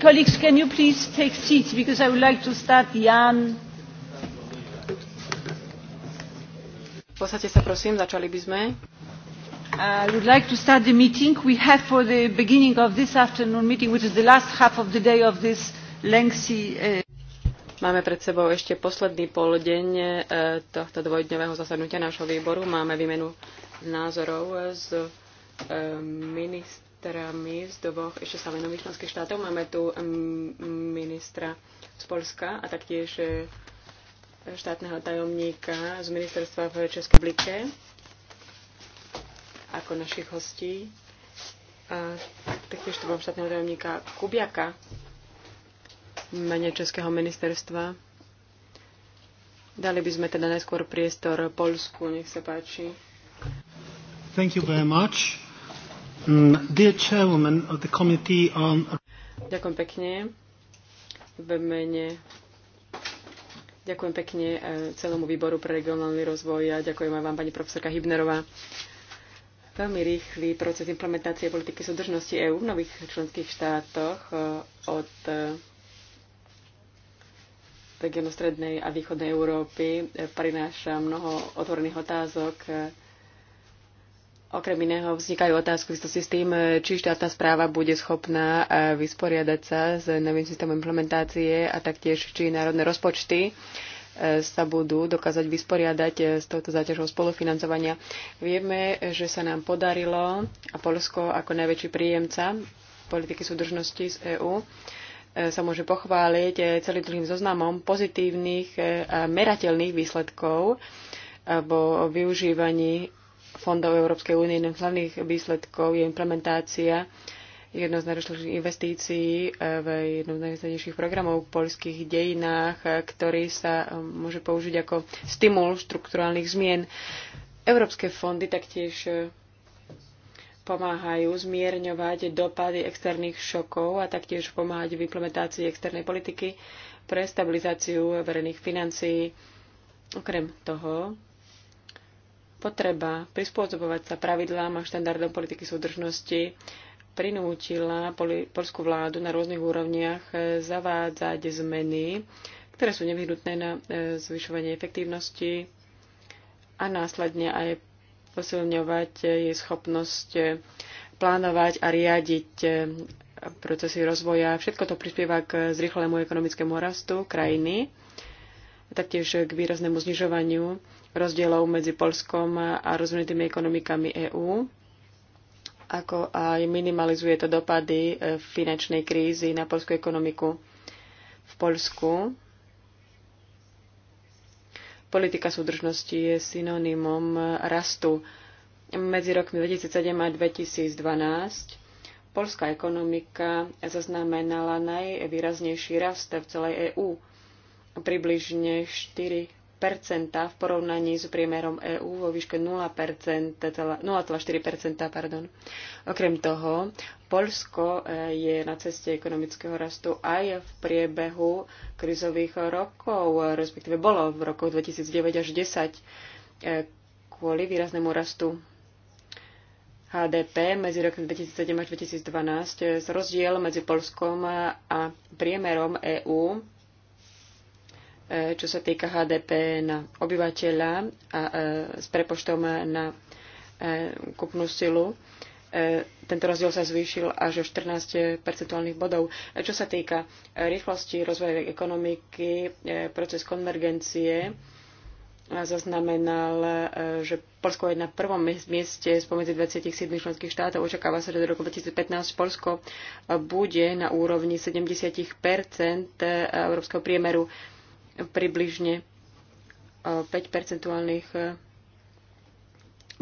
colleagues can you please take seats because i would like to start jan Posaďte sa prosím, začali by sme. I would like to start the meeting. We have for the beginning of this afternoon meeting, which is the last half of the day of this lengthy... Uh... Máme pred sebou ešte posledný poldeň uh, tohto dvojdňového zasadnutia nášho výboru. Máme výmenu názorov uh, s uh, ministrom my z dvoch ešte stále nových členských štátov. Máme tu mm, ministra z Polska a taktiež e, štátneho tajomníka z ministerstva v Českej Blike ako našich hostí. A taktiež tu mám štátneho tajomníka Kubiaka mene Českého ministerstva. Dali by sme teda najskôr priestor Polsku, nech sa páči. Thank you very much. Mm, ďakujem pekne. V mene Ďakujem pekne eh, celému výboru pre regionálny rozvoj a ďakujem aj vám, pani profesorka Hybnerová. Veľmi rýchly proces implementácie politiky súdržnosti EÚ v nových členských štátoch eh, od eh, regionu Strednej a Východnej Európy prináša mnoho otvorených otázok Okrem iného vznikajú otázky s tým, či štátna správa bude schopná eh, vysporiadať sa s novým systémom implementácie a taktiež, či národné rozpočty eh, sa budú dokázať vysporiadať eh, s touto záťažou spolufinancovania. Vieme, že sa nám podarilo a Polsko ako najväčší príjemca politiky súdržnosti z EÚ sa môže pochváliť celým druhým zoznamom pozitívnych a merateľných výsledkov vo využívaní fondov Európskej únie. Jedným z hlavných výsledkov je implementácia jednou z najrozšľujúcich investícií eh, v jednom z najvýznamnejších programov v poľských dejinách, eh, ktorý sa eh, môže použiť ako stimul štrukturálnych zmien. Európske fondy taktiež pomáhajú zmierňovať dopady externých šokov a taktiež pomáhať v implementácii externej politiky pre stabilizáciu verejných financií. Okrem toho, Potreba prispôsobovať sa pravidlám a štandardom politiky súdržnosti prinútila polskú vládu na rôznych úrovniach e, zavádzať zmeny, ktoré sú nevyhnutné na e, zvyšovanie efektívnosti a následne aj posilňovať e, jej schopnosť plánovať a riadiť procesy rozvoja. Všetko to prispieva k zrychlému ekonomickému rastu krajiny taktiež k výraznému znižovaniu rozdielov medzi Polskom a rozvinutými ekonomikami EÚ, ako aj minimalizuje to dopady e, finančnej krízy na polskú ekonomiku. V Polsku politika súdržnosti je synonymom rastu. Medzi rokmi 2007 a 2012 polská ekonomika zaznamenala najvýraznejší rast v celej EÚ, približne 4 v porovnaní s priemerom EÚ vo výške 0,4 pardon. Okrem toho, Polsko e, je na ceste ekonomického rastu aj v priebehu krizových rokov, respektíve bolo v rokoch 2009 až 2010 e, kvôli výraznému rastu HDP medzi rokom 2007 až 2012 e, rozdiel medzi Polskom a priemerom EÚ Eh, čo sa týka HDP na obyvateľa a eh, s prepočtom na eh, kupnú silu. Tento rozdiel sa zvýšil až o 14 percentuálnych bodov. Čo sa týka rýchlosti rozvoja ekonomiky, proces konvergencie zaznamenal, že Polsko je na prvom mieste spomedzi 27 členských štátov. Očakáva sa, že do roku 2015 Polsko bude na úrovni 70 európskeho priemeru približne 5 e, percentuálnych e,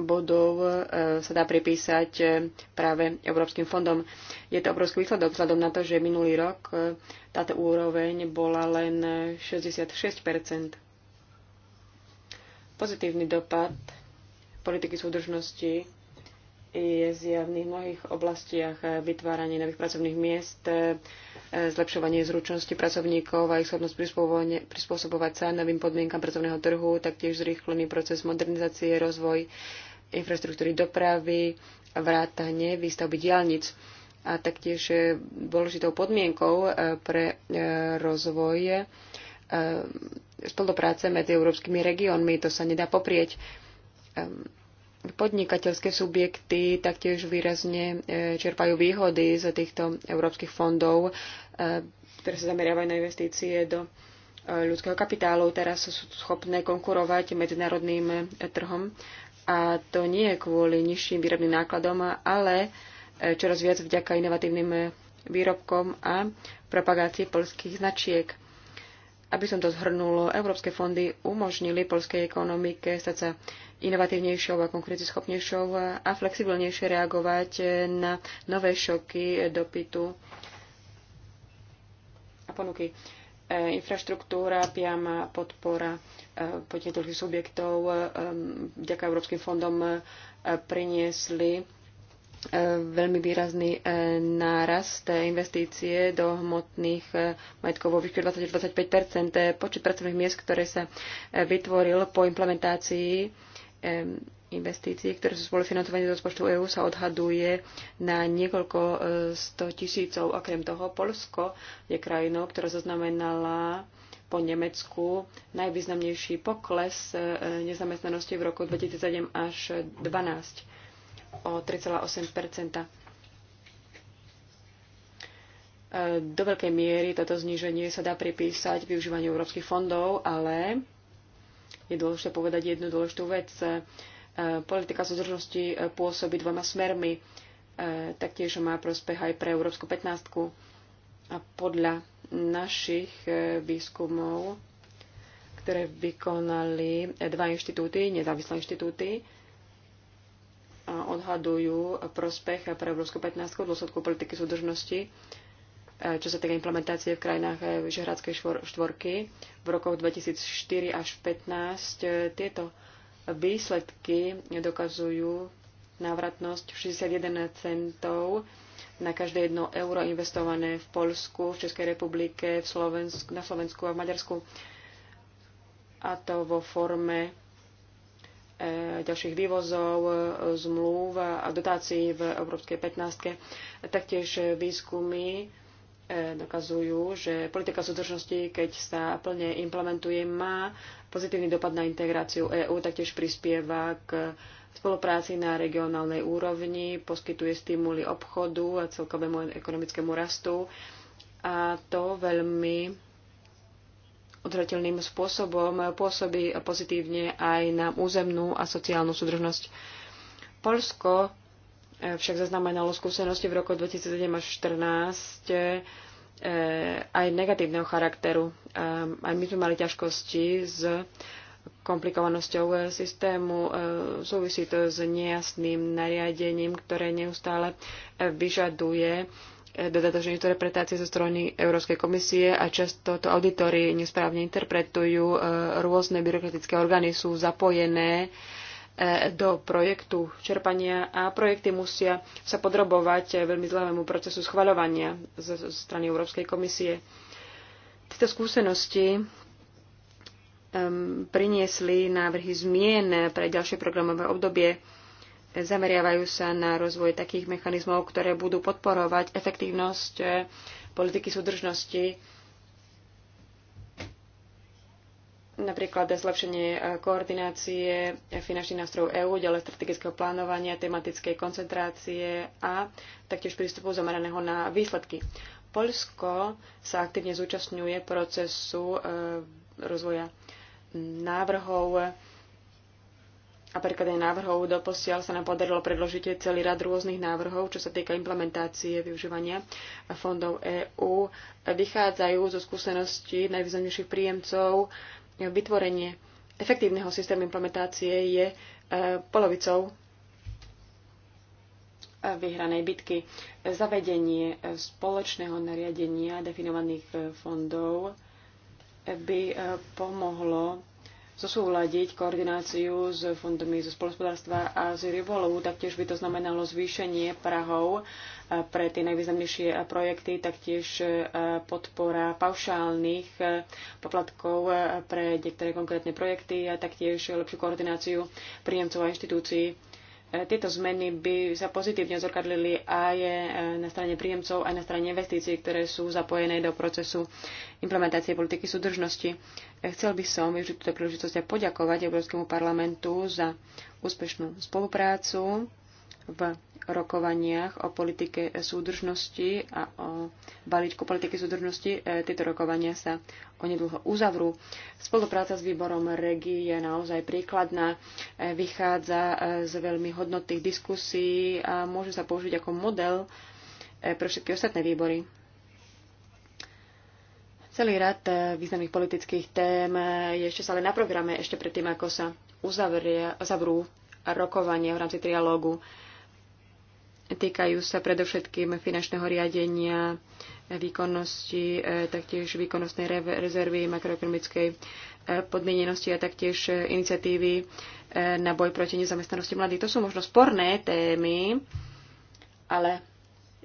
bodov e, sa dá pripísať práve Európskym fondom. Je to obrovský výsledok vzhľadom na to, že minulý rok táto úroveň bola len 66 Pozitívny dopad politiky súdržnosti je zjavný v mnohých oblastiach vytváranie nových pracovných miest, zlepšovanie zručnosti pracovníkov a ich schopnosť prispôsobovať sa novým podmienkam pracovného trhu, taktiež zrýchlený proces modernizácie, rozvoj infraštruktúry dopravy, vrátanie výstavby diálnic a taktiež e, dôležitou podmienkou e, pre e, rozvoj spolupráce medzi európskymi regiónmi. To sa nedá poprieť ehm, podnikateľské subjekty taktiež výrazne e, čerpajú výhody z týchto európskych fondov, e, ktoré sa zameriavajú na investície do e, ľudského kapitálu. Teraz sú schopné konkurovať medzinárodným trhom a to nie je kvôli nižším výrobným nákladom, ale čoraz viac vďaka inovatívnym výrobkom a propagácii polských značiek. Aby som to zhrnulo, európske fondy umožnili polskej ekonomike stať sa inovatívnejšou a konkurencieschopnejšou a flexibilnejšie reagovať na nové šoky dopytu a ponuky. E, infraštruktúra, priama podpora e, podnetných subjektov e, vďaka Európskym fondom priniesli veľmi výrazný nárast investície do hmotných majetkov vo výške 20-25 Počet pracovných miest, ktoré sa vytvoril po implementácii investície, ktoré sú spolufinancované z rozpočtu EÚ, sa odhaduje na niekoľko 100 e, tisícov. Okrem toho, Polsko je krajinou, ktorá zaznamenala po Nemecku najvýznamnejší pokles e, nezamestnanosti v roku 2007 až 2012 o 3,8 e, Do veľkej miery toto zníženie sa dá pripísať využívaniu európskych fondov, ale je dôležité povedať jednu dôležitú vec. E, politika súdržnosti e, pôsobí dvoma smermi, e, taktiež má prospech aj pre Európsku 15. A podľa našich výskumov, ktoré vykonali dva inštitúty, nezávislé inštitúty, odhadujú prospech pre Európsku 15 v dôsledku politiky súdržnosti Eh, čo sa týka implementácie v krajinách eh, Vyšehradskej štvorky v rokoch 2004 až 2015. Eh, tieto výsledky dokazujú návratnosť 61 centov na každé jedno euro investované v Polsku, v Českej republike, v Slovensku, na Slovensku a v Maďarsku. A to vo forme ďalších vývozov, zmluv a dotácií v Európskej 15. Taktiež výskumy E, dokazujú, že politika súdržnosti, keď sa plne implementuje, má pozitívny dopad na integráciu EÚ, taktiež prispieva k spolupráci na regionálnej úrovni, poskytuje stimuly obchodu a celkovému ekonomickému rastu a to veľmi odhratelným spôsobom pôsobí pozitívne aj na územnú a sociálnu súdržnosť. Polsko E, však zaznamenalo skúsenosti v roku 2007 až 2014 e, e, aj negatívneho charakteru. Aj my sme mali ťažkosti s komplikovanosťou systému. Súvisí to s nejasným nariadením, ktoré neustále vyžaduje dodatočné interpretácie zo strany Európskej komisie a často to auditory nesprávne interpretujú. Rôzne byrokratické orgány sú zapojené do projektu čerpania a projekty musia sa podrobovať veľmi zlému procesu schvaľovania zo strany Európskej komisie. Tieto skúsenosti ehm, priniesli návrhy zmien pre ďalšie programové obdobie. Zameriavajú sa na rozvoj takých mechanizmov, ktoré budú podporovať efektívnosť eh, politiky súdržnosti napríklad zlepšenie e, koordinácie finančných nástrojov EÚ, ďalej strategického plánovania, tematickej koncentrácie a taktiež prístupu zameraného na výsledky. Polsko sa aktívne zúčastňuje procesu e, rozvoja návrhov a aj návrhov do posiaľ sa nám podarilo predložiť celý rad rôznych návrhov, čo sa týka implementácie využívania fondov EÚ. Vychádzajú zo skúseností najvýznamnejších príjemcov vytvorenie efektívneho systému implementácie je e, polovicou e, vyhranej bitky. Zavedenie e, spoločného nariadenia definovaných fondov by pomohlo zosúľadiť koordináciu s fondami zo spolospodárstva a z rybolovu. Taktiež by to znamenalo zvýšenie prahov e, pre tie najvýznamnejšie projekty, taktiež e, podpora paušálnych e, poplatkov pre niektoré konkrétne projekty a taktiež lepšiu koordináciu príjemcov a inštitúcií E, tieto zmeny by sa pozitívne zrkadlili aj e, na strane príjemcov, aj na strane investícií, ktoré sú zapojené do procesu implementácie politiky súdržnosti. E, chcel by som využiť túto príležitosť a poďakovať Európskemu parlamentu za úspešnú spoluprácu v rokovaniach o politike súdržnosti a o balíčku politiky súdržnosti. E, tieto rokovania sa onedlho uzavrú. Spolupráca s výborom REGI je naozaj príkladná, e, vychádza e, z veľmi hodnotných diskusí a môže sa použiť ako model pre všetky ostatné výbory. Celý rad významných politických tém je ešte ale na programe, ešte predtým, ako sa uzavrie, uzavrú rokovanie v rámci trialógu. Týkajú sa predovšetkým finančného riadenia, výkonnosti, e, taktiež výkonnostnej rezervy, makroekonomickej e, podmienenosti a taktiež e, iniciatívy na boj proti nezamestnanosti mladých. To sú možno sporné témy, ale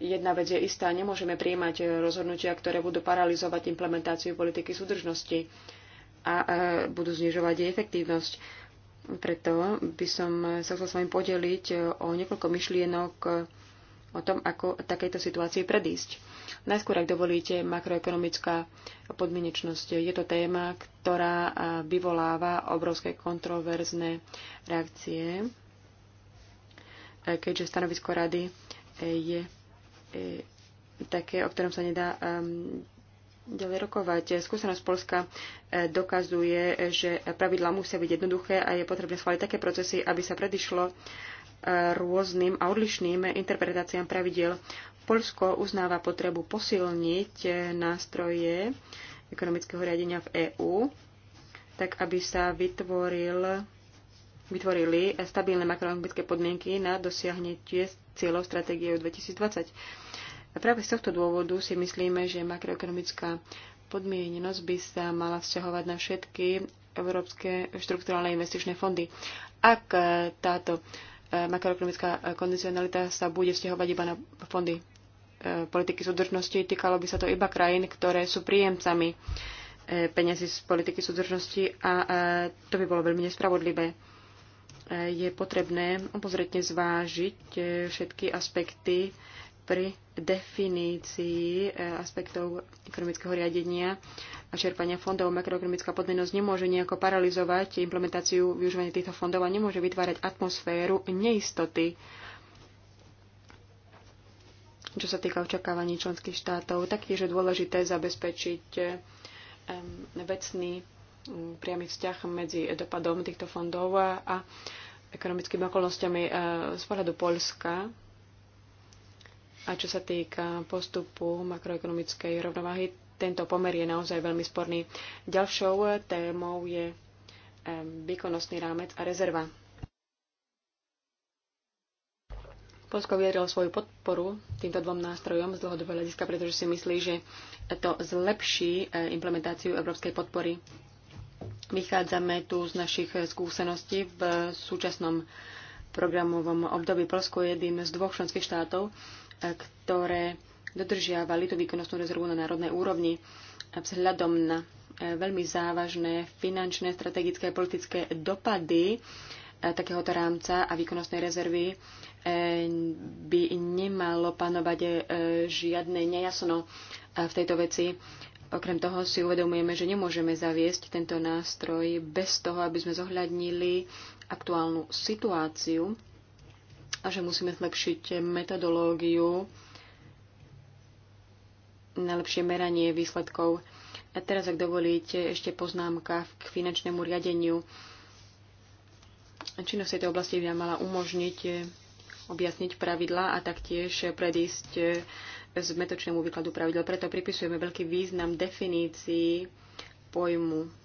jedna vec je istá. Nemôžeme prijímať rozhodnutia, ktoré budú paralizovať implementáciu politiky súdržnosti a budú znižovať jej efektívnosť preto by som sa chcel s vami podeliť o niekoľko myšlienok o tom, ako takejto situácii predísť. Najskôr, ak dovolíte, makroekonomická podmienečnosť. Je to téma, ktorá vyvoláva obrovské kontroverzné reakcie, e, keďže stanovisko rady je e, také, o ktorom sa nedá ďalej rokovať. Skúsenosť Polska e, dokazuje, že pravidlá musia byť jednoduché a je potrebné schváliť také procesy, aby sa predišlo e, rôznym a odlišným interpretáciám pravidel. Polsko uznáva potrebu posilniť e, nástroje ekonomického riadenia v EÚ, tak aby sa vytvoril, vytvorili stabilné makroekonomické podmienky na dosiahnutie cieľov stratégie 2020 a práve z tohto dôvodu si myslíme, že makroekonomická podmienenosť by sa mala vzťahovať na všetky európske štrukturálne investičné fondy. Ak táto e, makroekonomická kondicionalita sa bude vzťahovať iba na fondy e, politiky súdržnosti, týkalo by sa to iba krajín, ktoré sú príjemcami e, peniazy z politiky súdržnosti a to by bolo veľmi nespravodlivé. Je potrebné obozretne zvážiť všetky aspekty pri definícii e, aspektov ekonomického riadenia a čerpania fondov makroekonomická podmienosť nemôže nejako paralizovať implementáciu využívania týchto fondov a nemôže vytvárať atmosféru neistoty, čo sa týka očakávaní členských štátov. Taktiež je dôležité zabezpečiť e, vecný priamy vzťah medzi dopadom týchto fondov a ekonomickými okolnostiami e, z pohľadu Polska a čo sa týka postupu makroekonomickej rovnováhy, tento pomer je naozaj veľmi sporný. Ďalšou témou je výkonnostný rámec a rezerva. Polsko vyjadrilo svoju podporu týmto dvom nástrojom z dlhodobého hľadiska, pretože si myslí, že to zlepší e, implementáciu európskej podpory. Vychádzame tu z našich skúseností v súčasnom programovom období. Polsko je jedným z dvoch členských štátov, ktoré dodržiavali tú výkonnostnú rezervu na národnej úrovni vzhľadom na e, veľmi závažné finančné, strategické a politické dopady e, takéhoto rámca a výkonnostnej rezervy e, by nemalo panovať žiadne nejasno v tejto veci. Okrem toho si uvedomujeme, že nemôžeme zaviesť tento nástroj bez toho, aby sme zohľadnili aktuálnu situáciu a že musíme zlepšiť metodológiu na lepšie meranie výsledkov. A teraz, ak dovolíte, ešte poznámka k finančnému riadeniu. Činnosť tejto oblasti by mala umožniť eh, objasniť pravidla a taktiež predísť eh, z metočnému výkladu pravidel. Preto pripisujeme veľký význam definícii pojmu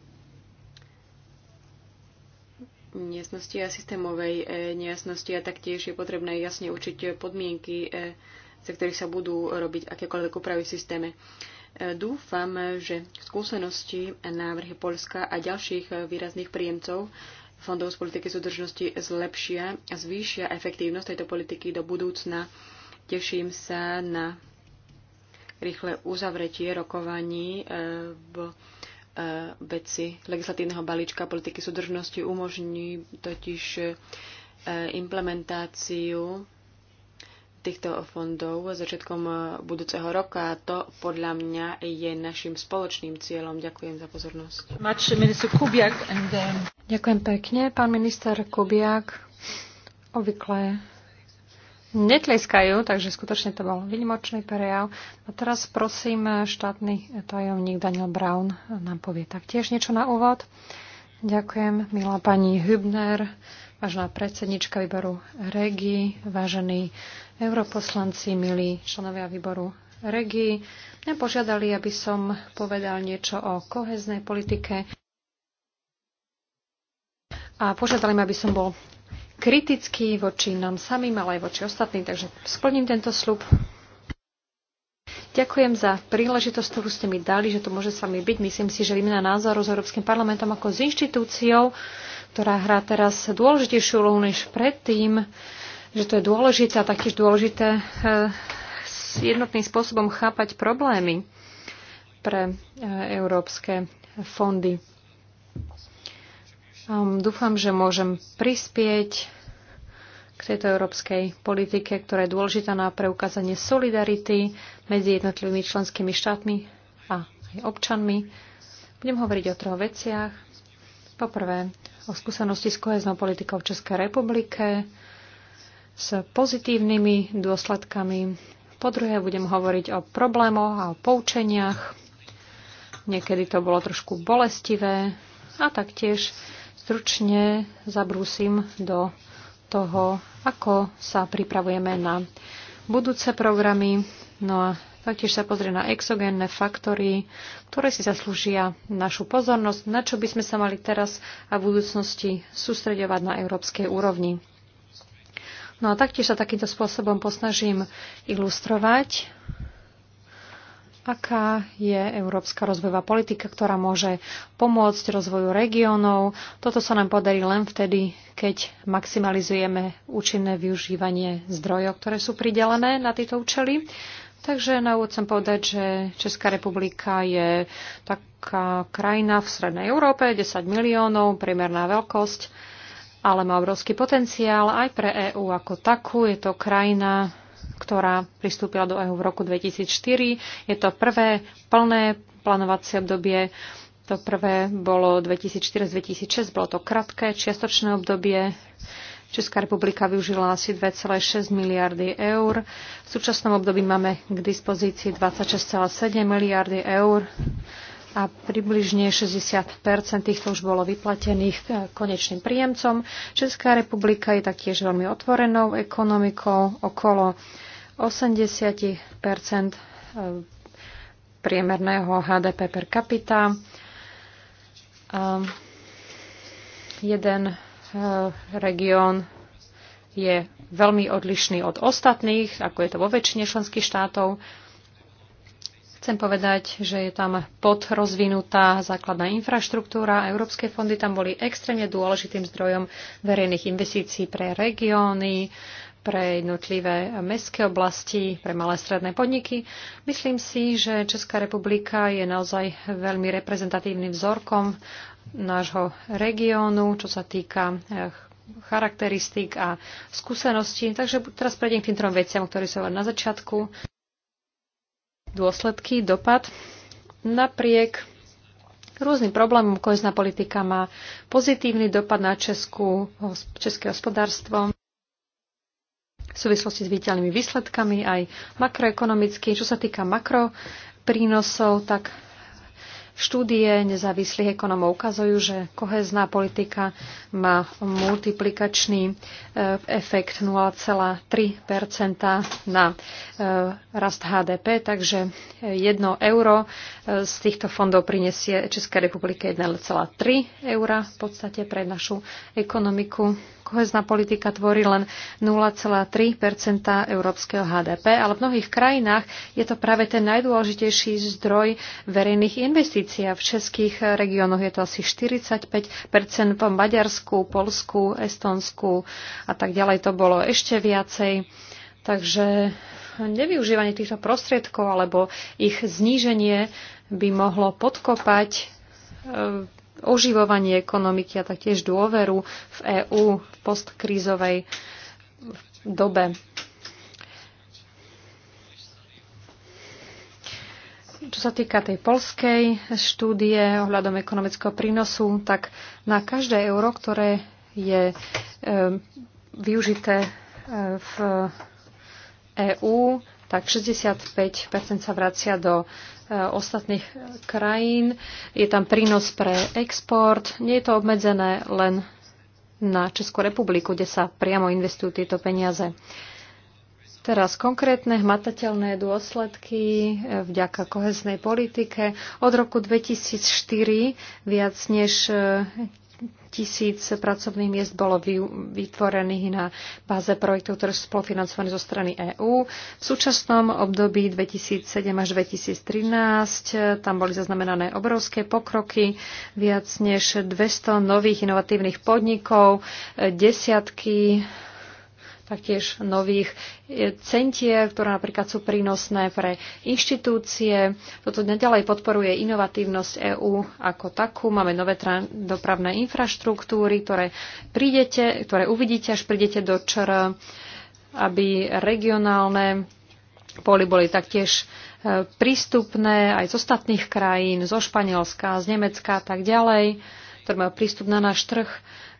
nejasnosti a systémovej e, nejasnosti a taktiež je potrebné jasne určiť podmienky, e, za ktorých sa budú robiť akékoľvek úpravy v systéme. E, dúfam, že skúsenosti a návrhy Polska a ďalších výrazných príjemcov fondov z politiky súdržnosti zlepšia a zvýšia efektívnosť tejto politiky do budúcna. Teším sa na rýchle uzavretie rokovaní v veci legislatívneho balíčka politiky súdržnosti umožní totiž e, implementáciu týchto fondov začiatkom e, budúceho roka. A to podľa mňa je našim spoločným cieľom. Ďakujem za pozornosť. Ďakujem pekne. Pán minister Kubiak, obvykle netleskajú, takže skutočne to bol výnimočný prejav. A teraz prosím štátny tajomník Daniel Brown nám povie taktiež niečo na úvod. Ďakujem, milá pani Hübner, vážená predsednička výboru REGI, vážení europoslanci, milí členovia výboru REGI. Mňa požiadali, aby som povedal niečo o koheznej politike a požiadali ma, aby som bol kritický voči nám samým, ale aj voči ostatným, takže splním tento slub. Ďakujem za príležitosť, ktorú ste mi dali, že to môže s vami byť. Myslím si, že výmena názoru s Európskym parlamentom ako s inštitúciou, ktorá hrá teraz dôležitejšiu úlohu než predtým, že to je dôležité a taktiež dôležité eh, s jednotným spôsobom chápať problémy pre eh, európske fondy. Um, dúfam, že môžem prispieť k tejto európskej politike, ktorá je dôležitá na preukázanie solidarity medzi jednotlivými členskými štátmi a aj občanmi. Budem hovoriť o troch veciach. Poprvé, o skúsenosti s koheznou politikou v Českej republike, s pozitívnymi dôsledkami. Po druhé, budem hovoriť o problémoch a o poučeniach. Niekedy to bolo trošku bolestivé. A taktiež stručne zabrúsim do toho, ako sa pripravujeme na budúce programy. No a taktiež sa pozrie na exogénne faktory, ktoré si zaslúžia našu pozornosť, na čo by sme sa mali teraz a v budúcnosti sústredovať na európskej úrovni. No a taktiež sa takýmto spôsobom posnažím ilustrovať, aká je európska rozvojová politika, ktorá môže pomôcť rozvoju regiónov. Toto sa nám podarí len vtedy, keď maximalizujeme účinné využívanie zdrojov, ktoré sú pridelené na tieto účely. Takže na úvod chcem povedať, že Česká republika je taká krajina v Srednej Európe, 10 miliónov, priemerná veľkosť, ale má obrovský potenciál aj pre EÚ ako takú. Je to krajina, ktorá pristúpila do EÚ v roku 2004. Je to prvé plné plánovacie obdobie. To prvé bolo 2004-2006, bolo to krátke čiastočné obdobie. Česká republika využila asi 2,6 miliardy eur. V súčasnom období máme k dispozícii 26,7 miliardy eur a približne 60 týchto už bolo vyplatených e, konečným príjemcom. Česká republika je taktiež veľmi otvorenou ekonomikou. Okolo 80 e, priemerného HDP per capita. A e, jeden e, región je veľmi odlišný od ostatných, ako je to vo väčšine členských štátov. Chcem povedať, že je tam podrozvinutá základná infraštruktúra. Európske fondy tam boli extrémne dôležitým zdrojom verejných investícií pre regióny pre jednotlivé mestské oblasti, pre malé stredné podniky. Myslím si, že Česká republika je naozaj veľmi reprezentatívnym vzorkom nášho regiónu, čo sa týka eh, charakteristík a skúseností. Takže teraz prejdem k tým trom veciam, ktoré sú na začiatku. Dôsledky, dopad. Napriek rôznym problémom kohezná politika má pozitívny dopad na Česku, české hospodárstvo v súvislosti s viditeľnými výsledkami, aj makroekonomicky. Čo sa týka makroprínosov, tak štúdie nezávislých ekonomov ukazujú, že kohezná politika má multiplikačný e, efekt 0,3 na e, rast HDP, takže 1 euro e, z týchto fondov prinesie Českej republike 1,3 eura v podstate pre našu ekonomiku kohezná politika tvorí len 0,3 európskeho HDP, ale v mnohých krajinách je to práve ten najdôležitejší zdroj verejných investícií. V českých regiónoch je to asi 45 v Maďarsku, Polsku, Estonsku a tak ďalej to bolo ešte viacej. Takže nevyužívanie týchto prostriedkov alebo ich zníženie by mohlo podkopať e, oživovanie ekonomiky a taktiež dôveru v EÚ v postkrízovej dobe. Čo sa týka tej polskej štúdie ohľadom ekonomického prínosu, tak na každé euro, ktoré je e, využité e, v EÚ, tak 65 sa vracia do e, ostatných krajín. Je tam prínos pre export. Nie je to obmedzené len na Českú republiku, kde sa priamo investujú tieto peniaze. Teraz konkrétne hmatateľné dôsledky e, vďaka kohesnej politike. Od roku 2004 viac než e, tisíc pracovných miest bolo vytvorených na báze projektov, ktoré sú spolufinancované zo strany EÚ. V súčasnom období 2007 až 2013 eh, tam boli zaznamenané obrovské pokroky, viac než 200 nových inovatívnych podnikov, eh, desiatky taktiež nových e, centier, ktoré napríklad sú prínosné pre inštitúcie. Toto nedalej podporuje inovatívnosť EÚ ako takú. Máme nové dopravné infraštruktúry, ktoré, prídete, ktoré uvidíte, až prídete do ČR, aby regionálne poli boli taktiež e, prístupné aj z ostatných krajín, zo Španielska, z Nemecka a tak ďalej, ktoré majú prístup na náš trh.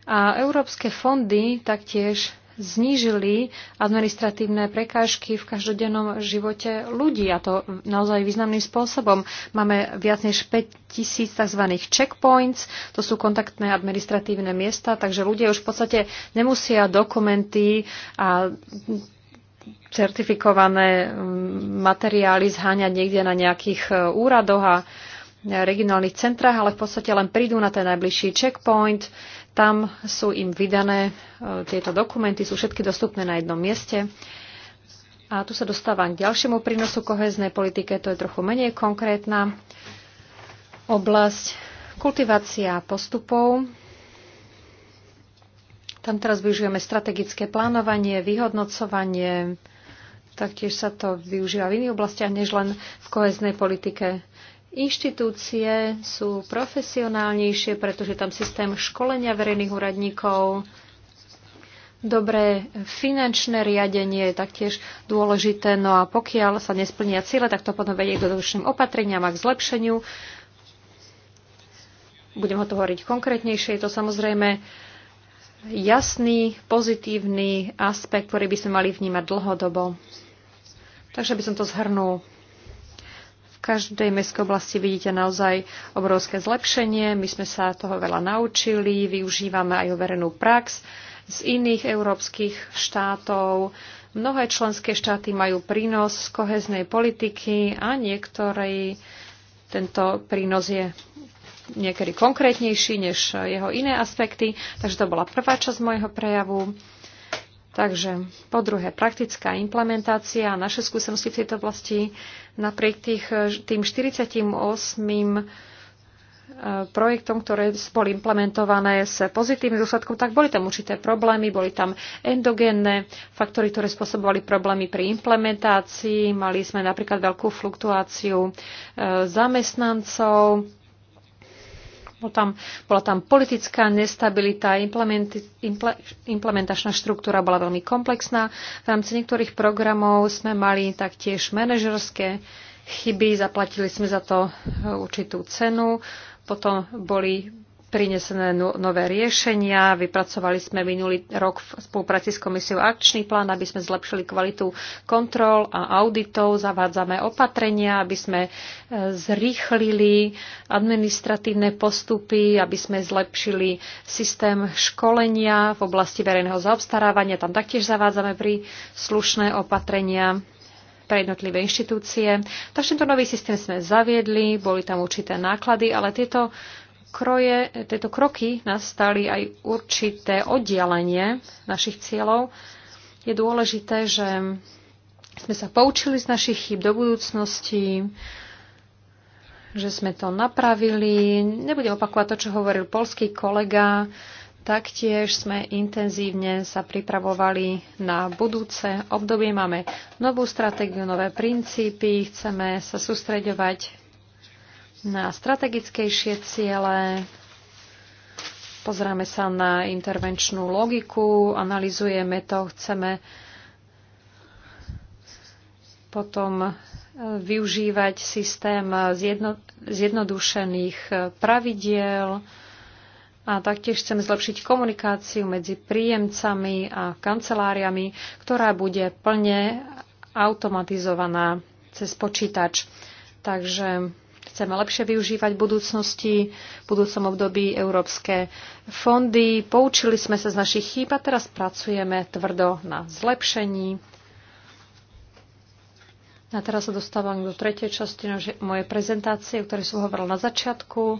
A európske fondy taktiež znížili administratívne prekážky v každodennom živote ľudí a to naozaj významným spôsobom. Máme viac než 5000 tzv. checkpoints, to sú kontaktné administratívne miesta, takže ľudia už v podstate nemusia dokumenty a certifikované mm, materiály zháňať niekde na nejakých e, úradoch a regionálnych centrách, ale v podstate len prídu na ten najbližší checkpoint, tam sú im vydané e, tieto dokumenty, sú všetky dostupné na jednom mieste. A tu sa dostávam k ďalšiemu prínosu koheznej politike, to je trochu menej konkrétna oblasť. Kultivácia postupov. Tam teraz využívame strategické plánovanie, vyhodnocovanie, taktiež sa to využíva v iných oblastiach než len v koheznej politike. Inštitúcie sú profesionálnejšie, pretože tam systém školenia verejných úradníkov, dobré finančné riadenie je taktiež dôležité. No a pokiaľ sa nesplnia cíle, tak to potom vedie k dodatočným opatreniam a k zlepšeniu. Budem ho to hovoriť konkrétnejšie. Je to samozrejme jasný, pozitívny aspekt, ktorý by sme mali vnímať dlhodobo. Takže by som to zhrnul. V každej mestskej oblasti vidíte naozaj obrovské zlepšenie. My sme sa toho veľa naučili, využívame aj overenú prax z iných európskych štátov. Mnohé členské štáty majú prínos z koheznej politiky a niektorý tento prínos je niekedy konkrétnejší než jeho iné aspekty. Takže to bola prvá časť môjho prejavu. Takže po druhé, praktická implementácia a naše skúsenosti v tejto oblasti napriek tých, tým 48 e, projektom, ktoré boli implementované s pozitívnym dôsledkom, tak boli tam určité problémy, boli tam endogénne faktory, ktoré spôsobovali problémy pri implementácii. Mali sme napríklad veľkú fluktuáciu e, zamestnancov, bol tam, bola tam politická nestabilita, implementačná štruktúra bola veľmi komplexná. V rámci niektorých programov sme mali taktiež manažerské chyby, zaplatili sme za to e, určitú cenu. Potom boli prinesené nové riešenia. Vypracovali sme minulý rok v spolupráci s komisiou akčný plán, aby sme zlepšili kvalitu kontrol a auditov. Zavádzame opatrenia, aby sme e, zrýchlili administratívne postupy, aby sme zlepšili systém školenia v oblasti verejného zaobstarávania. Tam taktiež zavádzame príslušné opatrenia pre jednotlivé inštitúcie. Takže tento nový systém sme zaviedli, boli tam určité náklady, ale tieto kroje, tieto kroky nastali aj určité oddialenie našich cieľov. Je dôležité, že sme sa poučili z našich chyb do budúcnosti, že sme to napravili. Nebudem opakovať to, čo hovoril polský kolega. Taktiež sme intenzívne sa pripravovali na budúce obdobie. Máme novú stratégiu, nové princípy, chceme sa sústreďovať na strategickejšie ciele, pozráme sa na intervenčnú logiku, analizujeme to, chceme potom e, využívať systém zjedno, zjednodušených e, pravidiel a taktiež chceme zlepšiť komunikáciu medzi príjemcami a kanceláriami, ktorá bude plne automatizovaná cez počítač. Takže chceme lepšie využívať v budúcnosti, v budúcom období európske fondy. Poučili sme sa z našich chýb a teraz pracujeme tvrdo na zlepšení. A teraz sa dostávam do tretej časti mojej prezentácie, o ktorej som hovorila na začiatku.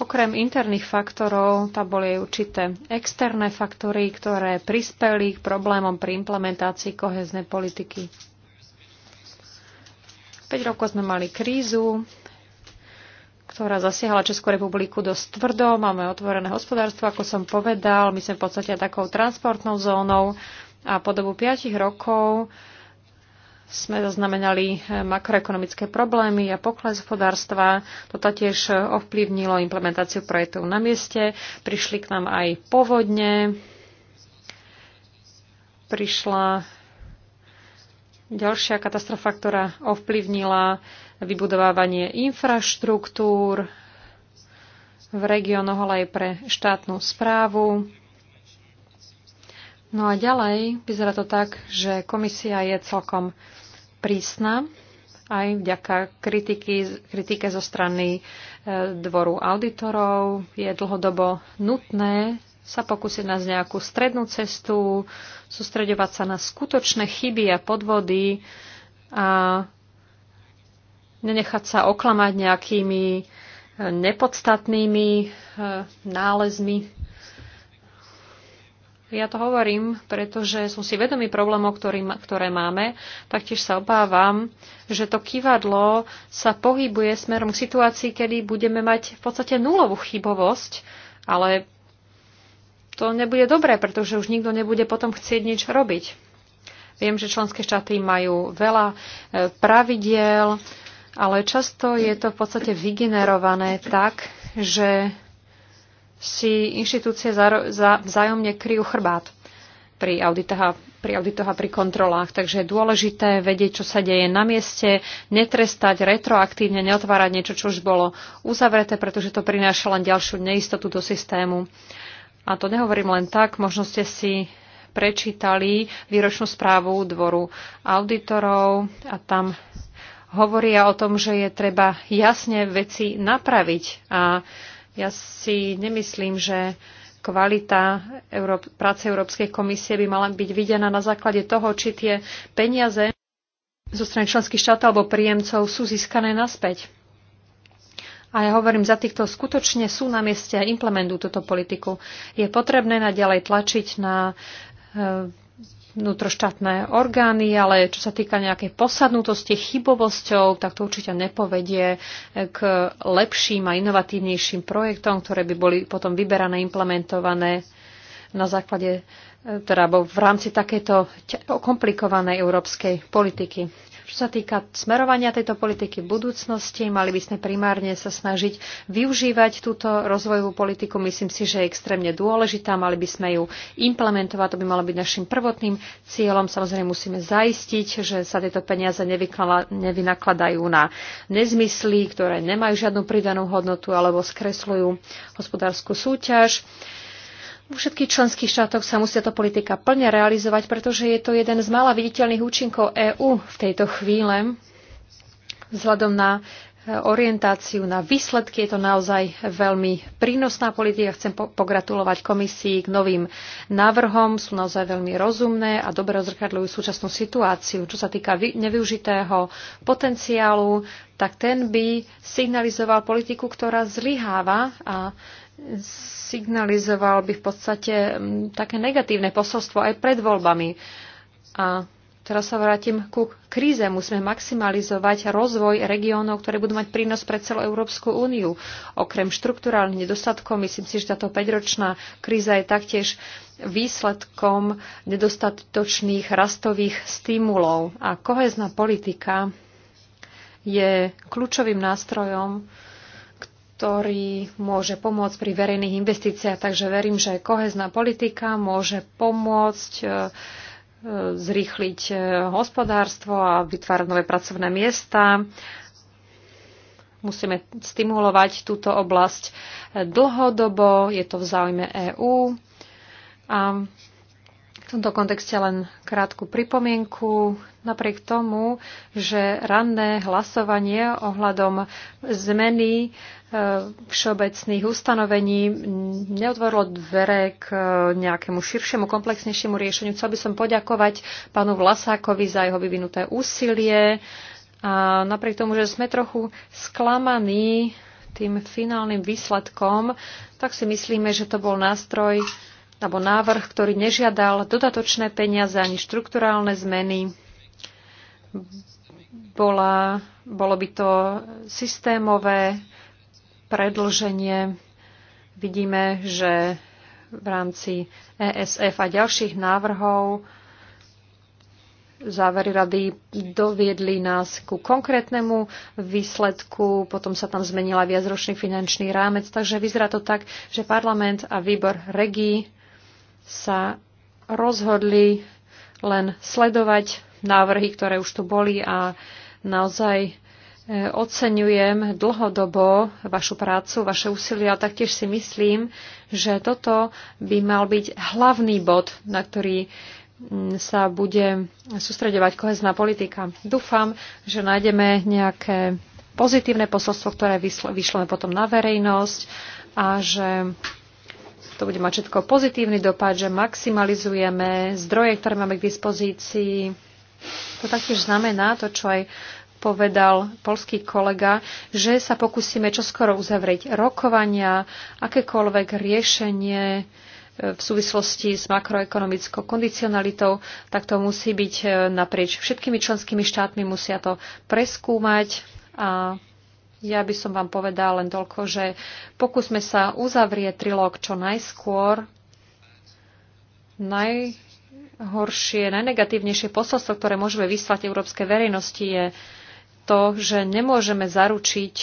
Okrem interných faktorov tam boli určité externé faktory, ktoré prispeli k problémom pri implementácii koheznej politiky. 5 rokov sme mali krízu, ktorá zasiahla Českú republiku dosť tvrdo. Máme otvorené hospodárstvo, ako som povedal. My sme v podstate takou transportnou zónou a po dobu 5 rokov sme zaznamenali eh, makroekonomické problémy a pokles hospodárstva. To tiež ovplyvnilo implementáciu projektov na mieste. Prišli k nám aj povodne, prišla Ďalšia katastrofa, ktorá ovplyvnila vybudovávanie infraštruktúr v regiónoch, ale aj pre štátnu správu. No a ďalej vyzerá to tak, že komisia je celkom prísna aj vďaka kritiky, kritike zo strany eh, dvoru auditorov. Je dlhodobo nutné sa pokúsiť nás nejakú strednú cestu, sústredovať sa na skutočné chyby a podvody a nenechať sa oklamať nejakými eh, nepodstatnými eh, nálezmi. Ja to hovorím, pretože som si vedomý problémov, ktoré máme. Taktiež sa obávam, že to kývadlo sa pohybuje smerom k situácii, kedy budeme mať v podstate nulovú chybovosť, ale to nebude dobré, pretože už nikto nebude potom chcieť nič robiť. Viem, že členské štáty majú veľa e, pravidiel, ale často je to v podstate vygenerované tak, že si inštitúcie vzájomne kryjú chrbát pri auditách a pri auditoch a pri kontrolách. Takže je dôležité vedieť, čo sa deje na mieste, netrestať retroaktívne, neotvárať niečo, čo už bolo uzavreté, pretože to prináša len ďalšiu neistotu do systému. A to nehovorím len tak, možno ste si prečítali výročnú správu dvoru auditorov a tam hovoria o tom, že je treba jasne veci napraviť. A ja si nemyslím, že kvalita Európ- práce Európskej komisie by mala byť videná na základe toho, či tie peniaze zo strany členských štátov alebo príjemcov sú získané naspäť a ja hovorím, za týchto skutočne sú na mieste a implementujú túto politiku. Je potrebné naďalej tlačiť na eh, vnútroštátne orgány, ale čo sa týka nejakej posadnutosti, chybovosťou, tak to určite nepovedie eh, k lepším a inovatívnejším projektom, ktoré by boli potom vyberané, implementované na základe, eh, teda v rámci takéto komplikovanej európskej politiky. Čo sa týka smerovania tejto politiky v budúcnosti, mali by sme primárne sa snažiť využívať túto rozvojovú politiku. Myslím si, že je extrémne dôležitá, mali by sme ju implementovať, to by malo byť našim prvotným cieľom. Samozrejme musíme zaistiť, že sa tieto peniaze nevynakladajú na nezmysly, ktoré nemajú žiadnu pridanú hodnotu alebo skresľujú hospodárskú súťaž. Vo všetkých členských štátoch sa musia to politika plne realizovať, pretože je to jeden z mála viditeľných účinkov EÚ v tejto chvíle. Vzhľadom na e, orientáciu na výsledky. Je to naozaj veľmi prínosná politika. Chcem po- pogratulovať komisii k novým návrhom. Sú naozaj veľmi rozumné a dobre rozrkadľujú súčasnú situáciu. Čo sa týka nevyužitého potenciálu, tak ten by signalizoval politiku, ktorá zlyháva a signalizoval by v podstate také negatívne posolstvo aj pred voľbami. A teraz sa vrátim ku kríze. Musíme maximalizovať rozvoj regiónov, ktoré budú mať prínos pre celú Európsku úniu. Okrem štruktúrálnych nedostatkov, myslím si, že táto 5-ročná kríza je taktiež výsledkom nedostatočných rastových stimulov. A kohezná politika je kľúčovým nástrojom, ktorý môže pomôcť pri verejných investíciách. Takže verím, že kohezná politika môže pomôcť e, e, zrýchliť e, hospodárstvo a vytvárať nové pracovné miesta. Musíme stimulovať túto oblasť dlhodobo, je to v záujme EÚ. A v tomto kontexte len krátku pripomienku napriek tomu, že ranné hlasovanie ohľadom zmeny e, všeobecných ustanovení neotvorilo dvere k e, nejakému širšiemu, komplexnejšiemu riešeniu. Chcel by som poďakovať pánu Vlasákovi za jeho vyvinuté úsilie. A napriek tomu, že sme trochu sklamaní tým finálnym výsledkom, tak si myslíme, že to bol nástroj alebo návrh, ktorý nežiadal dodatočné peniaze ani štrukturálne zmeny bola, bolo by to systémové predlženie. Vidíme, že v rámci ESF a ďalších návrhov závery rady doviedli nás ku konkrétnemu výsledku, potom sa tam zmenila viacročný finančný rámec, takže vyzerá to tak, že parlament a výbor regí sa rozhodli len sledovať návrhy, ktoré už tu boli a naozaj e, oceňujem dlhodobo vašu prácu, vaše úsilie a taktiež si myslím, že toto by mal byť hlavný bod, na ktorý mm, sa bude sústredovať kohezná politika. Dúfam, že nájdeme nejaké pozitívne posolstvo, ktoré vyšleme potom na verejnosť a že to bude mať všetko pozitívny dopad, že maximalizujeme zdroje, ktoré máme k dispozícii, to taktiež znamená to, čo aj povedal polský kolega, že sa pokúsime čoskoro uzavrieť rokovania, akékoľvek riešenie e, v súvislosti s makroekonomickou kondicionalitou, tak to musí byť e, naprieč všetkými členskými štátmi, musia to preskúmať a ja by som vám povedal len toľko, že pokúsme sa uzavrieť trilóg čo najskôr. Naj, najhoršie, najnegatívnejšie posolstvo, ktoré môžeme vyslať európskej verejnosti, je to, že nemôžeme zaručiť,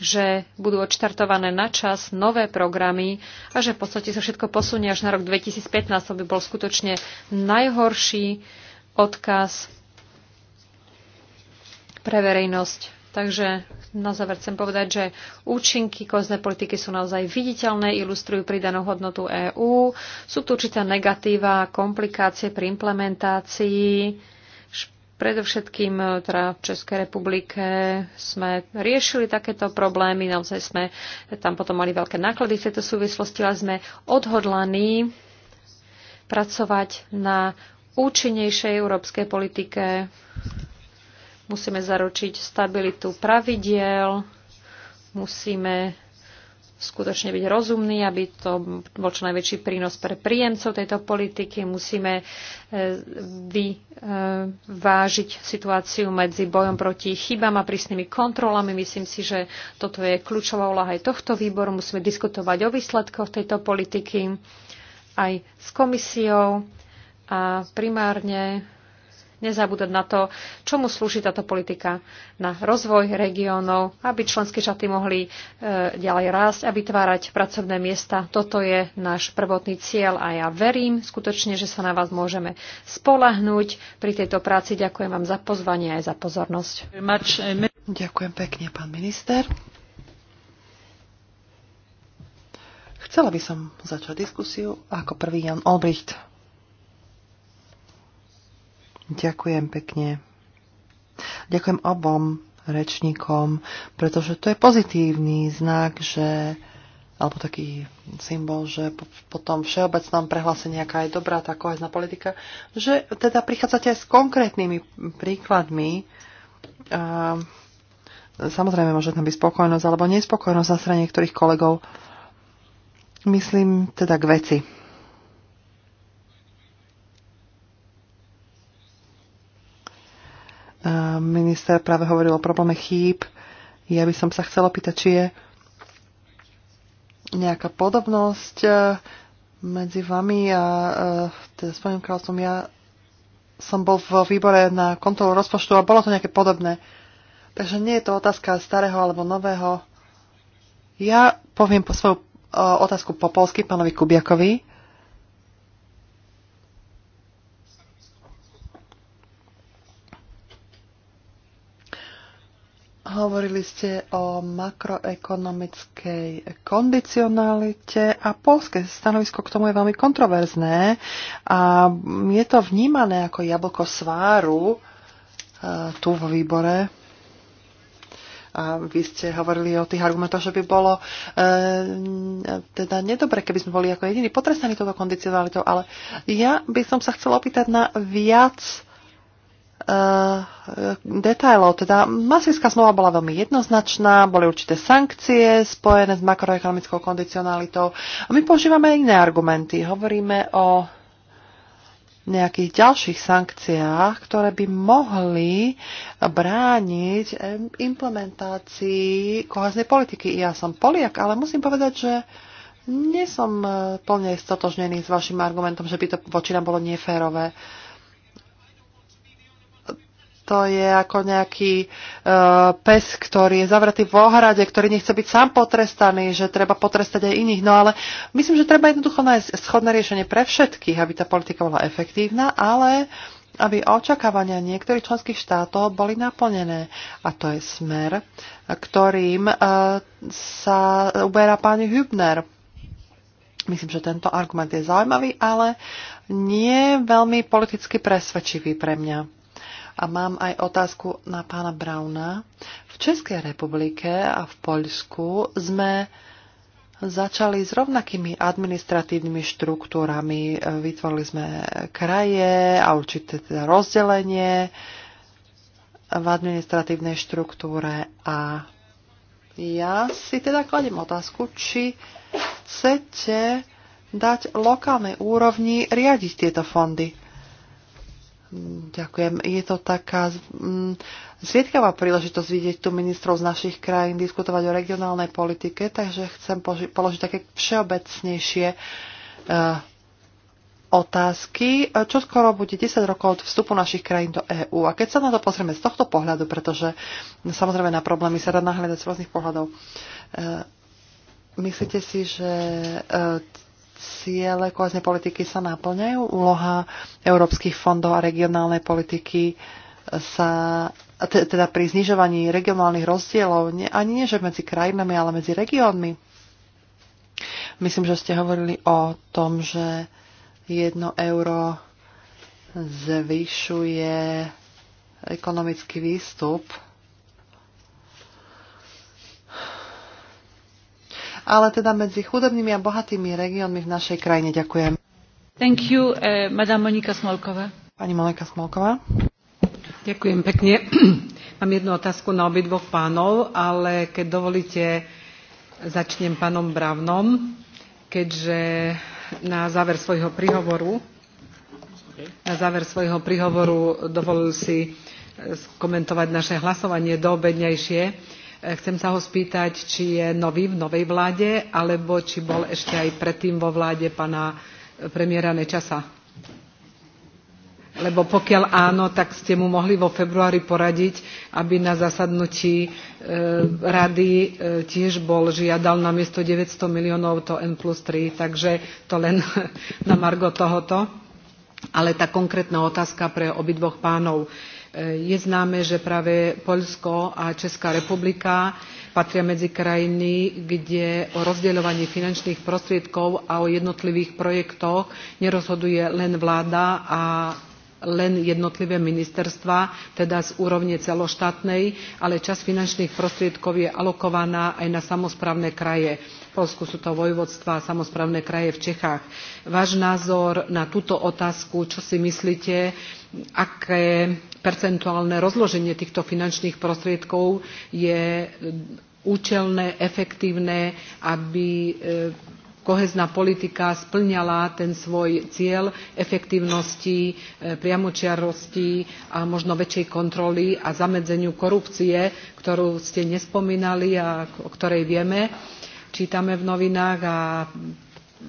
že budú odštartované na čas nové programy a že v podstate sa všetko posunie až na rok 2015. To by bol skutočne najhorší odkaz pre verejnosť. Takže na záver chcem povedať, že účinky kozné politiky sú naozaj viditeľné, ilustrujú pridanú hodnotu EÚ, sú tu určité negatíva, komplikácie pri implementácii. Predovšetkým e, teda v Českej republike sme riešili takéto problémy, naozaj sme tam potom mali veľké náklady v tejto súvislosti, ale sme odhodlaní pracovať na účinnejšej európskej politike Musíme zaručiť stabilitu pravidiel, musíme skutočne byť rozumní, aby to bol čo najväčší prínos pre príjemcov tejto politiky. Musíme e, vyvážiť e, situáciu medzi bojom proti chybám a prísnymi kontrolami. Myslím si, že toto je kľúčová úloha aj tohto výboru. Musíme diskutovať o výsledkoch tejto politiky aj s komisiou a primárne nezabúdať na to, čomu slúži táto politika na rozvoj regiónov, aby členské štáty mohli e, ďalej rásť a vytvárať pracovné miesta. Toto je náš prvotný cieľ a ja verím skutočne, že sa na vás môžeme spolahnúť pri tejto práci. Ďakujem vám za pozvanie aj za pozornosť. Ďakujem pekne, pán minister. Chcela by som začať diskusiu ako prvý Jan Olbricht. Ďakujem pekne. Ďakujem obom rečníkom, pretože to je pozitívny znak, že alebo taký symbol, že po tom všeobecnom prehlásení, aká je dobrá tá kohezná politika, že teda prichádzate aj s konkrétnymi príkladmi. A, samozrejme, môže tam byť spokojnosť alebo nespokojnosť na strane niektorých kolegov. Myslím teda k veci Minister práve hovoril o probléme chýb. Ja by som sa chcela pýtať, či je nejaká podobnosť e, medzi vami a e, teda pánom kráľovstvom. Ja som bol vo výbore na kontrolu rozpočtu a bolo to nejaké podobné. Takže nie je to otázka starého alebo nového. Ja poviem po svoju e, otázku po polsky pánovi Kubiakovi. Hovorili ste o makroekonomickej kondicionalite a polské stanovisko k tomu je veľmi kontroverzné a je to vnímané ako jablko sváru e, tu vo výbore. A vy ste hovorili o tých argumentoch, že by bolo e, teda nedobre, keby sme boli ako jediní potrestaní touto kondicionalitou, ale ja by som sa chcela opýtať na viac Eh, detailov. Teda masívska zmluva bola veľmi jednoznačná, boli určité sankcie spojené s makroekonomickou kondicionalitou a my používame iné argumenty. Hovoríme o nejakých ďalších sankciách, ktoré by mohli brániť implementácii koháznej politiky. Ja som Poliak, ale musím povedať, že nie som eh, plne stotožnený s vašim argumentom, že by to voči nám bolo neférové. Uh, to je ako nejaký e, pes, ktorý je zavretý v ohrade, ktorý nechce byť sám potrestaný, že treba potrestať aj iných. No ale myslím, že treba jednoducho nájsť schodné riešenie pre všetkých, aby tá politika bola efektívna, ale aby očakávania niektorých členských štátov boli naplnené. A to je smer, ktorým e, sa uberá pani Hübner. Myslím, že tento argument je zaujímavý, ale nie veľmi politicky presvedčivý pre mňa. A mám aj otázku na pána Brauna. V Českej republike a v Poľsku sme začali s rovnakými administratívnymi štruktúrami. Vytvorili sme kraje a určité teda rozdelenie v administratívnej štruktúre a ja si teda kladem otázku, či chcete dať lokálnej úrovni riadiť tieto fondy Ďakujem. Je to taká mm, zriedkavá príležitosť vidieť tu ministrov z našich krajín diskutovať o regionálnej politike, takže chcem položiť také všeobecnejšie e, otázky, e, čo skoro bude 10 rokov od vstupu našich krajín do EÚ. A keď sa na to pozrieme z tohto pohľadu, pretože samozrejme na problémy sa dá nahľadať z rôznych pohľadov, e, myslíte si, že ciele kohezné politiky sa naplňajú, úloha európskych fondov a regionálnej politiky sa teda pri znižovaní regionálnych rozdielov, ani nie že medzi krajinami, ale medzi regiónmi. Myslím, že ste hovorili o tom, že jedno euro zvyšuje ekonomický výstup ale teda medzi chudobnými a bohatými regiónmi v našej krajine. Ďakujem. Thank you, uh, madame Monika Smolková. Pani Monika Smolková. Ďakujem pekne. Mám jednu otázku na obidvoch pánov, ale keď dovolíte, začnem pánom Bravnom, keďže na záver svojho príhovoru na záver svojho príhovoru dovolil si eh, komentovať naše hlasovanie do obednejšie E, chcem sa ho spýtať, či je nový v novej vláde, alebo či bol ešte aj predtým vo vláde pána e, premiéra Nečasa. Lebo pokiaľ áno, tak ste mu mohli vo februári poradiť, aby na zasadnutí e, rady e, tiež bol žiadal na miesto 900 miliónov to N plus 3, takže to len na margo tohoto. Ale tá konkrétna otázka pre obidvoch pánov. E, je známe, že práve Poľsko a Česká republika patria medzi krajiny, kde o rozdeľovaní finančných prostriedkov a o jednotlivých projektoch nerozhoduje len vláda a len jednotlivé ministerstva, teda z úrovne celoštátnej, ale časť finančných prostriedkov je alokovaná aj na samosprávne kraje Polsku sú to vojvodstva a samozprávne kraje v Čechách. Váš názor na túto otázku, čo si myslíte, aké percentuálne rozloženie týchto finančných prostriedkov je účelné, efektívne, aby e, kohezná politika splňala ten svoj cieľ efektívnosti, e, priamočiarosti a možno väčšej kontroly a zamedzeniu korupcie, ktorú ste nespomínali a o ktorej vieme čítame v novinách a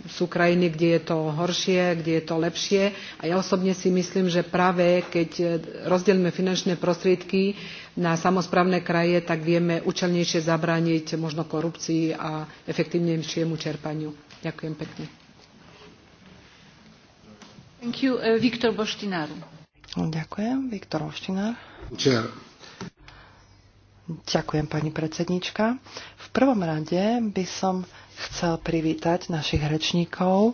sú krajiny, kde je to horšie, kde je to lepšie. A ja osobne si myslím, že práve keď rozdelíme finančné prostriedky na samozprávne kraje, tak vieme účelnejšie zabrániť možno korupcii a efektívnejšiemu čerpaniu. Ďakujem pekne. Thank you, uh, Viktor Ďakujem, Viktor Boštinár. Ďakujem, pani predsednička. V prvom rade by som chcel privítať našich rečníkov.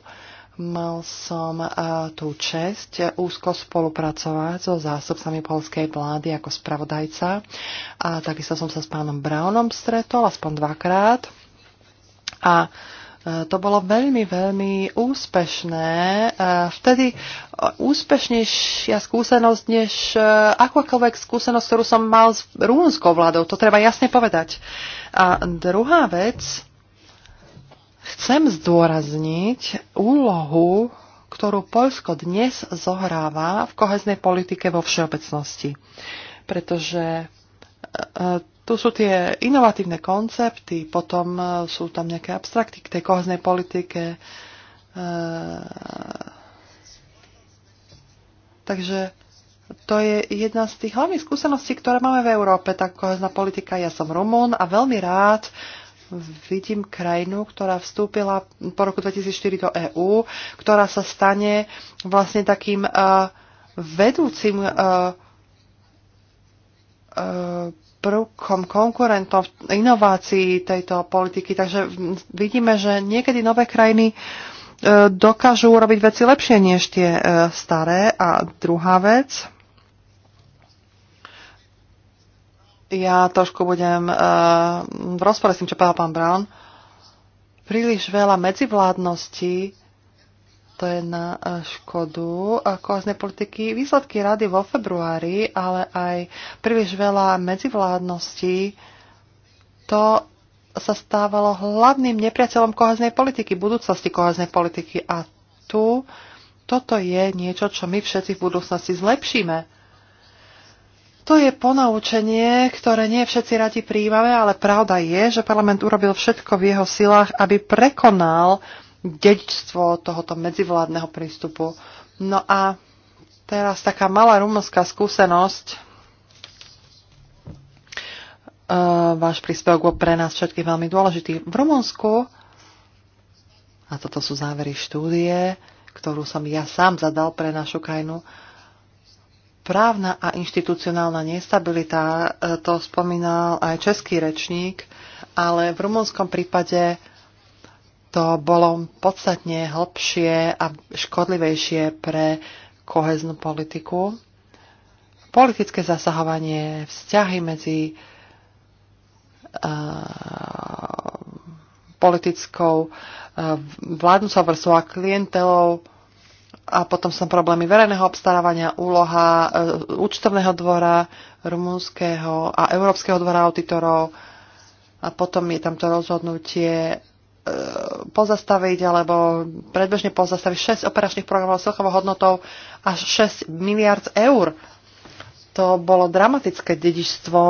Mal som eh, tú čest eh, úzko spolupracovať so zástupcami polskej vlády ako spravodajca a takisto som sa s pánom Brownom stretol aspoň dvakrát. A Eh, to bolo veľmi, veľmi úspešné. Eh, vtedy eh, úspešnejšia skúsenosť než akákoľvek skúsenosť, ktorú som mal s rumunskou vládou. To treba jasne povedať. A druhá vec, chcem zdôrazniť úlohu, ktorú Polsko dnes zohráva v koheznej politike vo všeobecnosti. Pretože tu sú tie inovatívne koncepty, potom e, sú tam nejaké abstrakty k tej koheznej politike. E, takže to je jedna z tých hlavných skúseností, ktoré máme v Európe, tá kohezná politika. Ja som Rumún a veľmi rád vidím krajinu, ktorá vstúpila po roku 2004 do EÚ, ktorá sa stane vlastne takým uh, vedúcim uh, uh, prvkom, konkurentom inovácii tejto politiky. Takže vidíme, že niekedy nové krajiny e, dokážu urobiť veci lepšie než tie e, staré. A druhá vec, ja trošku budem e, v rozpore s tým, čo povedal pán Brown, príliš veľa medzivládnosti to je na e, škodu e, koaznej politiky. Výsledky rady vo februári, ale aj príliš veľa medzivládnosti to sa stávalo hlavným nepriateľom koaznej politiky, budúcnosti koaznej politiky. A tu toto je niečo, čo my všetci v budúcnosti zlepšíme. To je ponaučenie, ktoré nie všetci radi príjmame, ale pravda je, že parlament urobil všetko v jeho silách, aby prekonal dedičstvo tohoto medzivládneho prístupu. No a teraz taká malá rumunská skúsenosť. E, váš príspevok bol pre nás všetkých veľmi dôležitý. V Rumunsku, a toto sú závery štúdie, ktorú som ja sám zadal pre našu krajinu, právna a inštitucionálna nestabilita, e, to spomínal aj český rečník, ale v rumunskom prípade to bolo podstatne hlbšie a škodlivejšie pre koheznú politiku. Politické zasahovanie, vzťahy medzi uh, politickou uh, eh, vládnúcou vrstvou a klientelou a potom sú problémy verejného obstarávania, úloha uh, účtovného dvora rumúnskeho a európskeho dvora auditorov a potom je tam to rozhodnutie pozastaviť alebo predbežne pozastaviť 6 operačných programov s celkovou hodnotou až 6 miliard eur. To bolo dramatické dedičstvo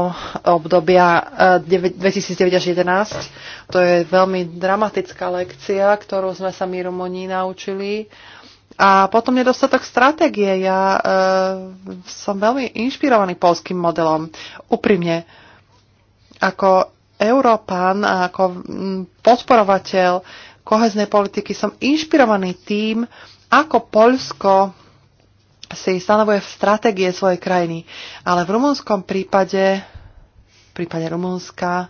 obdobia 2009 eh, až 2011. To je veľmi dramatická lekcia, ktorú sme sa my Rumuní naučili. A potom nedostatok stratégie. Ja e, som veľmi inšpirovaný polským modelom. Úprimne, ako Európan a ako mm, podporovateľ koheznej politiky som inšpirovaný tým, ako Poľsko si stanovuje v stratégie svojej krajiny. Ale v rumunskom prípade, v prípade Rumunska,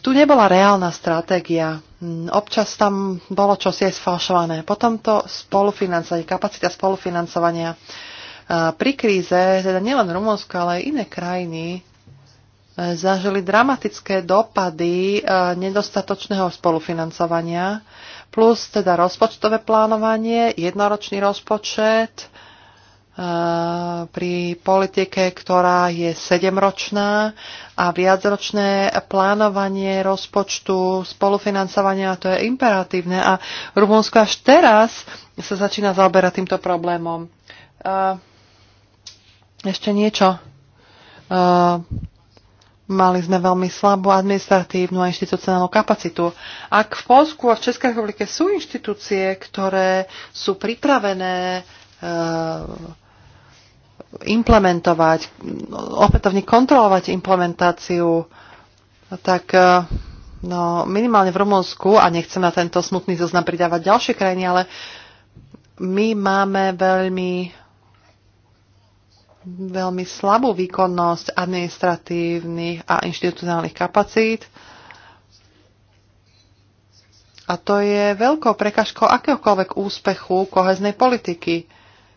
tu nebola reálna stratégia. Mm, občas tam bolo čosi aj sfalšované. Potom to spolufinancovanie, kapacita spolufinancovania. Pri kríze, teda nielen Rumunsko, ale aj iné krajiny, zažili dramatické dopady e, nedostatočného spolufinancovania, plus teda rozpočtové plánovanie, jednoročný rozpočet e, pri politike, ktorá je sedemročná a viacročné plánovanie rozpočtu, spolufinancovania, to je imperatívne a Rumunsko až teraz sa začína zaoberať týmto problémom. E, ešte niečo Mali sme veľmi slabú administratívnu a inštitucionálnu kapacitu. Ak v Polsku a v Českej republike sú inštitúcie, ktoré sú pripravené eh, implementovať, opätovne kontrolovať implementáciu, tak eh, no, minimálne v Rumunsku, a nechcem na tento smutný zoznam pridávať ďalšie krajiny, ale my máme veľmi veľmi slabú výkonnosť administratívnych a inštitucionálnych kapacít. A to je veľkou prekažkou akéhokoľvek úspechu koheznej politiky.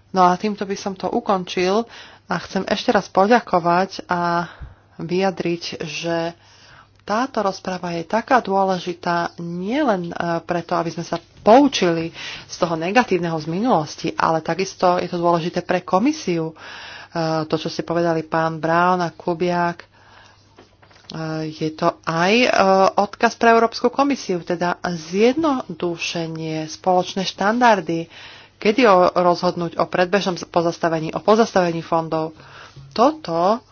No a týmto by som to ukončil a chcem ešte raz poďakovať a vyjadriť, že táto rozpráva je taká dôležitá nielen e, preto, aby sme sa poučili z toho negatívneho z minulosti, ale takisto je to dôležité pre komisiu. E, to, čo si povedali pán Brown a Kubiak, e, je to aj odkaz pre Európsku komisiu, teda zjednodušenie, spoločné štandardy, kedy rozhodnúť o predbežnom pozastavení, o pozastavení fondov. Toto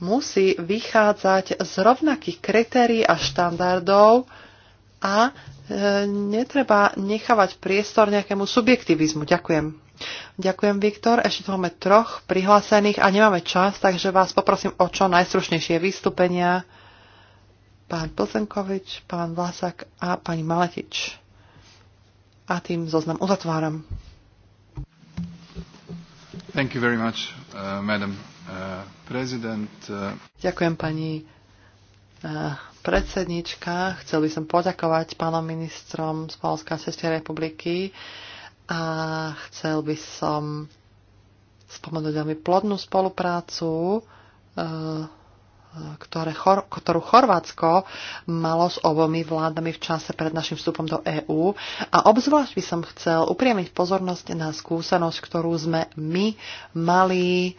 musí vychádzať z rovnakých kritérií a štandardov a e, netreba nechávať priestor nejakému subjektivizmu. Ďakujem. Ďakujem, Viktor. Ešte tu máme troch prihlásených a nemáme čas, takže vás poprosím o čo najstrušnejšie vystúpenia. Pán Plzenkovič, pán Vlasak a pani Maletič. A tým zoznam uzatváram. Thank you very much, uh, madam Uh, uh, Ďakujem pani uh, predsednička. Chcel by som poďakovať pánom ministrom z Polska a Českej republiky a chcel by som spomenúť veľmi plodnú spoluprácu, ktoré, ktorú Chorvátsko malo s obomi vládami v čase pred našim vstupom do EÚ. A obzvlášť by som chcel upriamiť pozornosť na skúsenosť, ktorú sme my mali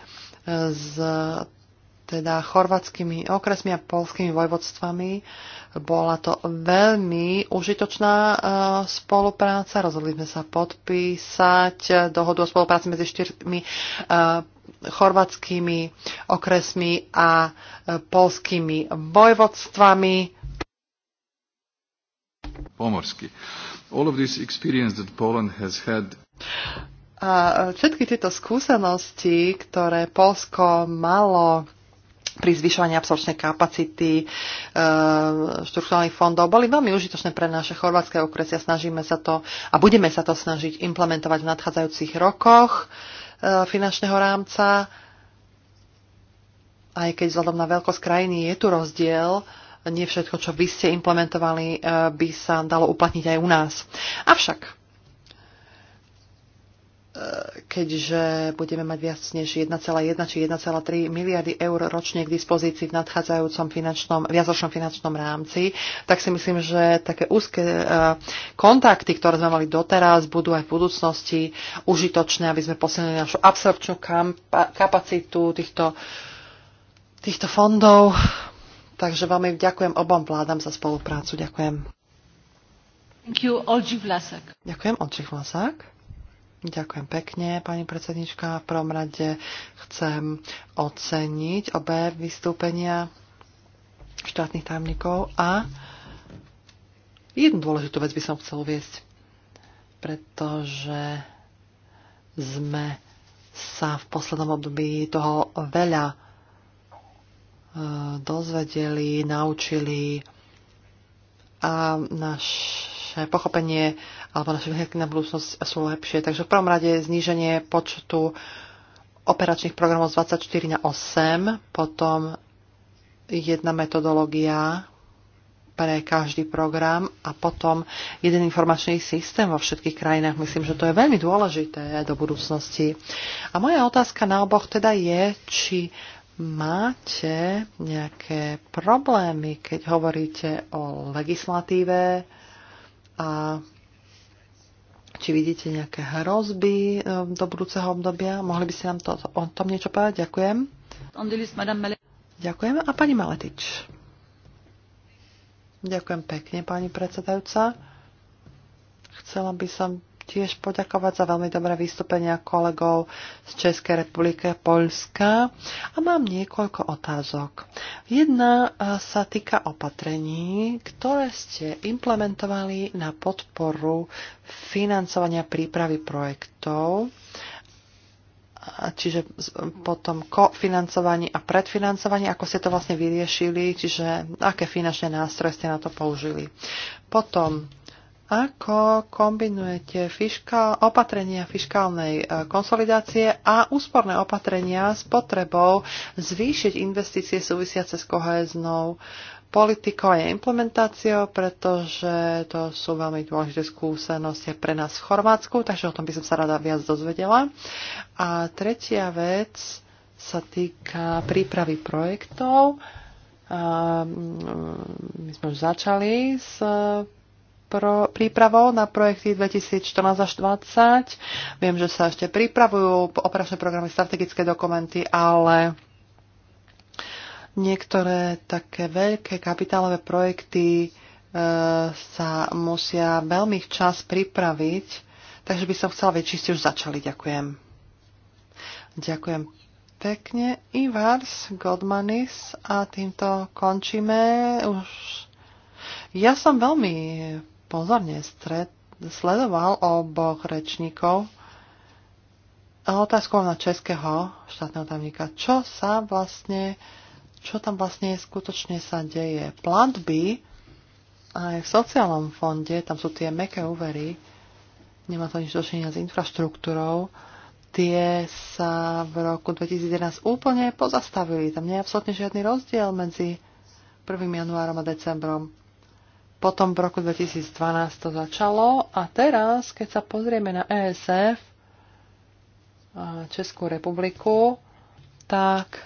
s teda chorvatskými okresmi a polskými vojvodstvami. Bola to veľmi užitočná e, spolupráca. Rozhodli sme sa podpísať dohodu o spolupráci medzi štyrmi e, chorvatskými okresmi a e, polskými vojvodstvami. Pomorsky. All of this experience that Poland has had a všetky tieto skúsenosti, ktoré Polsko malo pri zvyšovaní absorčnej kapacity e, štruktúrnych fondov boli veľmi užitočné pre naše chorvátske okresy a snažíme sa to a budeme sa to snažiť implementovať v nadchádzajúcich rokoch e, finančného rámca. Aj keď vzhľadom na veľkosť krajiny je tu rozdiel, nie všetko, čo vy ste implementovali, e, by sa dalo uplatniť aj u nás. Avšak keďže budeme mať viac než 1,1 či 1,3 miliardy eur ročne k dispozícii v nadchádzajúcom finančnom, viacročnom finančnom rámci, tak si myslím, že také úzke e, kontakty, ktoré sme mali doteraz, budú aj v budúcnosti užitočné, aby sme posilnili našu absorpčnú kapacitu týchto, týchto fondov. Takže veľmi ďakujem obom vládam za spoluprácu. Ďakujem. Thank you, Ďakujem, Olži Vlasák. Ďakujem pekne, pani predsednička. V prvom rade chcem oceniť obe vystúpenia štátnych tajomníkov a jednu dôležitú vec by som chcel uviesť, pretože sme sa v poslednom období toho veľa e, dozvedeli, naučili a náš naše pochopenie alebo naše vyhľadky na budúcnosť sú lepšie. Takže v prvom rade zníženie počtu operačných programov z 24 na 8, potom jedna metodológia pre každý program a potom jeden informačný systém vo všetkých krajinách. Myslím, že to je veľmi dôležité do budúcnosti. A moja otázka na oboch teda je, či máte nejaké problémy, keď hovoríte o legislatíve, a či vidíte nejaké hrozby um, do budúceho obdobia. Mohli by ste nám to, o tom niečo povedať? Ďakujem. Ďakujem. A pani Maletič. Ďakujem pekne, pani predsedajúca. Chcela by som tiež poďakovať za veľmi dobré vystúpenia kolegov z Českej republiky Polska a mám niekoľko otázok. Jedna sa týka opatrení, ktoré ste implementovali na podporu financovania prípravy projektov čiže potom kofinancovanie a predfinancovanie, ako ste to vlastne vyriešili, čiže aké finančné nástroje ste na to použili. Potom ako kombinujete fišká, opatrenia fiskálnej e, konsolidácie a úsporné opatrenia s potrebou zvýšiť investície súvisiace s koheznou politikou a implementáciou, pretože to sú veľmi dôležité skúsenosti pre nás v Chorvátsku, takže o tom by som sa rada viac dozvedela. A tretia vec sa týka prípravy projektov. Mm, my sme už začali s pro, prípravou na projekty 2014 až 2020. Viem, že sa ešte pripravujú operačné programy, strategické dokumenty, ale niektoré také veľké kapitálové projekty e, sa musia veľmi čas pripraviť, takže by som chcela vedieť, či ste už začali. Ďakujem. Ďakujem pekne. Ivars, Godmanis a týmto končíme už ja som veľmi pozorne stred, sledoval oboch rečníkov otázkou na českého štátneho tajomníka, čo sa vlastne, čo tam vlastne skutočne sa deje. Platby aj v sociálnom fonde, tam sú tie meké úvery, nemá to nič dočinenia s infraštruktúrou, tie sa v roku 2011 úplne pozastavili. Tam nie je absolútne žiadny rozdiel medzi 1. januárom a decembrom potom v roku 2012 to začalo a teraz, keď sa pozrieme na ESF, Českú republiku, tak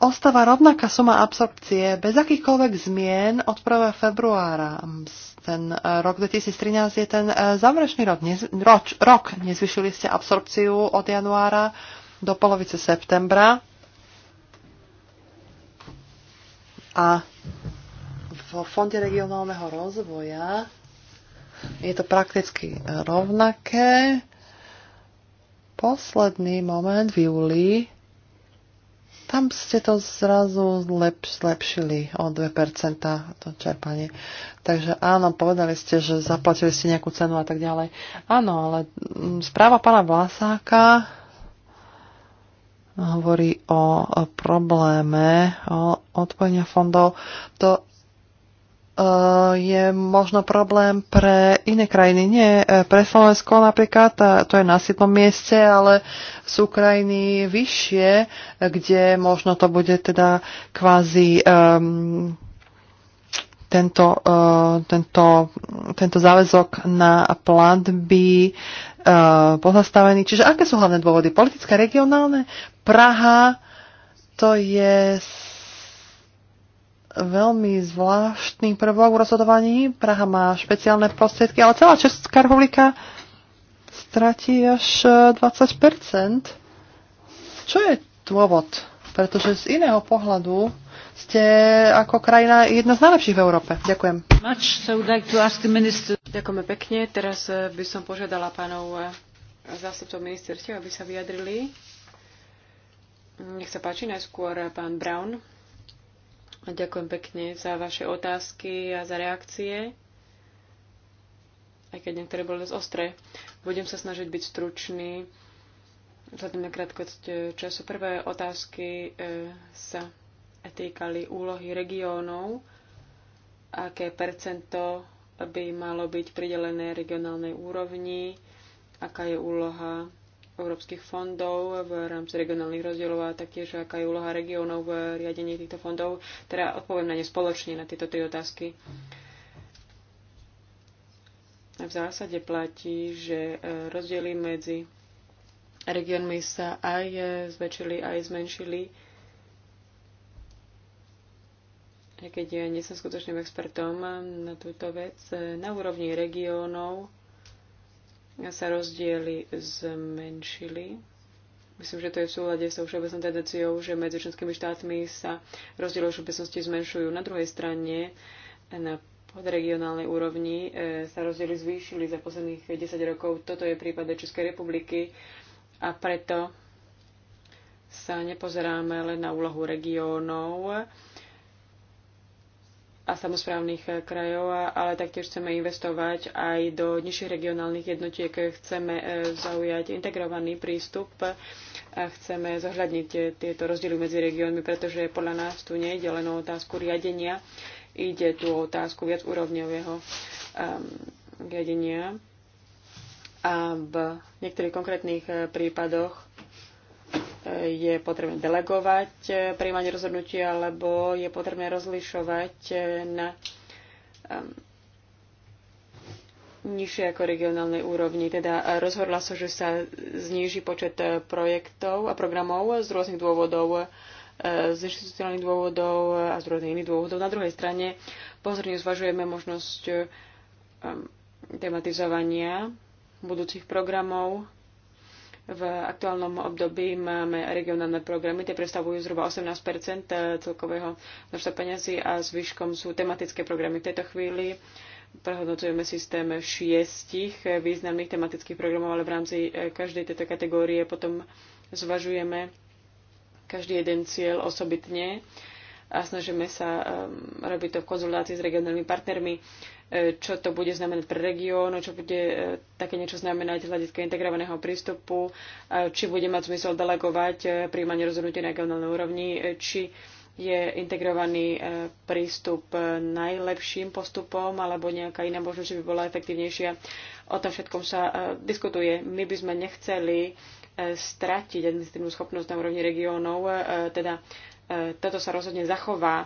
ostáva rovnaká suma absorpcie bez akýchkoľvek zmien od 1. februára. Ten e, rok 2013 je ten e, záverečný rok. Nez, roč, rok. Nezvyšili ste absorpciu od januára do polovice septembra. A v Fonde regionálneho rozvoja je to prakticky e, rovnaké. Posledný moment v júli tam ste to zrazu zlepšili o 2% to čerpanie. Takže áno, povedali ste, že zaplatili ste nejakú cenu a tak ďalej. Áno, ale mm, správa pána Vlasáka hovorí o probléme o odpojenia fondov. To Eh, je možno problém pre iné krajiny. Nie, eh, pre Slovensko napríklad, to je na 7. mieste, ale sú krajiny vyššie, kde možno to bude teda kvázi um, tento, uh, tento, tento záväzok na platby uh, pozastavený. Čiže aké sú hlavné dôvody? Politické, regionálne? Praha, to je veľmi zvláštny prvok v rozhodovaní. Praha má špeciálne prostriedky, ale celá Česká republika stratí až 20%. E, Čo je dôvod? Pretože z iného pohľadu ste ako krajina jedna z najlepších v Európe. Ďakujem. Ďakujeme pekne. Teraz e, by som požiadala pánov e, zástupcov ministerstva, aby sa vyjadrili. Nech sa páči, najskôr pán Brown. A ďakujem pekne za vaše otázky a za reakcie, aj keď niektoré boli dosť ostré. Budem sa snažiť byť stručný. Vzhľadom na krátkosť e, času prvé otázky e, sa týkali úlohy regiónov, aké percento by malo byť pridelené regionálnej úrovni, aká je úloha európskych fondov v rámci regionálnych rozdielov a taktiež aká je úloha regiónov v riadení týchto fondov. Teda odpoviem na ne spoločne, na tieto tri otázky. V zásade platí, že e, rozdiely medzi regiónmi sa aj e, zväčšili, aj zmenšili. keď ja nie som skutočným expertom na túto vec, e, na úrovni regiónov sa rozdiely zmenšili. Myslím, že to je v súlade s tou všeobecnou tendenciou, že medzi členskými štátmi sa rozdiely v všeobecnosti zmenšujú. Na druhej strane, na podregionálnej úrovni e, sa rozdiely zvýšili za posledných 10 rokov. Toto je prípad Českej republiky a preto sa nepozeráme len na úlohu regiónov, a samozprávnych eh, krajov, ale taktiež chceme investovať aj do nižších regionálnych jednotiek. Chceme eh, zaujať integrovaný prístup a chceme zohľadniť eh, tieto rozdiely medzi regiónmi, pretože podľa nás tu nie je len o otázku riadenia, ide tu o otázku viac úrovňového ehm, riadenia. A v niektorých konkrétnych prípadoch je potrebné delegovať eh, príjmať rozhodnutia, alebo je potrebné rozlišovať eh, na ehm, nižšie ako regionálnej úrovni. Teda eh, rozhodla sa, so, že sa zníži počet projektov a programov z rôznych dôvodov, z inštitucionálnych dôvodov a z rôznych iných dôvodov. Na druhej strane pozorne zvažujeme možnosť ehm, tematizovania budúcich programov v aktuálnom období máme regionálne programy, tie predstavujú zhruba 18 eh, celkového množstva peňazí a zvyškom sú tematické programy. V tejto chvíli prehodnocujeme systém šiestich významných tematických programov, ale v rámci eh, každej tejto kategórie potom zvažujeme každý jeden cieľ osobitne a snažíme sa eh, robiť to v konzultácii s regionálnymi partnermi čo to bude znamenať pre región, čo bude e, také niečo znamenať z hľadiska integrovaného prístupu, e, či bude mať zmysel delegovať e, príjmanie rozhodnutí na regionálnej úrovni, či je integrovaný prístup najlepším postupom alebo nejaká iná možnosť, že by bola efektívnejšia. O tom všetkom sa diskutuje. My by sme nechceli stratiť administratívnu schopnosť na úrovni regiónov, teda toto sa rozhodne zachová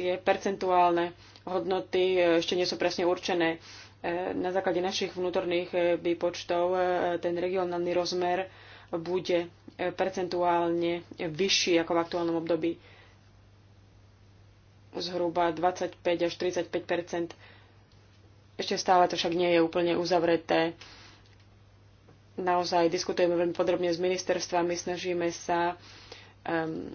tie percentuálne hodnoty e, ešte nie sú presne určené. E, na základe našich vnútorných e, výpočtov ten regionálny rozmer bude percentuálne vyšší ako v aktuálnom období zhruba 25 až 35 Ešte stále to však nie je úplne uzavreté. Naozaj diskutujeme veľmi podrobne s ministerstvami, snažíme sa uh, Um,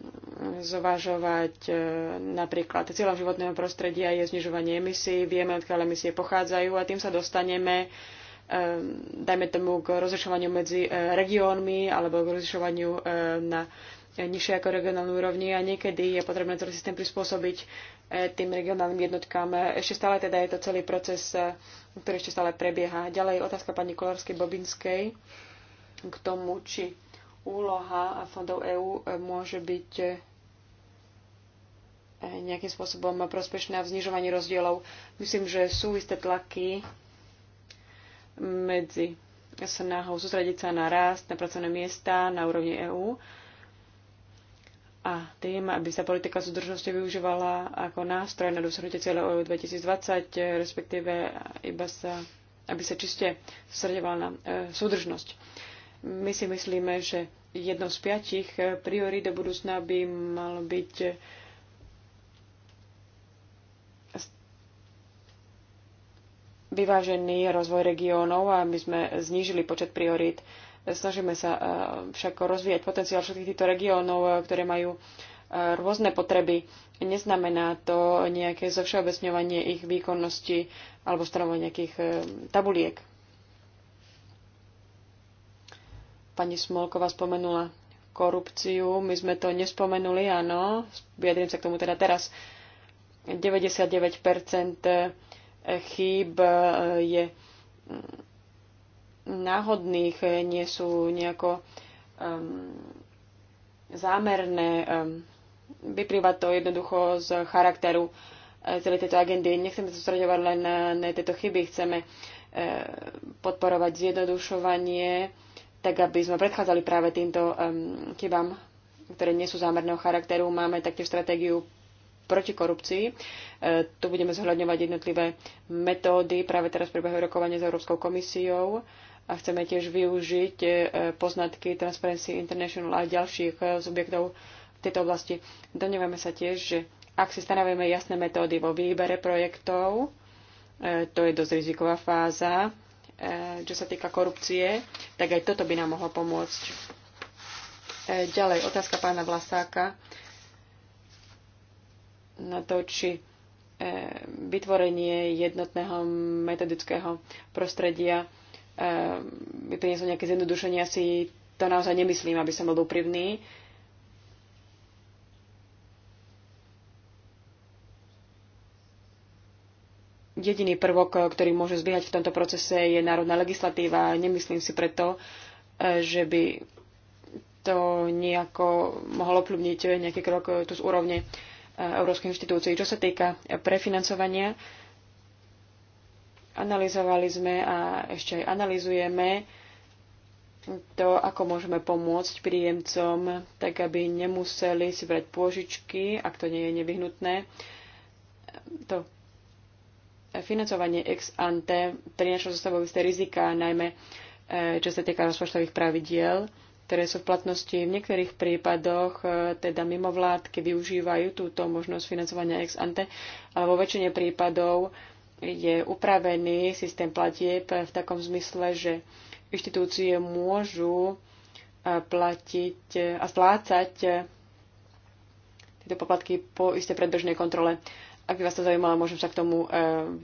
zvažovať uh, napríklad cieľom životného prostredia je znižovanie emisí, vieme, odkiaľ emisie pochádzajú a tým sa dostaneme um, dajme tomu k rozlišovaniu medzi uh, regiónmi alebo k rozlišovaniu uh, na nižšie ako regionálnej úrovni a niekedy je potrebné celý systém prispôsobiť tým regionálnym jednotkám. Ešte stále teda je to celý proces, ktorý ešte stále prebieha. Ďalej otázka pani kolorskej bobinskej k tomu, či úloha fondov EÚ e, môže byť e, e, nejakým spôsobom prospešná v znižovaní rozdielov. Myslím, že sú isté tlaky medzi snahou sústrediť sa na rast, na pracovné miesta na úrovni EÚ a tým, aby sa politika súdržnosti využívala ako nástroj na dosiahnutie cieľa EU 2020, respektíve iba sa, aby sa čiste sústredovala na e, súdržnosť. My si myslíme, že jedno z piatich eh, priorít do budúcna by mal byť eh, vyvážený rozvoj regiónov a my sme znížili počet priorít. Snažíme sa eh, však rozvíjať potenciál všetkých týchto regiónov, ktoré majú rôzne potreby. Neznamená to nejaké zovšeobecňovanie ich výkonnosti alebo stanovanie nejakých tabuliek. Pani Smolková spomenula korupciu. My sme to nespomenuli, áno. Vyjadrím sa k tomu teda teraz. 99% eh, chýb eh, je mm, náhodných, eh, nie sú nejako um, zámerné. Um, ehm, vyplýva to jednoducho z charakteru celej tejto agendy. Nechceme sa sústredovať len na, na tieto chyby, chceme podporovať zjednodušovanie tak aby sme predchádzali práve týmto um, chybám, ktoré nie sú zámerného charakteru. Máme taktiež stratégiu proti korupcii. E, tu budeme zhľadňovať jednotlivé metódy práve teraz prebehuje rokovanie s Európskou komisiou a chceme tiež využiť e, poznatky Transparency International a ďalších e, subjektov v tejto oblasti. Donievame sa tiež, že ak si stanovíme jasné metódy vo výbere projektov, e, to je dosť riziková fáza, E, čo sa týka korupcie, tak aj toto by nám mohlo pomôcť. E, ďalej, otázka pána Vlasáka na to, či e, vytvorenie jednotného metodického prostredia prinieslo nejaké zjednodušenia, si to naozaj nemyslím, aby som bol úprimný. Jediný prvok, e, ktorý môže zbiehať v tomto procese, je národná legislatíva. Nemyslím si preto, e, že by to nejako mohlo plúbniť nejaký krok e, tu z úrovne európskej inštitúcie. Čo sa týka prefinancovania, analyzovali sme a ešte aj analyzujeme to, ako môžeme pomôcť príjemcom, tak aby nemuseli si brať pôžičky, ak to nie je nevyhnutné. To financovanie ex ante prináša so sebou isté rizika, najmä e, čo sa týka rozpočtových pravidiel, ktoré sú v platnosti. V niektorých prípadoch e, teda mimovládky využívajú túto možnosť financovania ex ante, ale vo väčšine prípadov je upravený systém platieb v takom zmysle, že inštitúcie môžu e, platiť a splácať tieto poplatky po isté predbežnej kontrole. Ak by vás to zaujímalo, môžem sa k tomu e,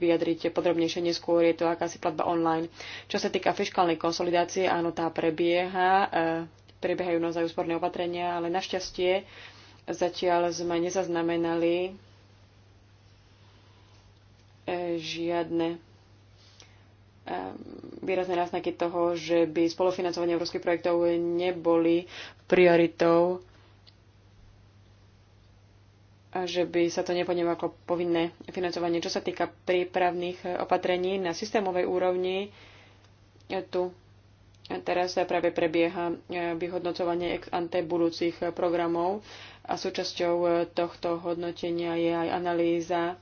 vyjadriť podrobnejšie neskôr. Je to akási platba online. Čo sa týka fiskálnej konsolidácie, áno, tá prebieha. E, prebiehajú naozaj úsporné opatrenia, ale našťastie zatiaľ sme nezaznamenali e, žiadne výrazné náznaky toho, že by spolufinancovanie európskych projektov neboli prioritou že by sa to nepodnelo ako povinné financovanie. Čo sa týka prípravných opatrení na systémovej úrovni, tu teraz práve prebieha e, vyhodnocovanie ex ante budúcich programov a súčasťou e, tohto hodnotenia je aj analýza e,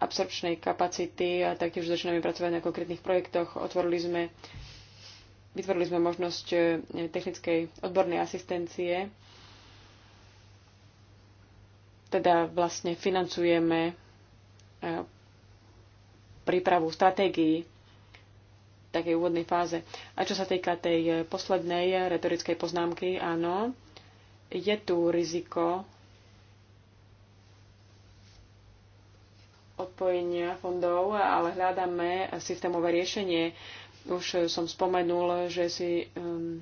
absorpčnej kapacity a taktiež začíname pracovať na konkrétnych projektoch. Otvorili sme, vytvorili sme možnosť technickej odbornej asistencie teda vlastne financujeme e, prípravu stratégií takej úvodnej fáze. A čo sa týka tej e, poslednej e, retorickej poznámky, áno, je tu riziko odpojenia fondov, ale hľadáme systémové riešenie. Už som spomenul, že si um,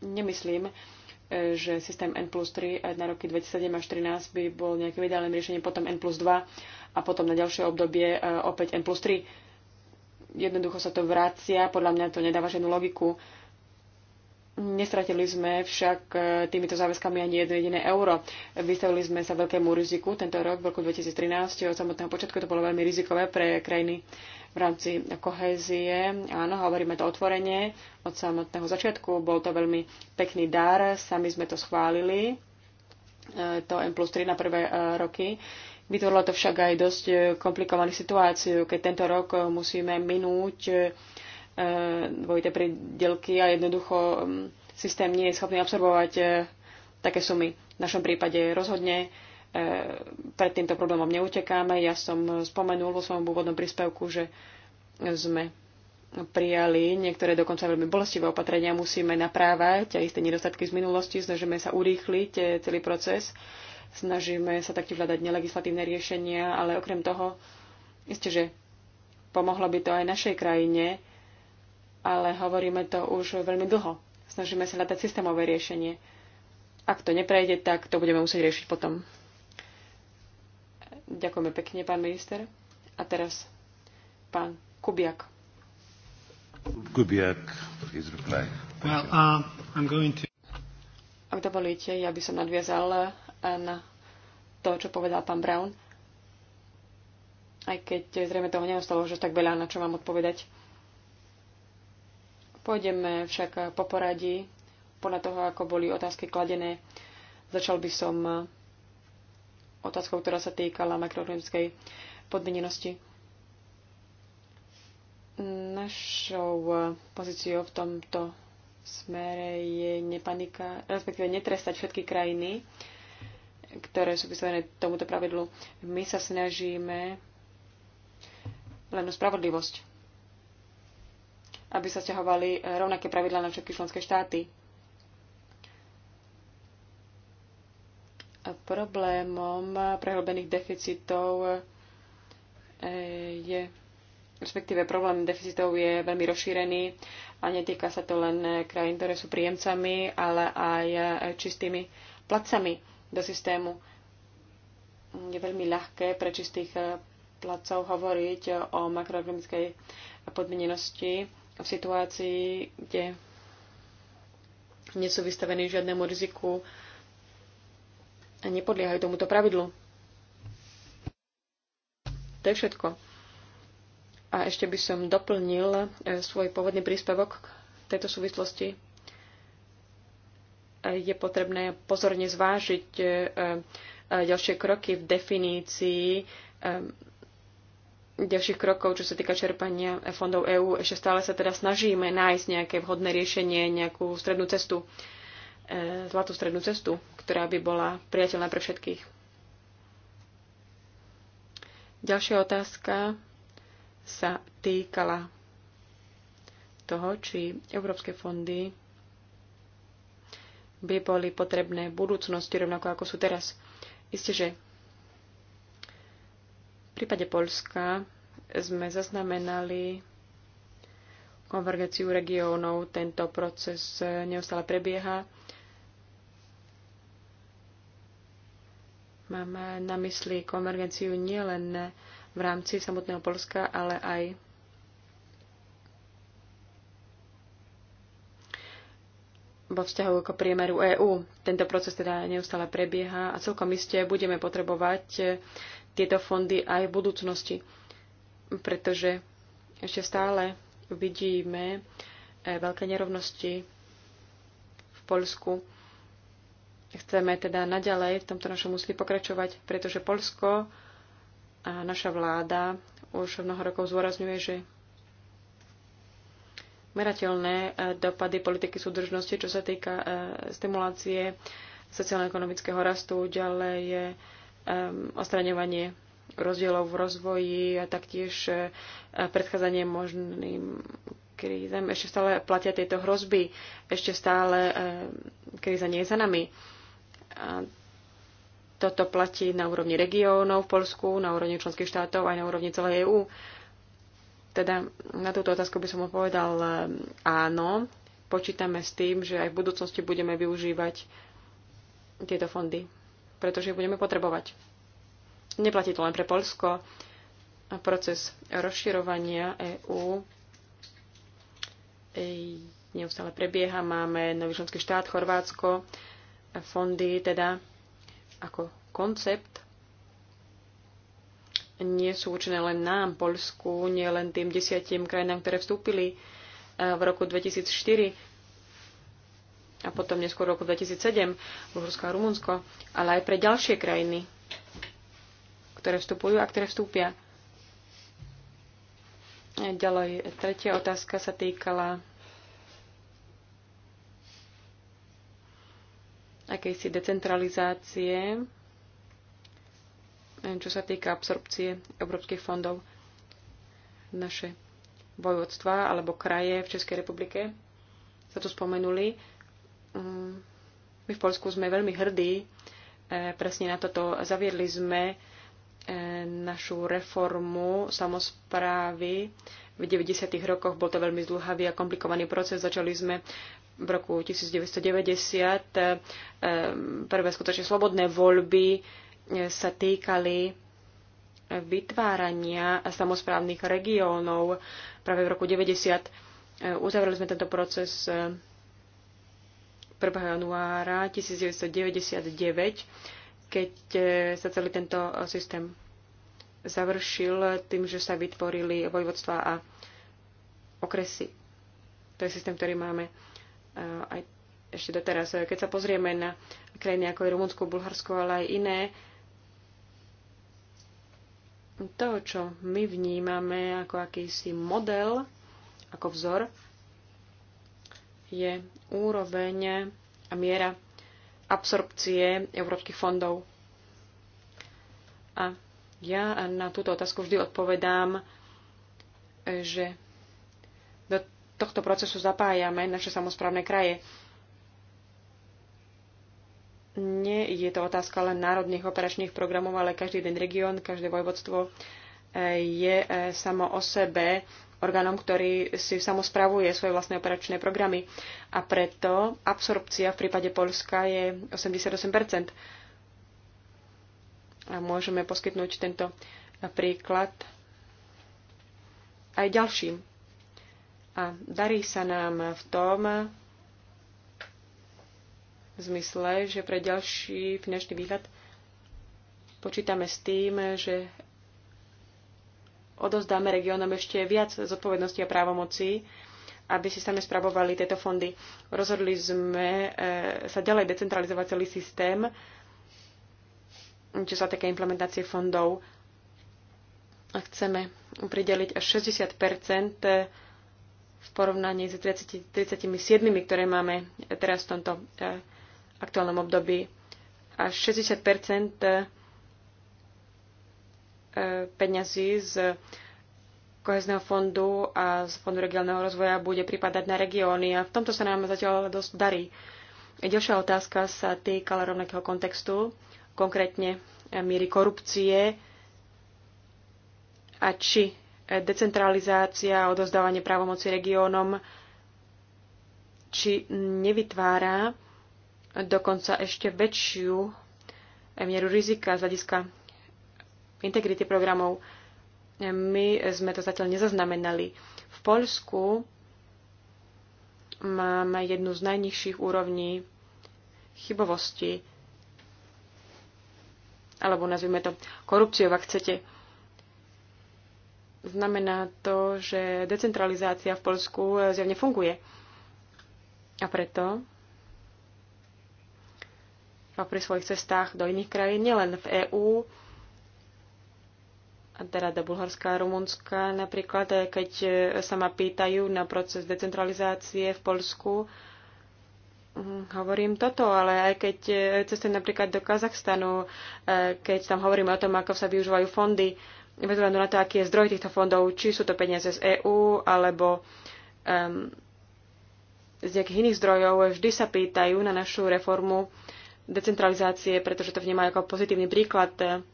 nemyslím, že systém N plus 3 na roky 2007 až 2013 by bol nejakým ideálnym riešením, potom N plus 2 a potom na ďalšie obdobie e, opäť N plus 3. Jednoducho sa to vracia, podľa mňa to nedáva žiadnu logiku. Nestratili sme však e, týmito záväzkami ani jedno jediné euro. Vystavili sme sa veľkému riziku tento rok, v roku 2013. Od samotného počiatku to bolo veľmi rizikové pre krajiny v rámci kohézie. Áno, hovoríme to otvorenie od samotného začiatku. Bol to veľmi pekný dar, sami sme to schválili, e, to M plus 3 na prvé e, roky. Vytvorilo to však aj dosť e, komplikovanú situáciu, keď tento rok musíme minúť dvojité pridelky a jednoducho systém nie je schopný absorbovať také sumy. V našom prípade rozhodne E, pred týmto problémom neutekáme. Ja som spomenul vo svojom úvodnom príspevku, že sme prijali niektoré dokonca veľmi bolestivé opatrenia, musíme naprávať a isté nedostatky z minulosti, snažíme sa urýchliť e, celý proces, snažíme sa taktiež hľadať nelegislatívne riešenia, ale okrem toho, isté, že pomohlo by to aj našej krajine, ale hovoríme to už veľmi dlho. Snažíme sa hľadať systémové riešenie. Ak to neprejde, tak to budeme musieť riešiť potom. Ďakujeme pekne, pán minister. A teraz pán Kubiak. Kubiak, please reply. Well, uh, I'm going to... Ak dovolíte, ja by som nadviazal uh, na to, čo povedal pán Brown. Aj keď zrejme toho neostalo, že tak veľa, na čo mám odpovedať. Pôjdeme však po poradí, podľa toho, ako boli otázky kladené. Začal by som uh, otázkou, ktorá sa týkala makroekonomickej podmienenosti. Našou eh, pozíciou v tomto smere je nepanika, respektíve netrestať všetky krajiny, ktoré sú vyslovené tomuto pravidlu. My sa snažíme len o spravodlivosť, aby sa stiahovali rovnaké pravidlá na všetky členské štáty problémom prehlbených deficitov e, je respektíve problém deficitov je veľmi rozšírený a netýka sa to len krajín, ktoré sú príjemcami, ale aj čistými placami do systému. Je veľmi ľahké pre čistých placov hovoriť o makroekonomickej podmienenosti v situácii, kde nie sú vystavení žiadnemu riziku a nepodliehajú tomuto pravidlu. To je všetko. A ešte by som doplnil e, svoj pôvodný príspevok k tejto súvislosti. E, je potrebné pozorne zvážiť e, ďalšie kroky v definícii ďalších krokov, čo sa týka čerpania fondov EÚ. Ešte stále sa teda snažíme nájsť nejaké vhodné riešenie, nejakú strednú cestu. E, zlatú strednú cestu, ktorá by bola priateľná pre všetkých. Ďalšia otázka sa týkala toho, či európske fondy by boli potrebné v budúcnosti, rovnako ako sú teraz. Isté, že v prípade Polska sme zaznamenali konvergenciu regiónov. Tento proces neustále prebieha Mám na mysli konvergenciu nielen v rámci samotného Polska, ale aj vo vzťahu k priemeru EÚ. Tento proces teda neustále prebieha a celkom iste budeme potrebovať tieto fondy aj v budúcnosti, pretože ešte stále vidíme eh, veľké nerovnosti v Polsku Chceme teda naďalej v tomto našom úsilí pokračovať, pretože Polsko a naša vláda už mnoho rokov zúrazňuje, že merateľné e, dopady politiky súdržnosti, čo sa týka e, stimulácie sociálno-ekonomického rastu, ďalej je ostraňovanie rozdielov v rozvoji a taktiež e, predchádzanie možným krízem, Ešte stále platia tieto hrozby, ešte stále kríza nie je za nami toto platí na úrovni regiónov v Polsku, na úrovni členských štátov aj na úrovni celej EÚ. Teda na túto otázku by som odpovedal povedal áno. Počítame s tým, že aj v budúcnosti budeme využívať tieto fondy, pretože ich budeme potrebovať. Neplatí to len pre Polsko. A proces rozširovania EÚ neustále prebieha. Máme nový členský štát, Chorvátsko, fondy teda ako koncept nie sú určené len nám, Polsku, nie len tým desiatim krajinám, ktoré vstúpili eh, v roku 2004 a potom neskôr v roku 2007 Bulharsko a Rumunsko, ale aj pre ďalšie krajiny, ktoré vstupujú a ktoré vstúpia. Ďalej, tretia otázka sa týkala akejsi decentralizácie, eh, čo sa týka absorpcie európskych fondov. Naše vojvodstva alebo kraje v Českej republike sa tu spomenuli. Mm, my v Polsku sme veľmi hrdí eh, presne na toto. Zaviedli sme eh, našu reformu samozprávy v 90. rokoch bol to veľmi zdlhavý a komplikovaný proces. Začali sme v roku 1990. Ehm, prvé skutočne slobodné voľby e, sa týkali vytvárania samozprávnych regiónov. Práve v roku 90 e, uzavreli sme tento proces 1. E, januára 1999, keď sa celý tento systém završil tým, že sa vytvorili vojvodstva a okresy. To je systém, ktorý máme e, aj ešte doteraz. Keď sa pozrieme na krajiny ako je Rumunsko, Bulharsko, ale aj iné, to, čo my vnímame ako akýsi model, ako vzor, je úroveň a miera absorpcie európskych fondov. A ja na túto otázku vždy odpovedám, že do tohto procesu zapájame naše samozprávne kraje. Nie je to otázka len národných operačných programov, ale každý jeden región, každé vojvodstvo e, je e, samo o sebe orgánom, ktorý si samozpravuje svoje vlastné operačné programy. A preto absorpcia v prípade Polska je 88 a môžeme poskytnúť tento príklad aj ďalším. A darí sa nám v tom v zmysle, že pre ďalší finančný výhľad počítame s tým, že odozdáme regiónom ešte viac zodpovednosti a právomocí, aby si sami spravovali tieto fondy. Rozhodli sme e, sa ďalej decentralizovať celý systém čo sa také implementácie fondov. A chceme prideliť až 60 v porovnaní s 30, 37, ktoré máme teraz v tomto eh, aktuálnom období. Až 60 eh, peňazí z kohezného fondu a z fondu regionálneho rozvoja bude pripadať na regióny a v tomto sa nám zatiaľ dosť darí. Ďalšia otázka sa týkala rovnakého kontextu konkrétne miery korupcie a či decentralizácia a odozdávanie právomoci regiónom či nevytvára dokonca ešte väčšiu mieru rizika z hľadiska integrity programov. My sme to zatiaľ nezaznamenali. V Poľsku máme jednu z najnižších úrovní chybovosti alebo nazvime to korupciou, ak chcete. Znamená to, že decentralizácia v Polsku zjavne funguje. A preto a pri svojich cestách do iných krajín, nielen v EÚ, a teda do Bulharska a Rumunska napríklad, keď sa ma pýtajú na proces decentralizácie v Polsku, Mm, hovorím toto, ale aj keď e, cestujem napríklad do Kazachstanu, e, keď tam hovoríme o tom, ako sa využívajú fondy, bez na to, aký je zdroj týchto fondov, či sú to peniaze z EÚ alebo um, z nejakých iných zdrojov, vždy sa pýtajú na našu reformu decentralizácie, pretože to vnímajú ako pozitívny príklad e,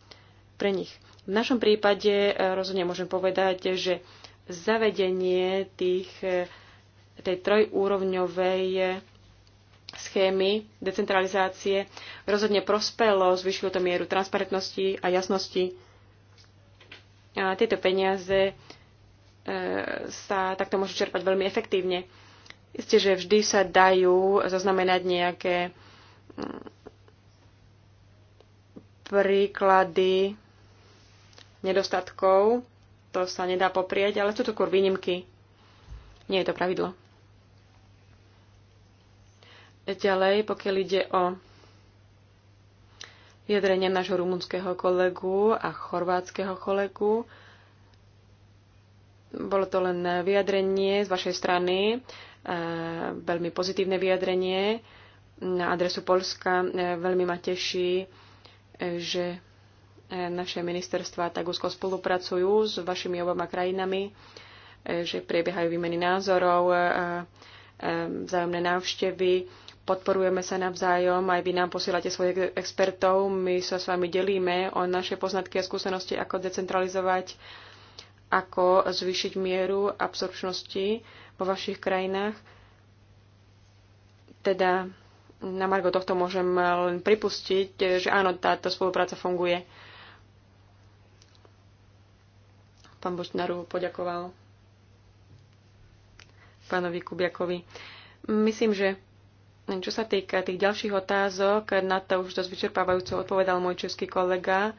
pre nich. V našom prípade rozhodne môžem povedať, že zavedenie tých, tej trojúrovňovej schémy decentralizácie rozhodne prospelo, zvyšilo to mieru transparentnosti a jasnosti. A tieto peniaze e, sa takto môžu čerpať veľmi efektívne. Isté, že vždy sa dajú zaznamenať nejaké mm, príklady nedostatkov, to sa nedá poprieť, ale sú to kur výnimky. Nie je to pravidlo. Ďalej, pokiaľ ide o vyjadrenie nášho rumunského kolegu a chorvátskeho kolegu, bolo to len vyjadrenie z vašej strany, e, veľmi pozitívne vyjadrenie na adresu Polska. E, veľmi ma teší, e, že naše ministerstva tak úzko spolupracujú s vašimi oboma krajinami, že prebiehajú výmeny názorov, vzájomné návštevy podporujeme sa navzájom, aj vy nám posielate svojich expertov, my sa s vami delíme o naše poznatky a skúsenosti, ako decentralizovať, ako zvýšiť mieru absorpčnosti vo vašich krajinách. Teda na Margo tohto môžem len pripustiť, že áno, táto spolupráca funguje. Pán Božnaru poďakoval pánovi Kubiakovi. Myslím, že čo sa týka tých ďalších otázok, na to už dosť vyčerpávajúco odpovedal môj český kolega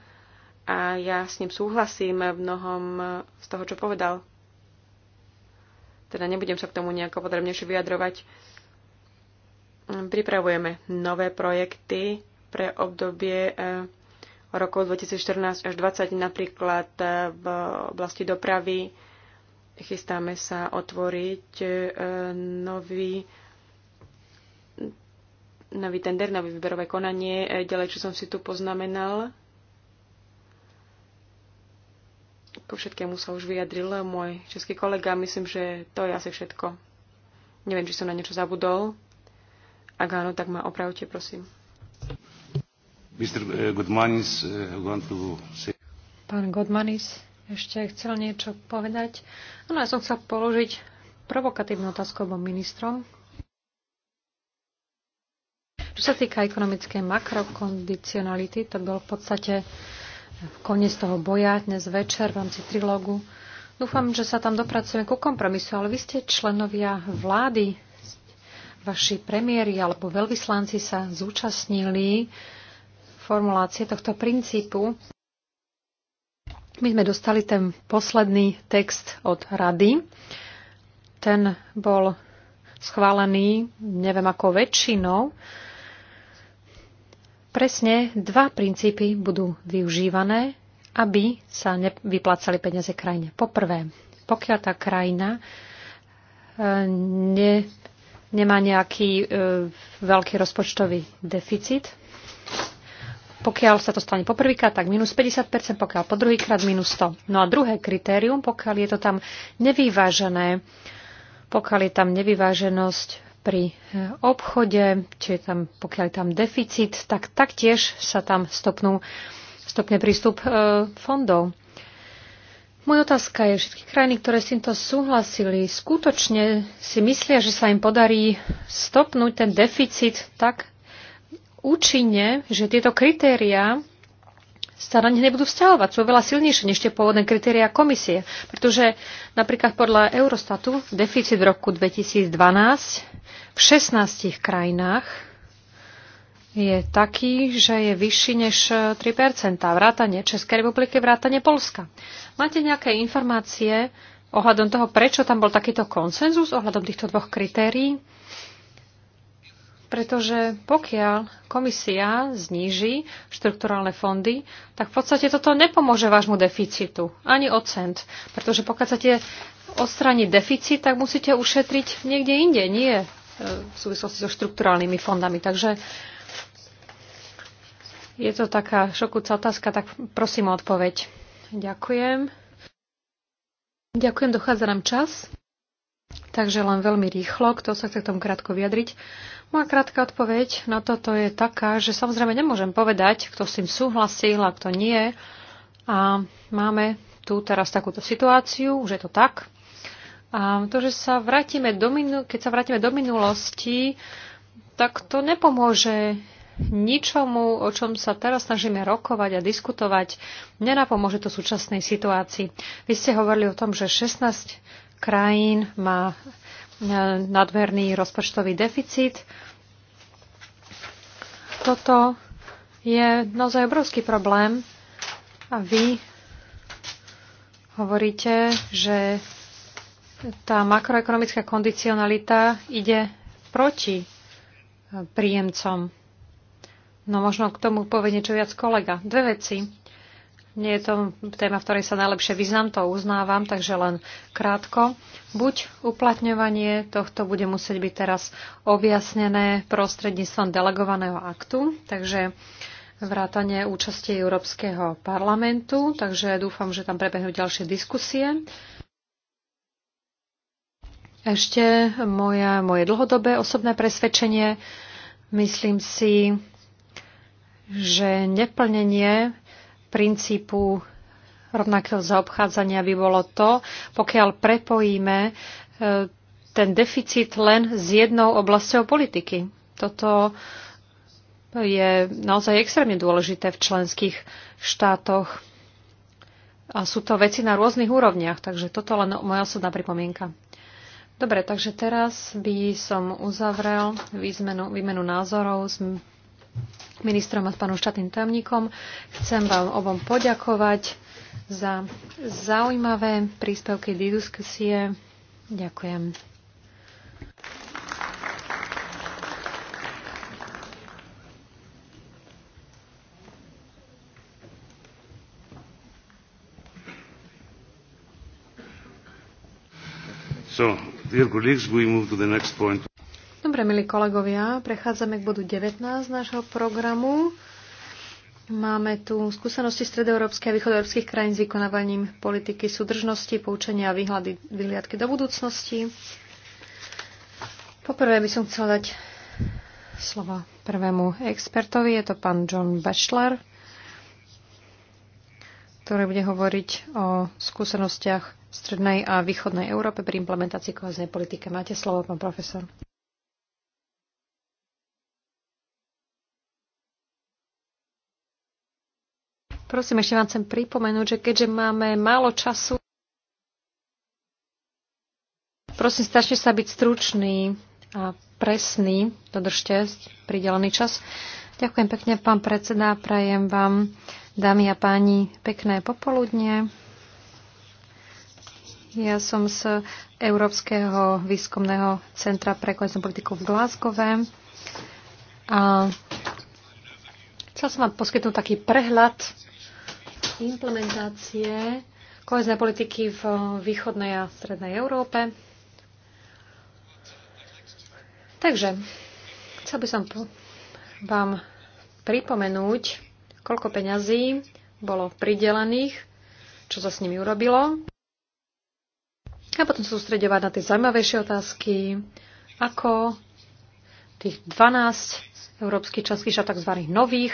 a ja s ním súhlasím v mnohom z toho, čo povedal. Teda nebudem sa k tomu nejako podrobnejšie vyjadrovať. Pripravujeme nové projekty pre obdobie eh, rokov 2014 až 2020 napríklad eh, v oblasti dopravy. Chystáme sa otvoriť eh, nový nový tender, nové výberové konanie. E, ďalej, čo som si tu poznamenal, Ko všetkému sa už vyjadril môj český kolega. Myslím, že to je asi všetko. Neviem, či som na niečo zabudol. Ak áno, tak ma opravte, prosím. E, e, Pán Godmanis ešte chcel niečo povedať. No, ja som chcel položiť provokatívnu otázku obom ministrom. Čo sa týka ekonomickej makrokondicionality, to bol v podstate koniec toho boja dnes večer v rámci trilógu. Dúfam, že sa tam dopracujeme ku kompromisu, ale vy ste členovia vlády. Vaši premiéry alebo veľvyslanci sa zúčastnili formulácie tohto princípu. My sme dostali ten posledný text od rady. Ten bol schválený neviem ako väčšinou presne dva princípy budú využívané, aby sa nevyplácali peniaze krajine. Poprvé, pokiaľ tá krajina e, ne, nemá nejaký e, veľký rozpočtový deficit, pokiaľ sa to stane poprvýkrát, tak minus 50%, pokiaľ po druhýkrát minus 100. No a druhé kritérium, pokiaľ je to tam nevyvážené, pokiaľ je tam nevyváženosť pri e, obchode, či je tam, pokiaľ je tam deficit, tak taktiež sa tam stopnú, stopne prístup e, fondov. Moja otázka je, všetky krajiny, ktoré s týmto súhlasili, skutočne si myslia, že sa im podarí stopnúť ten deficit tak účinne, že tieto kritéria sa na nich nebudú vzťahovať. Sú veľa silnejšie než tie pôvodné kritéria komisie. Pretože napríklad podľa Eurostatu deficit v roku 2012 v 16 krajinách je taký, že je vyšší než 3 vrátanie Českej republiky, vrátanie Polska. Máte nejaké informácie ohľadom toho, prečo tam bol takýto konsenzus ohľadom týchto dvoch kritérií? pretože pokiaľ komisia zníži štrukturálne fondy, tak v podstate toto nepomôže vášmu deficitu, ani o cent. Pretože pokiaľ chcete odstrániť deficit, tak musíte ušetriť niekde inde, nie e, v súvislosti so štrukturálnymi fondami. Takže je to taká šokúca otázka, tak prosím o odpoveď. Ďakujem. Ďakujem, dochádza nám čas. Takže len veľmi rýchlo, kto sa chce k tomu krátko vyjadriť. Moja krátka odpoveď na toto je taká, že samozrejme nemôžem povedať, kto s tým súhlasil a kto nie. A máme tu teraz takúto situáciu, už je to tak. A to, že sa vrátime do minu- keď sa vrátime do minulosti, tak to nepomôže ničomu, o čom sa teraz snažíme rokovať a diskutovať, nenapomôže to súčasnej situácii. Vy ste hovorili o tom, že 16 krajín má nadmerný rozpočtový deficit. Toto je naozaj obrovský problém a vy hovoríte, že tá makroekonomická kondicionalita ide proti príjemcom. No možno k tomu povie niečo viac kolega. Dve veci. Nie je to téma, v ktorej sa najlepšie vyznám, to uznávam, takže len krátko. Buď uplatňovanie tohto bude musieť byť teraz objasnené prostredníctvom delegovaného aktu, takže vrátanie účasti Európskeho parlamentu, takže dúfam, že tam prebehnú ďalšie diskusie. Ešte moje, moje dlhodobé osobné presvedčenie. Myslím si, že neplnenie princípu rovnakého zaobchádzania by bolo to, pokiaľ prepojíme e, ten deficit len s jednou oblasťou politiky. Toto je naozaj extrémne dôležité v členských štátoch. A sú to veci na rôznych úrovniach, takže toto len moja osobná pripomienka. Dobre, takže teraz by som uzavrel výzmenu, výmenu názorov s ministrom a s pánom štátnym tajomníkom. Chcem vám obom poďakovať za zaujímavé príspevky diskusie. Ďakujem. So, dear colleagues, we move to the next point. Dobre, milí kolegovia, prechádzame k bodu 19 nášho programu. Máme tu skúsenosti stredoeurópskej a východoeurópskych krajín s vykonávaním politiky súdržnosti, poučenia a výhľady, vyhliadky do budúcnosti. Poprvé by som chcela dať slovo prvému expertovi, je to pán John Bachelor, ktorý bude hovoriť o skúsenostiach strednej a východnej Európe pri implementácii koheznej politike. Máte slovo, pán profesor. Prosím, ešte vám chcem pripomenúť, že keďže máme málo času, prosím, stačí sa byť stručný a presný, dodržte pridelený čas. Ďakujem pekne, pán predseda, prajem vám, dámy a páni, pekné popoludne. Ja som z Európskeho výskumného centra pre koheznú politiku v Glasgowe a chcel som vám poskytnúť taký prehľad implementácie kohezné politiky v východnej a strednej Európe. Takže, chcel by som vám pripomenúť, koľko peňazí bolo pridelených, čo sa s nimi urobilo. A potom sa sústredovať na tie zaujímavejšie otázky, ako tých 12 európskych členských štát tzv. nových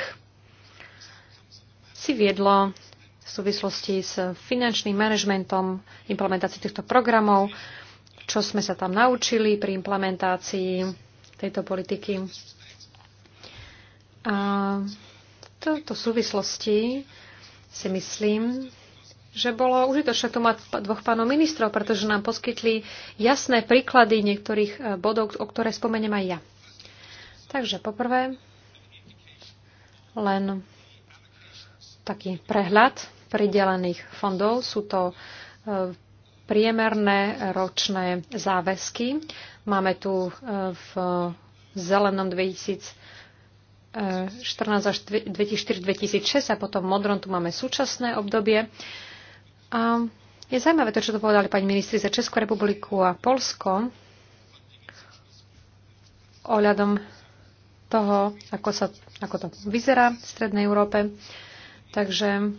si viedlo v súvislosti s finančným manažmentom implementácií týchto programov, čo sme sa tam naučili pri implementácii tejto politiky. A v tejto súvislosti si myslím, že bolo užitočné tu mať dvoch pánov ministrov, pretože nám poskytli jasné príklady niektorých eh, bodov, o ktoré spomeniem aj ja. Takže poprvé len taký prehľad pridelených fondov. Sú to e, priemerné ročné záväzky. Máme tu e, v zelenom 2014 e, až 2004-2006 a potom v modrom tu máme súčasné obdobie. A je zaujímavé to, čo to povedali pani ministri za Českú republiku a Polsko ohľadom toho, ako, sa, ako to vyzerá v Strednej Európe. Takže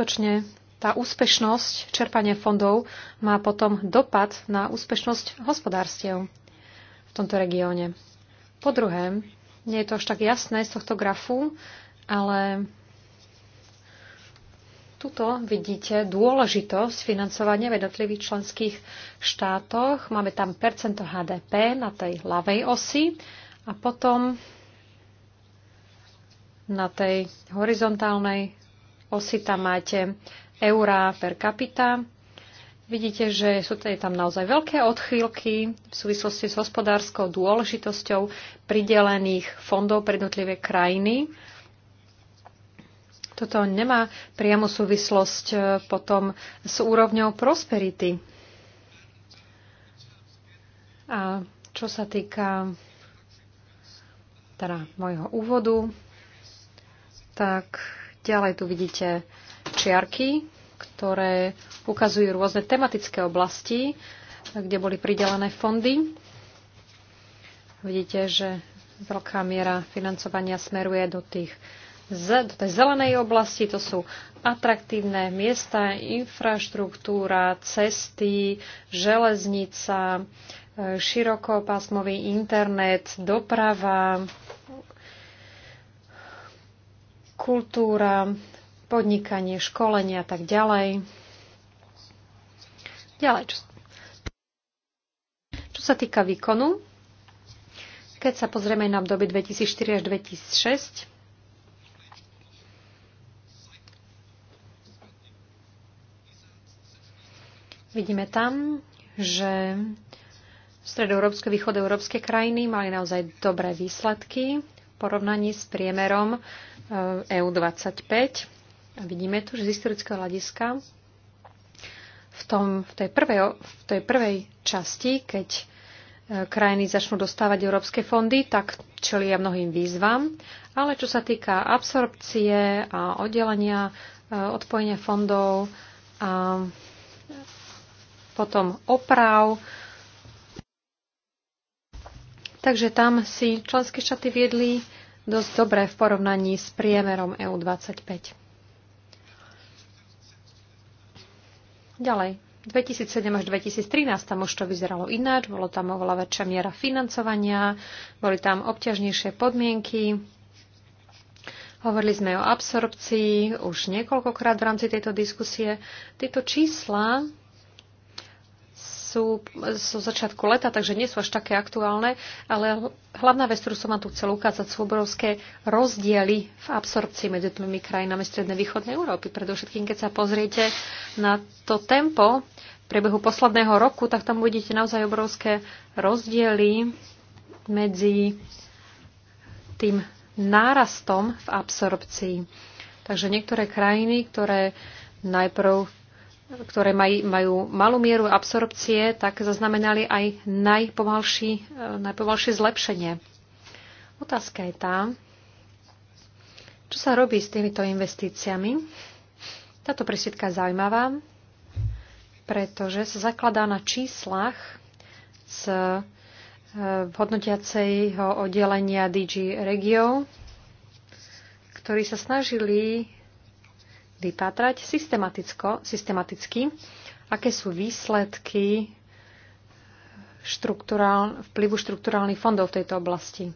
skutočne tá úspešnosť čerpania fondov má potom dopad na úspešnosť hospodárstiev v tomto regióne. Po druhé, nie je to až tak jasné z tohto grafu, ale tuto vidíte dôležitosť financovania v jednotlivých členských štátoch. Máme tam percento HDP na tej ľavej osi a potom na tej horizontálnej osy tam máte eurá per capita. Vidíte, že sú tady tam naozaj veľké odchýlky v súvislosti s hospodárskou dôležitosťou pridelených fondov pre jednotlivé krajiny. Toto nemá priamu súvislosť e, potom s úrovňou prosperity. A čo sa týka teda môjho úvodu, tak Ďalej tu vidíte čiarky, ktoré ukazujú rôzne tematické oblasti, kde boli pridelené fondy. Vidíte, že veľká miera financovania smeruje do tých do tej zelenej oblasti, to sú atraktívne miesta, infraštruktúra, cesty, železnica, širokopásmový internet, doprava, kultúra, podnikanie, školenia a tak ďalej. Ďalej, čo, čo sa týka výkonu, keď sa pozrieme na obdobie 2004 až 2006, Vidíme tam, že stredoeurópske, východoeurópske krajiny mali naozaj dobré výsledky v porovnaní s priemerom EU25. A vidíme tu, že z historického hľadiska v, tom, v, tej prvej, v tej prvej časti, keď e, krajiny začnú dostávať európske fondy, tak čelia mnohým výzvam. Ale čo sa týka absorpcie a oddelenia, e, odpojenia fondov a potom oprav, takže tam si členské štáty viedli dosť dobré v porovnaní s priemerom EU25. Ďalej, 2007 až 2013 tam už to vyzeralo ináč, bolo tam oveľa väčšia miera financovania, boli tam obťažnejšie podmienky. Hovorili sme o absorpcii už niekoľkokrát v rámci tejto diskusie. Tieto čísla sú zo začiatku leta, takže nie sú až také aktuálne, ale hlavná vec, ktorú som vám tu chcel ukázať, sú obrovské rozdiely v absorpcii medzi tými krajinami Strednej východnej Európy. Predovšetkým, keď sa pozriete na to tempo v priebehu posledného roku, tak tam uvidíte naozaj obrovské rozdiely medzi tým nárastom v absorpcii. Takže niektoré krajiny, ktoré najprv ktoré maj, majú malú mieru absorpcie, tak zaznamenali aj e, najpomalšie zlepšenie. Otázka je tá, čo sa robí s týmito investíciami. Táto presvitka je zaujímavá, pretože sa zakladá na číslach z e, hodnotiaceho oddelenia DG Regio, ktorí sa snažili vypátrať systematicky, aké sú výsledky štruktúrál, vplyvu štrukturálnych fondov v tejto oblasti.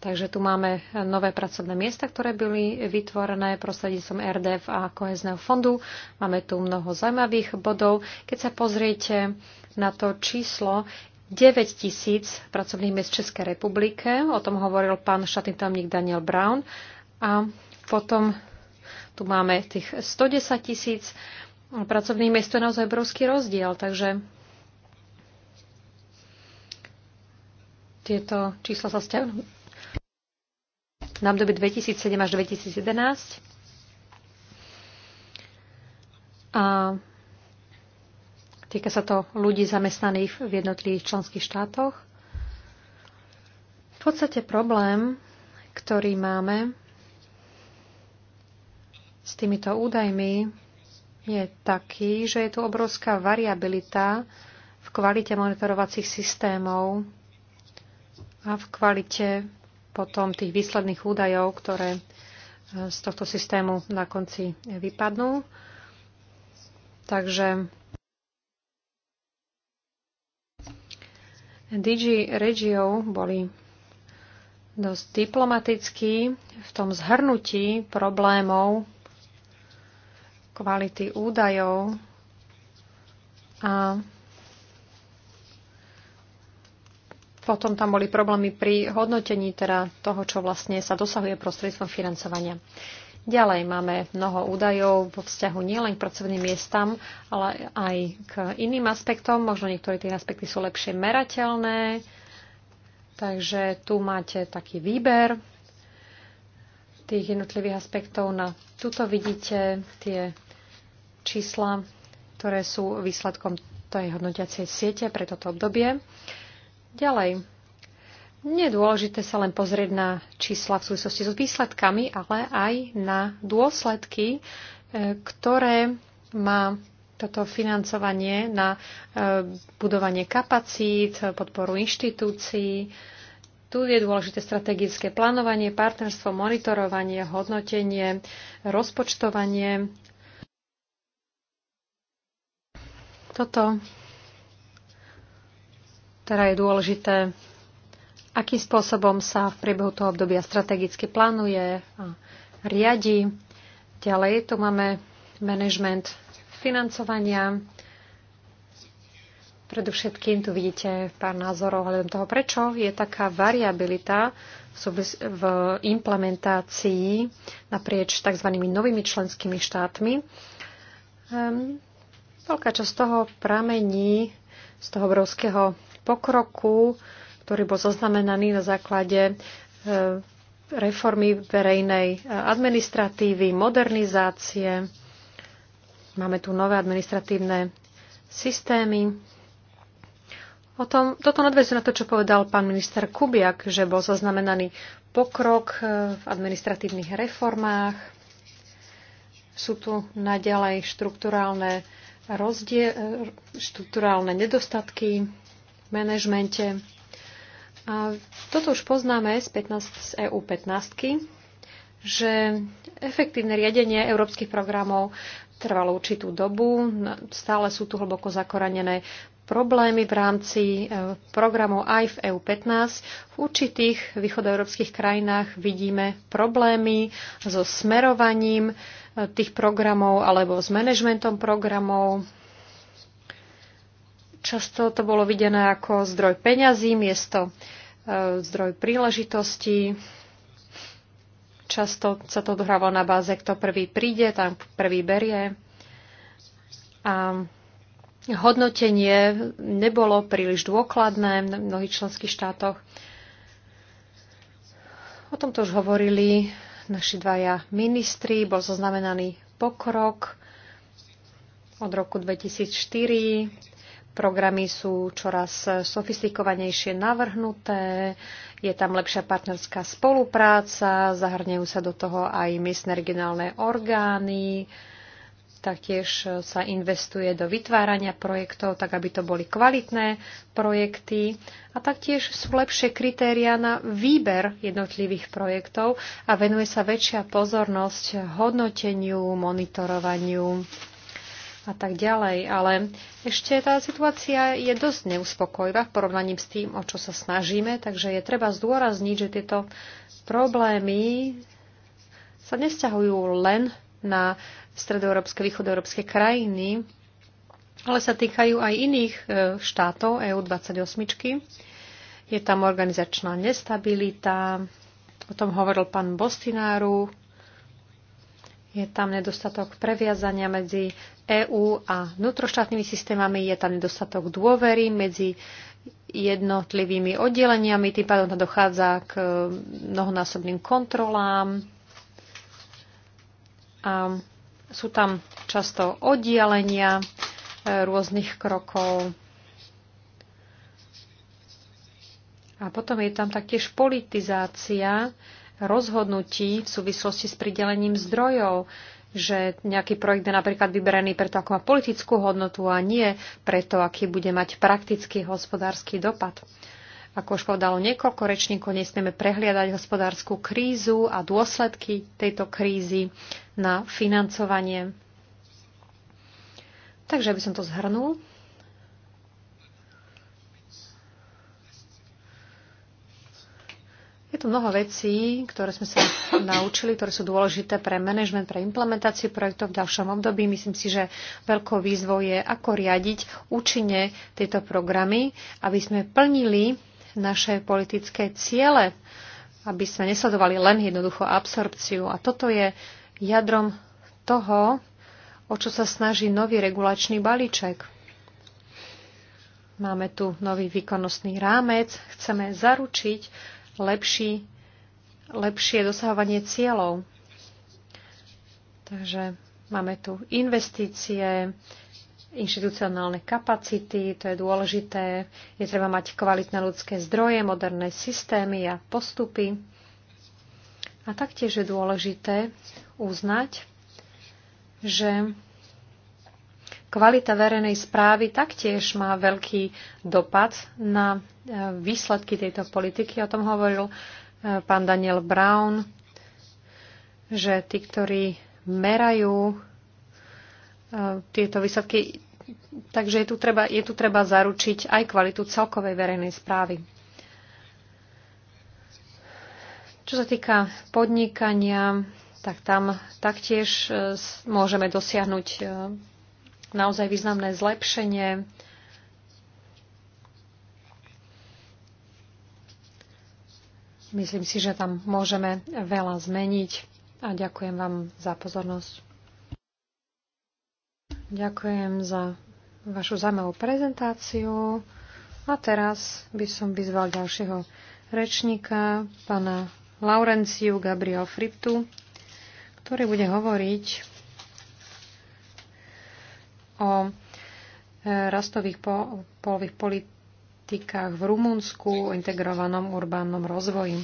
Takže tu máme nové pracovné miesta, ktoré boli vytvorené prostredníctvom RDF a kohezného fondu. Máme tu mnoho zaujímavých bodov. Keď sa pozriete na to číslo 9 tisíc pracovných miest v Českej republike, o tom hovoril pán štátny tajomník Daniel Brown, a potom tu máme tých 110 tisíc pracovných miest, to je naozaj obrovský rozdiel, takže tieto čísla sa stiahnu na obdobie 2007 až 2011. A týka sa to ľudí zamestnaných v jednotlivých členských štátoch. V podstate problém, ktorý máme, s týmito údajmi je taký, že je tu obrovská variabilita v kvalite monitorovacích systémov a v kvalite potom tých výsledných údajov, ktoré e, z tohto systému na konci vypadnú. Takže DG Regio boli dosť diplomatickí v tom zhrnutí problémov kvality údajov a potom tam boli problémy pri hodnotení teda toho, čo vlastne sa dosahuje prostredstvom financovania. Ďalej máme mnoho údajov vo vzťahu nielen k pracovným miestam, ale aj k iným aspektom. Možno niektoré tie aspekty sú lepšie merateľné, takže tu máte taký výber tých jednotlivých aspektov. Na tuto vidíte tie čísla, ktoré sú výsledkom tej hodnotiacej siete pre toto obdobie. Ďalej, nie je dôležité sa len pozrieť na čísla v súvislosti s výsledkami, ale aj na dôsledky, e, ktoré má toto financovanie na e, budovanie kapacít, podporu inštitúcií. Tu je dôležité strategické plánovanie, partnerstvo, monitorovanie, hodnotenie, rozpočtovanie Toto teda je dôležité, akým spôsobom sa v priebehu toho obdobia strategicky plánuje a riadi. Ďalej tu máme management financovania. Predovšetkým tu vidíte pár názorov hľadom toho, prečo je taká variabilita v implementácii naprieč tzv. novými členskými štátmi. Ehm, Veľká časť toho pramení z toho obrovského pokroku, ktorý bol zaznamenaný na základe e, reformy verejnej e, administratívy, modernizácie. Máme tu nové administratívne systémy. O tom, toto nadväzuje na to, čo povedal pán minister Kubiak, že bol zaznamenaný pokrok e, v administratívnych reformách. Sú tu naďalej štruktúrálne rozdie, e, štruktúrálne nedostatky v manažmente. A toto už poznáme z, 15, z EU 15, že efektívne riadenie európskych programov trvalo určitú dobu, stále sú tu hlboko zakoranené problémy v rámci e, programov aj v EU15. V určitých východoeurópskych krajinách vidíme problémy so smerovaním tých programov alebo s manažmentom programov. Často to bolo videné ako zdroj peňazí, miesto e, zdroj príležitostí. Často sa to odhrávalo na báze, kto prvý príde, tam prvý berie. A hodnotenie nebolo príliš dôkladné v mnohých členských štátoch. O tomto už hovorili naši dvaja ministri, bol zaznamenaný pokrok od roku 2004. Programy sú čoraz sofistikovanejšie navrhnuté, je tam lepšia partnerská spolupráca, zahrňujú sa do toho aj miestne regionálne orgány, Taktiež e, sa investuje do vytvárania projektov, tak aby to boli kvalitné projekty. A taktiež sú lepšie kritéria na výber jednotlivých projektov a venuje sa väčšia pozornosť hodnoteniu, monitorovaniu a tak ďalej. Ale ešte tá situácia je dosť neuspokojivá v porovnaní s tým, o čo sa snažíme, takže je treba zdôrazniť, že tieto problémy sa nesťahujú len na stredoeurópske, východoeurópske krajiny, ale sa týkajú aj iných e, štátov EU28. Je tam organizačná nestabilita, o tom hovoril pán Bostináru, je tam nedostatok previazania medzi EÚ a vnútroštátnymi systémami, je tam nedostatok dôvery medzi jednotlivými oddeleniami, tým pádom dochádza k e, mnohonásobným kontrolám. A sú tam často oddialenia e, rôznych krokov. A potom je tam taktiež politizácia rozhodnutí v súvislosti s pridelením zdrojov, že nejaký projekt je napríklad vyberený preto, ako má politickú hodnotu a nie preto, aký bude mať praktický hospodársky dopad. Ako už povedalo niekoľko rečníkov, nesmieme prehliadať hospodárskú krízu a dôsledky tejto krízy na financovanie. Takže aby som to zhrnul. Je tu mnoho vecí, ktoré sme sa naučili, ktoré sú dôležité pre manažment, pre implementáciu projektov v ďalšom období. Myslím si, že veľkou výzvou je, ako riadiť účinne tieto programy, aby sme plnili naše politické ciele, aby sme nesledovali len jednoducho absorpciu. A toto je jadrom toho, o čo sa snaží nový regulačný balíček. Máme tu nový výkonnostný rámec, chceme zaručiť lepší, lepšie dosahovanie cieľov. Takže máme tu investície, inštitucionálne kapacity, to je dôležité. Je treba mať kvalitné ľudské zdroje, moderné systémy a postupy. A taktiež je dôležité uznať, že kvalita verejnej správy taktiež má veľký dopad na e, výsledky tejto politiky. O tom hovoril e, pán Daniel Brown, že tí, ktorí merajú tieto výsledky. Takže je tu, treba, je tu treba zaručiť aj kvalitu celkovej verejnej správy. Čo sa týka podnikania, tak tam taktiež e, môžeme dosiahnuť e, naozaj významné zlepšenie. Myslím si, že tam môžeme veľa zmeniť a ďakujem vám za pozornosť. Ďakujem za vašu zaujímavú prezentáciu. A teraz by som vyzval ďalšieho rečníka, pána Laurenciu Gabriel Friptu, ktorý bude hovoriť o e, rastových po- polových politikách v Rumunsku, o integrovanom urbánnom rozvoji.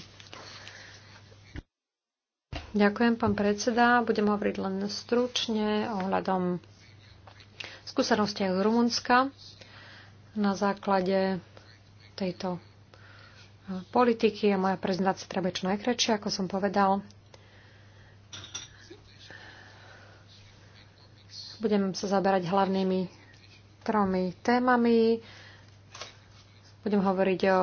Ďakujem, pán predseda. Budem hovoriť len stručne ohľadom skúsenosti aj z Rumunska na základe tejto e, politiky a moja prezentácia treba čo najkračšie, ako som povedal. Budem sa zaberať hlavnými tromi témami. Budem hovoriť o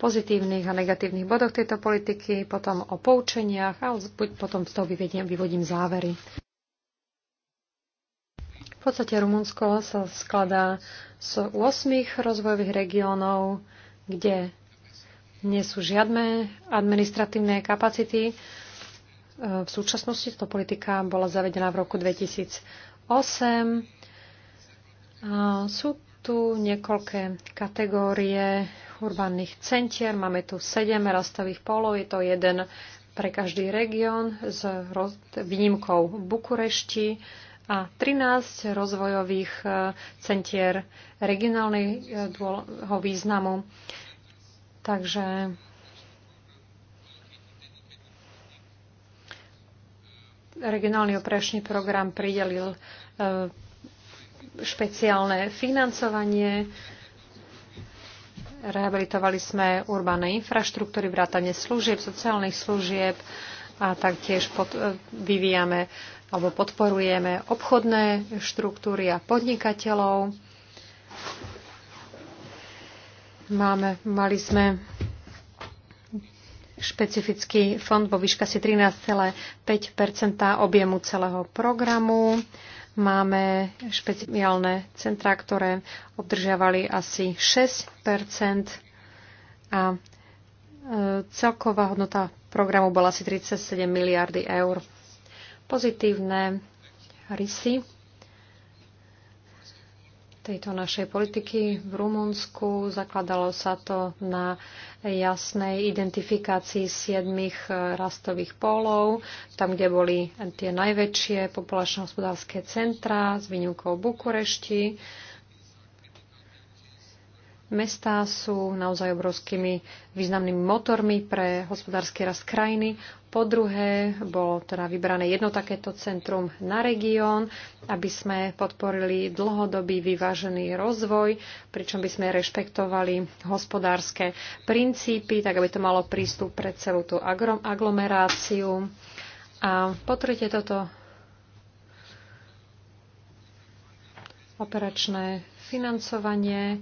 pozitívnych a negatívnych bodoch tejto politiky, potom o poučeniach a potom z toho vyvodím závery. V podstate Rumunsko sa skladá z 8 rozvojových regiónov, kde nie sú žiadne administratívne kapacity. E, v súčasnosti táto politika bola zavedená v roku 2008. Sú tu niekoľké kategórie urbánnych centier. Máme tu 7 rastových polov, je to jeden pre každý región s výnimkou Bukurešti a 13 rozvojových e, centier regionálneho e, významu. Takže regionálny operačný program pridelil e, špeciálne financovanie. Rehabilitovali sme urbané infraštruktúry, vrátanie služieb, sociálnych služieb a taktiež pod, vyvíjame alebo podporujeme obchodné štruktúry a podnikateľov. Máme, mali sme špecifický fond vo výške asi 13,5 objemu celého programu. Máme špeciálne centra, ktoré obdržiavali asi 6 a e, celková hodnota programu bola asi 37 miliardy eur pozitívne rysy tejto našej politiky v Rumunsku. Zakladalo sa to na jasnej identifikácii siedmých rastových pólov, tam, kde boli tie najväčšie populačno-hospodárske centra s výnimkou Bukurešti. Mestá sú naozaj obrovskými významnými motormi pre hospodársky rast krajiny. Po druhé, bolo teda vybrané jedno takéto centrum na región, aby sme podporili dlhodobý vyvážený rozvoj, pričom by sme rešpektovali hospodárske princípy, tak aby to malo prístup pre celú tú aglomeráciu. A po tretie, toto operačné financovanie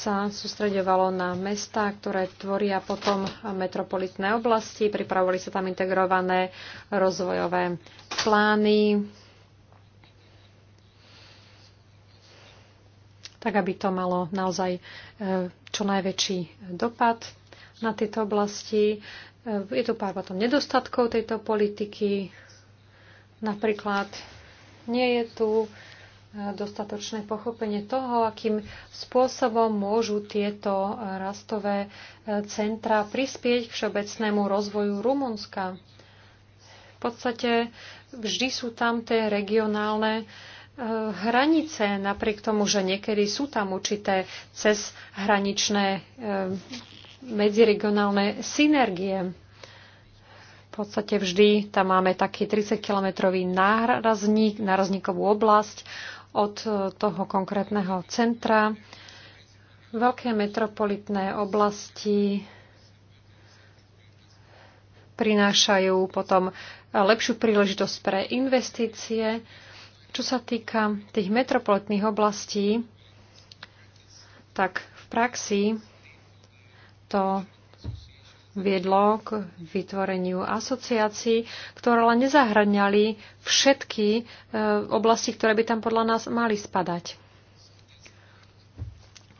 sa sústredovalo na mesta, ktoré tvoria potom metropolitné oblasti. Pripravovali sa tam integrované rozvojové plány, tak aby to malo naozaj e, čo najväčší dopad na tieto oblasti. E, je tu pár potom nedostatkov tejto politiky. Napríklad nie je tu dostatočné pochopenie toho, akým spôsobom môžu tieto rastové e, centra prispieť k všeobecnému rozvoju Rumunska. V podstate vždy sú tam tie regionálne e, hranice, napriek tomu, že niekedy sú tam určité cez hraničné e, medziregionálne synergie. V podstate vždy tam máme taký 30-kilometrový nárazník, nárazníkovú oblasť, od e, toho konkrétneho centra. Veľké metropolitné oblasti prinášajú potom lepšiu príležitosť pre investície. Čo sa týka tých metropolitných oblastí, tak v praxi to viedlo k vytvoreniu asociácií, ktoré ale nezahrňali všetky e, oblasti, ktoré by tam podľa nás mali spadať.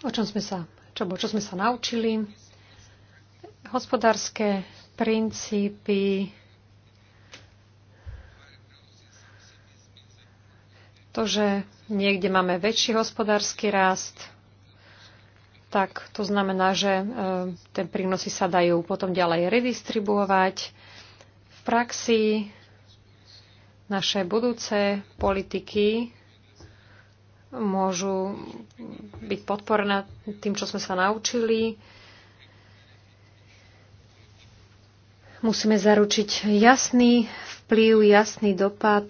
O čom sme sa, čo, čo sme sa naučili? Hospodárske princípy, to, že niekde máme väčší hospodársky rast, tak to znamená, že e, ten prínosy sa dajú potom ďalej redistribuovať. V praxi naše budúce politiky môžu byť podporené tým, čo sme sa naučili. Musíme zaručiť jasný vplyv, jasný dopad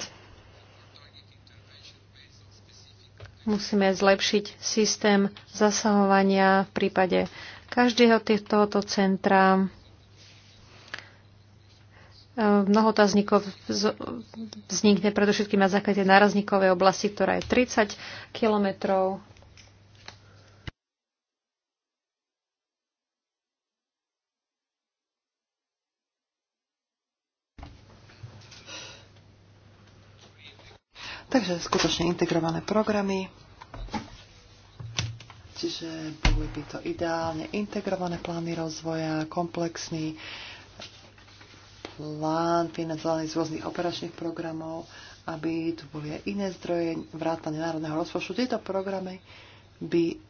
Musíme zlepšiť systém zasahovania v prípade každého tohoto centra. E, mnoho otáznikov vznikne predovšetkým na základe nárazníkovej oblasti, ktorá je 30 kilometrov Takže skutočne integrované programy. Čiže boli by to ideálne integrované plány rozvoja, komplexný plán financovaný z rôznych operačných programov, aby tu boli aj iné zdroje vrátane národného rozpočtu. Tieto programy by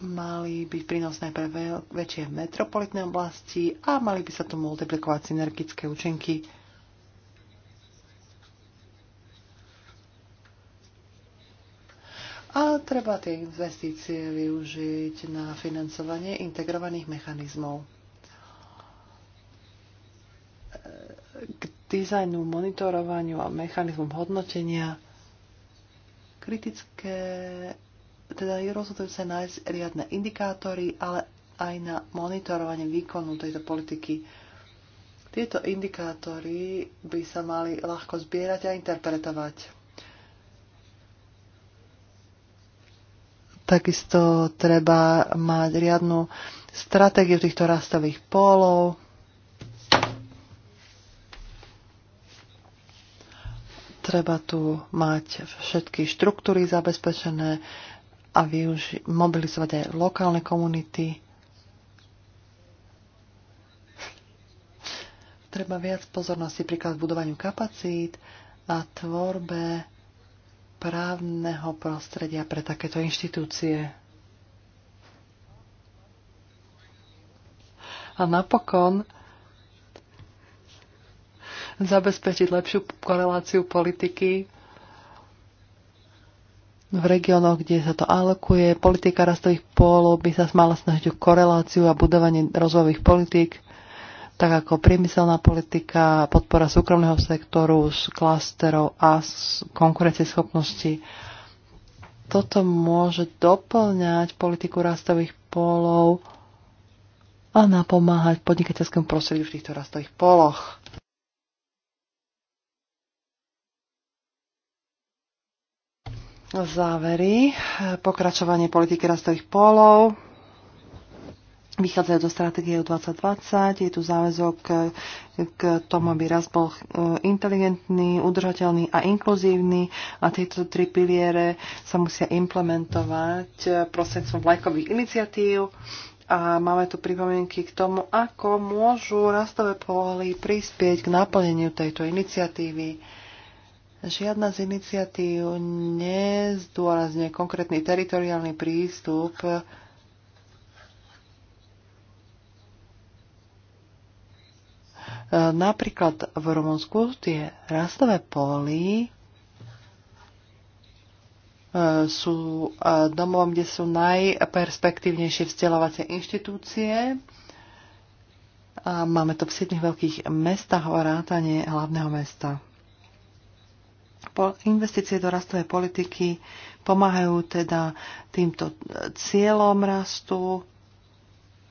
mali byť prínosné pre väčšie metropolitné oblasti a mali by sa tu multiplikovať synergické účinky a treba tie investície využiť na financovanie integrovaných mechanizmov. K dizajnu, monitorovaniu a mechanizmom hodnotenia kritické, teda je rozhodujúce nájsť riadne indikátory, ale aj na monitorovanie výkonu tejto politiky. Tieto indikátory by sa mali ľahko zbierať a interpretovať Takisto treba mať riadnu stratégiu týchto rastových polov. Treba tu mať všetky štruktúry zabezpečené a využi- mobilizovať aj lokálne komunity. Treba viac pozornosti príklad budovaniu kapacít a tvorbe právneho prostredia pre takéto inštitúcie. A napokon zabezpečiť lepšiu koreláciu politiky v regiónoch, kde sa to alokuje. Politika rastových pôlov by sa mala snažiť o koreláciu a budovanie rozvojových politík tak ako priemyselná politika, podpora súkromného sektoru, klasterov a konkurencieschopnosti. Toto môže doplňať politiku rastových polov a napomáhať podnikateľskému prostrediu v týchto rastových poloch. Závery. Pokračovanie politiky rastových polov vychádzajú do stratégie 2020. Je tu záväzok k tomu, aby raz bol e, inteligentný, udržateľný a inkluzívny a tieto tri piliere sa musia implementovať e, prostredstvom vlajkových iniciatív a máme tu pripomienky k tomu, ako môžu rastové povaly prispieť k naplneniu tejto iniciatívy. Žiadna z iniciatív nezdôrazňuje konkrétny teritoriálny prístup Napríklad v Rumunsku tie rastové poly e, sú e, domovom, kde sú najperspektívnejšie vzdelávacie inštitúcie. A máme to v 7 veľkých mestách o rátanie hlavného mesta. Investície do rastovej politiky pomáhajú teda týmto cieľom rastu,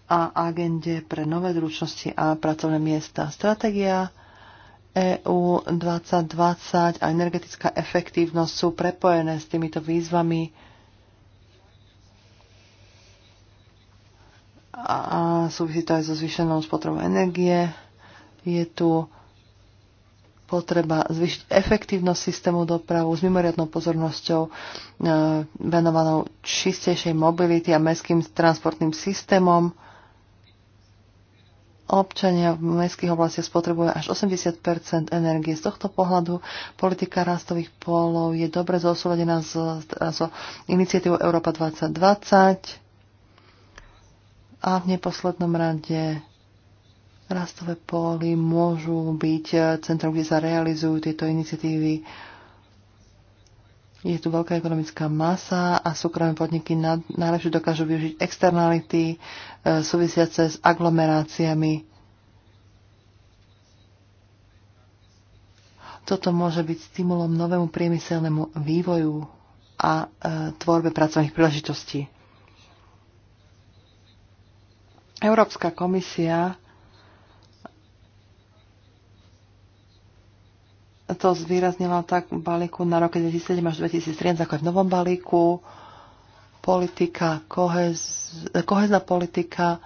a agende pre nové zručnosti a pracovné miesta. Stratégia EU 2020 a energetická efektívnosť sú prepojené s týmito výzvami a súvisí to aj so zvýšenou spotrebou energie. Je tu potreba zvýšiť efektívnosť systému dopravu s mimoriadnou pozornosťou e, venovanou čistejšej mobility a mestským transportným systémom Občania v mestských oblastiach spotrebujú až 80 energie. Z tohto pohľadu politika rastových polov je dobre zosúladená so, so iniciatívou Európa 2020 a v neposlednom rade rastové póly môžu byť centrom, kde sa realizujú tieto iniciatívy je tu veľká ekonomická masa a súkromné podniky najlepšie dokážu využiť externality e, súvisiace s aglomeráciami. Toto môže byť stimulom novému priemyselnému vývoju a e, tvorbe pracovných príležitostí. Európska komisia to zvýraznila tak balíku na roky 2007 až 2013, ako aj v novom balíku. Politika, kohez, kohezná politika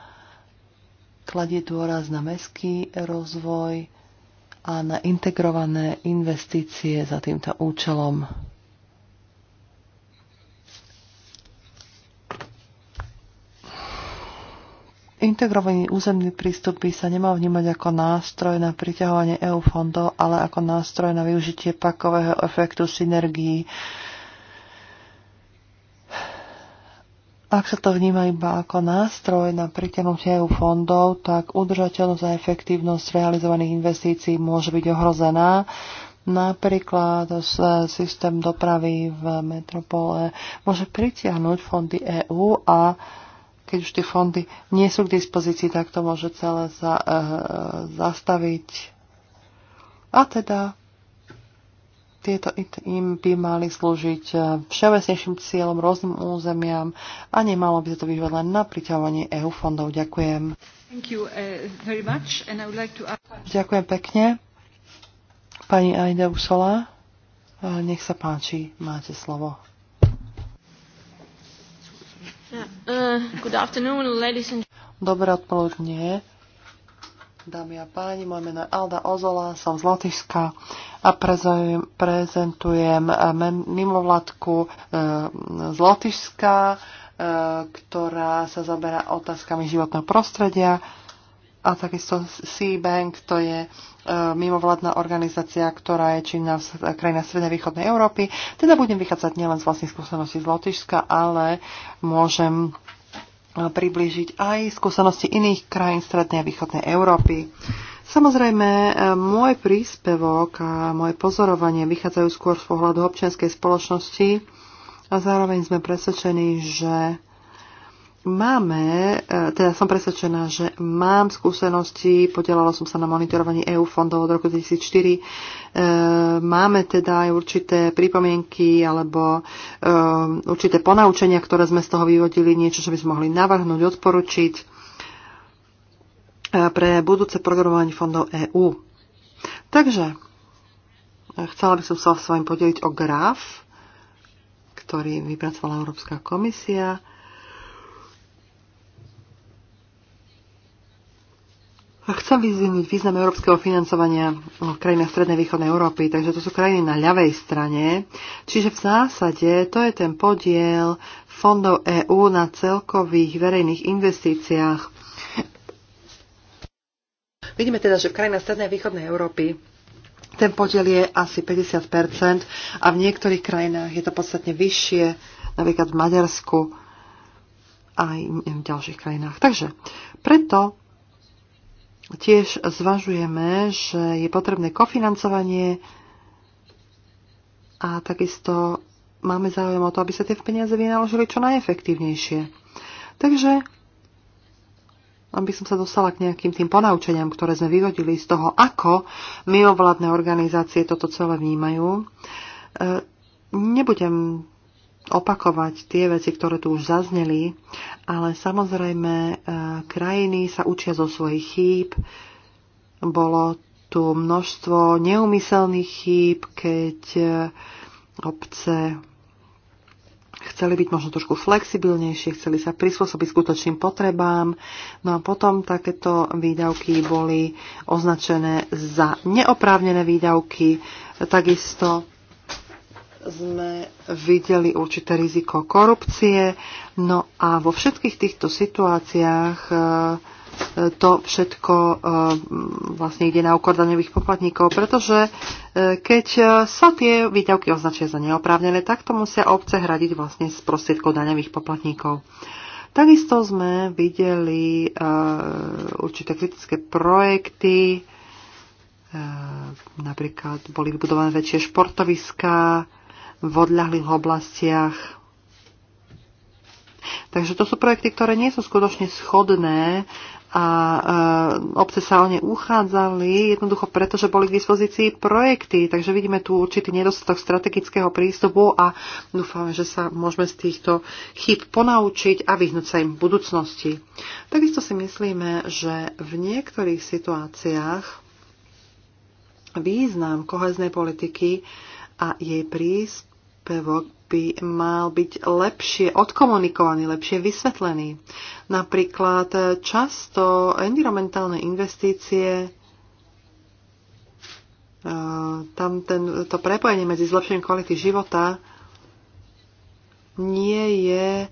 kladie dôraz na mestský rozvoj a na integrované investície za týmto účelom. Integrovaný územný prístup by sa nemal vnímať ako nástroj na priťahovanie EU fondov, ale ako nástroj na využitie pakového efektu synergií. Ak sa to vníma iba ako nástroj na priťahnutie EU fondov, tak udržateľnosť a efektívnosť realizovaných investícií môže byť ohrozená. Napríklad e, systém dopravy v metropole môže pritiahnuť fondy EÚ a keď už tie fondy nie sú k dispozícii, tak to môže celé za, e, zastaviť. A teda tieto im by mali slúžiť eh, všeobecnejším cieľom, rôznym územiam a nemalo by sa to byť len na priťahovanie EU fondov. Ďakujem. Eh, like to... Ďakujem pekne. Pani Aida Usola, nech sa páči, máte slovo. Uh, Dobré odpoludne, dámy a páni, moje meno je Alda Ozola, som z Lotyšska a prezentujem eh, mimovládku eh, z Lotyšska, eh, ktorá sa zaberá otázkami životného prostredia a takisto C-Bank, to je e, mimovládna organizácia, ktorá je činná v krajinách Srednej Východnej Európy. Teda budem vychádzať nielen z vlastných skúseností z Lotyšska, ale môžem e, priblížiť aj skúsenosti iných krajín Strednej a Východnej Európy. Samozrejme, e, môj príspevok a moje pozorovanie vychádzajú skôr z pohľadu občianskej spoločnosti a zároveň sme presvedčení, že Máme, e, teda som presvedčená, že mám skúsenosti, podielala som sa na monitorovaní EU fondov od roku 2004. E, máme teda aj určité pripomienky alebo e, určité ponaučenia, ktoré sme z toho vyvodili, niečo, čo by sme mohli navrhnúť, odporučiť pre budúce programovanie fondov EU. Takže chcela by som sa s vami podeliť o graf, ktorý vypracovala Európska komisia Chcem vyzvinúť význam európskeho financovania v krajinách Strednej východnej Európy, takže to sú krajiny na ľavej strane. Čiže v zásade to je ten podiel fondov EÚ na celkových verejných investíciách. Vidíme teda, že v krajinách Strednej východnej Európy ten podiel je asi 50% a v niektorých krajinách je to podstatne vyššie, napríklad v Maďarsku a aj v ďalších krajinách. Takže preto Tiež zvažujeme, že je potrebné kofinancovanie a takisto máme záujem o to, aby sa tie peniaze vynaložili čo najefektívnejšie. Takže, aby som sa dostala k nejakým tým ponaučeniam, ktoré sme vyvodili z toho, ako mimovládne organizácie toto celé vnímajú, e, nebudem opakovať tie veci, ktoré tu už zazneli, ale samozrejme e, krajiny sa učia zo svojich chýb. Bolo tu množstvo neumyselných chýb, keď e, obce chceli byť možno trošku flexibilnejšie, chceli sa prispôsobiť skutočným potrebám. No a potom takéto výdavky boli označené za neoprávnené výdavky. Takisto sme videli určité riziko korupcie. No a vo všetkých týchto situáciách e, to všetko e, vlastne ide na úkor daňových poplatníkov, pretože e, keď sa tie výťavky označia za neoprávnené, tak to musia obce hradiť vlastne z prostriedkov daňových poplatníkov. Takisto sme videli určité kritické projekty, napríklad boli vybudované väčšie športoviská, v odľahlých oblastiach. Takže to sú projekty, ktoré nie sú skutočne schodné a e, obce sa o ne uchádzali jednoducho preto, že boli k dispozícii projekty. Takže vidíme tu určitý nedostatok strategického prístupu a dúfame, že sa môžeme z týchto chyb ponaučiť a vyhnúť sa im v budúcnosti. Takisto si myslíme, že v niektorých situáciách význam koheznej politiky a jej prístup príspevok by mal byť lepšie odkomunikovaný, lepšie vysvetlený. Napríklad často environmentálne investície eh, tam ten, to prepojenie medzi zlepšením kvality života nie je eh,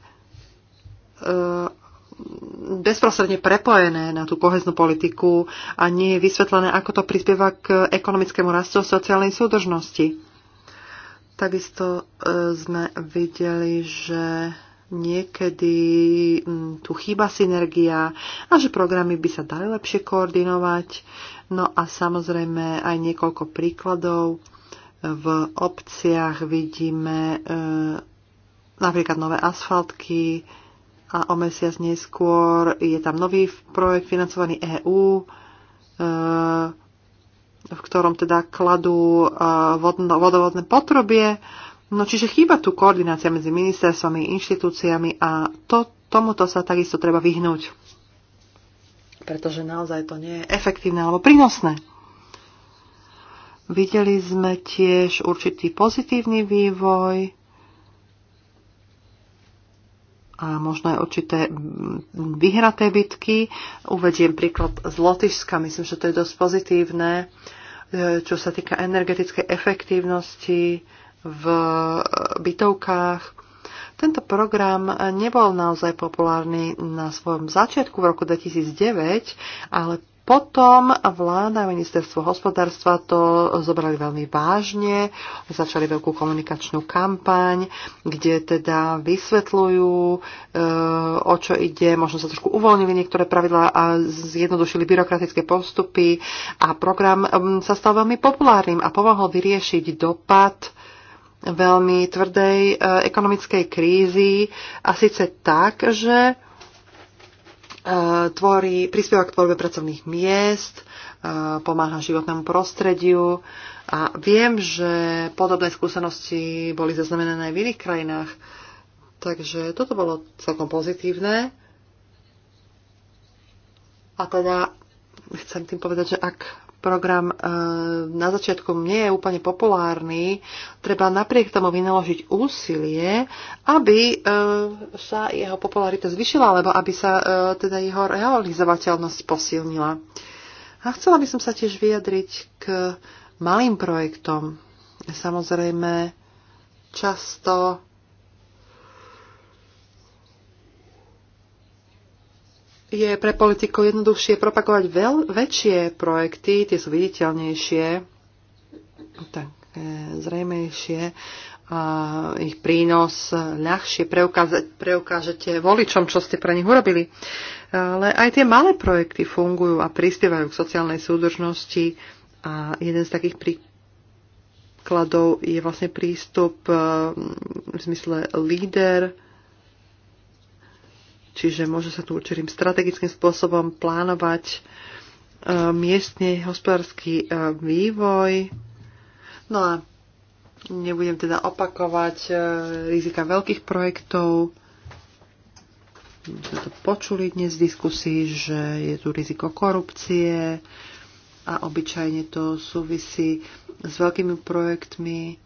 bezprostredne prepojené na tú koheznú politiku a nie je vysvetlené, ako to prispieva k ekonomickému rastu a sociálnej súdržnosti. Takisto e, sme videli, že niekedy tu chýba synergia a že programy by sa dali lepšie koordinovať. No a samozrejme aj niekoľko príkladov. V obciach vidíme e, napríklad nové asfaltky a o mesiac neskôr je tam nový projekt financovaný EÚ. E, v ktorom teda kladú e, vodovodné potrobie. No čiže chýba tu koordinácia medzi ministerstvami, inštitúciami a to, tomuto sa takisto treba vyhnúť. Pretože naozaj to nie je efektívne alebo prínosné. Videli sme tiež určitý pozitívny vývoj a možno aj určité vyhraté bitky. Uvediem príklad z Lotyšska, myslím, že to je dosť pozitívne, e, čo sa týka energetickej efektívnosti v e, bytovkách. Tento program nebol naozaj populárny na svojom začiatku v roku 2009, ale potom vláda a ministerstvo hospodárstva to zobrali veľmi vážne, začali veľkú komunikačnú kampaň, kde teda vysvetľujú, eh, o čo ide, možno sa trošku uvoľnili niektoré pravidlá a zjednodušili byrokratické postupy a program mm, sa stal veľmi populárnym a pomohol vyriešiť dopad veľmi tvrdej eh, ekonomickej krízy a síce tak, že Eh, tvorí, prispieva k tvorbe pracovných miest, eh, pomáha životnému prostrediu a viem, že podobné skúsenosti boli zaznamenané aj v iných krajinách. Takže toto bolo celkom pozitívne. A teda chcem tým povedať, že ak program e, na začiatku nie je úplne populárny, treba napriek tomu vynaložiť úsilie, aby e, sa jeho popularita zvyšila, alebo aby sa e, teda jeho realizovateľnosť posilnila. A chcela by som sa tiež vyjadriť k malým projektom. Samozrejme, často je pre politikov jednoduchšie propagovať veľ, väčšie projekty, tie sú viditeľnejšie, tak e, zrejmejšie a ich prínos ľahšie preukážete voličom, čo ste pre nich urobili. Ale aj tie malé projekty fungujú a prispievajú k sociálnej súdržnosti a jeden z takých príkladov je vlastne prístup e, v zmysle líder, Čiže môže sa tu určitým strategickým spôsobom plánovať e, miestne hospodársky e, vývoj. No a nebudem teda opakovať e, rizika veľkých projektov. sme to počuli dnes v diskusii, že je tu riziko korupcie a obyčajne to súvisí s veľkými projektmi,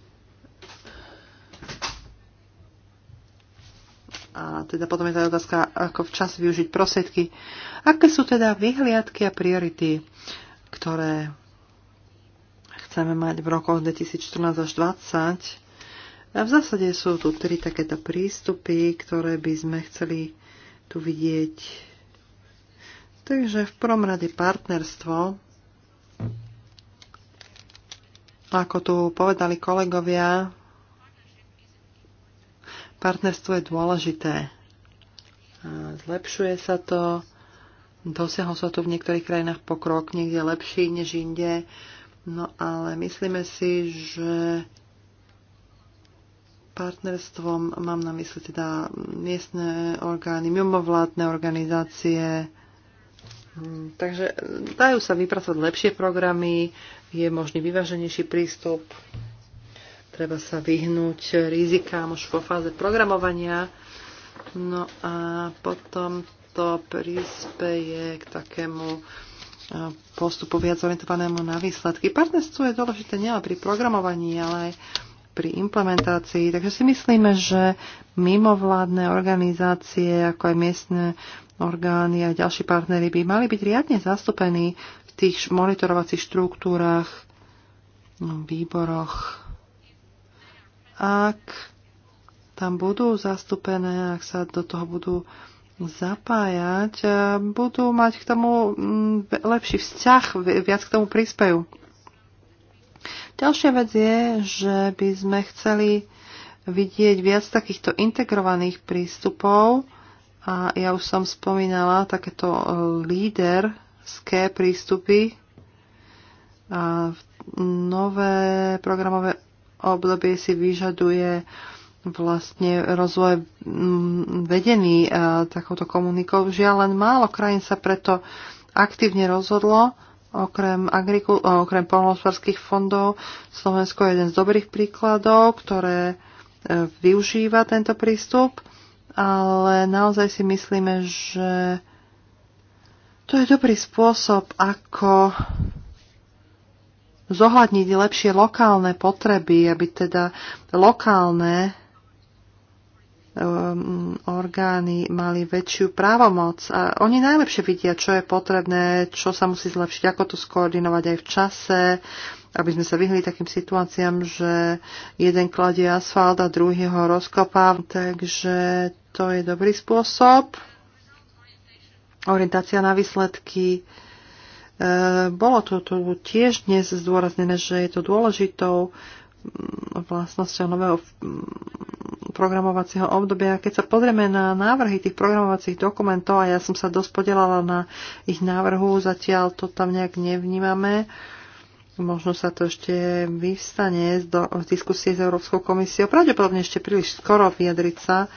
A teda potom je tá otázka, ako včas využiť prosedky. Aké sú teda vyhliadky a priority, ktoré chceme mať v rokoch 2014 až 2020? A v zásade sú tu tri takéto prístupy, ktoré by sme chceli tu vidieť. Takže v prvom rade partnerstvo. Ako tu povedali kolegovia, partnerstvo je dôležité. Zlepšuje sa to, dosiahol sa to v niektorých krajinách pokrok, niekde lepší než inde, no ale myslíme si, že partnerstvom mám na mysli teda miestne orgány, mimovládne organizácie. Hm, takže dajú sa vypracovať lepšie programy, je možný vyváženejší prístup Treba sa vyhnúť rizikám už vo fáze programovania. No a potom to prispeje k takému e, postupu viac orientovanému na výsledky. Partnerstvo je dôležité nielen pri programovaní, ale aj pri implementácii. Takže si myslíme, že mimovládne organizácie, ako aj miestne orgány a ďalší partnery by mali byť riadne zastúpení v tých monitorovacích štruktúrach, no, výboroch ak tam budú zastúpené, ak sa do toho budú zapájať, eh, budú mať k tomu mm, lepší vzťah, viac k tomu prispejú. Ďalšia vec je, že by sme chceli vidieť viac takýchto integrovaných prístupov a ja už som spomínala takéto eh, líderské prístupy a nové programové obdobie si vyžaduje vlastne rozvoj vedený e, takouto komunikou. Žiaľ, len málo krajín sa preto aktívne rozhodlo, okrem, agrikul- e, okrem polnohospodárských fondov. Slovensko je jeden z dobrých príkladov, ktoré e, využíva tento prístup, ale naozaj si myslíme, že to je dobrý spôsob, ako zohľadniť lepšie lokálne potreby, aby teda lokálne um, orgány mali väčšiu právomoc. A oni najlepšie vidia, čo je potrebné, čo sa musí zlepšiť, ako to skoordinovať aj v čase, aby sme sa vyhli takým situáciám, že jeden kladie asfalt a druhý ho rozkopá. Takže to je dobrý spôsob. Orientácia na výsledky Eh, bolo to tu tiež dnes zdôraznené, že je to dôležitou mm, vlastnosťou nového mm, programovacieho obdobia. Keď sa pozrieme na návrhy tých programovacích dokumentov, a ja som sa dosť podelala na ich návrhu, zatiaľ to tam nejak nevnímame, možno sa to ešte vyvstane z, do, z diskusie s Európskou komisiou, pravdepodobne ešte príliš skoro vyjadriť sa,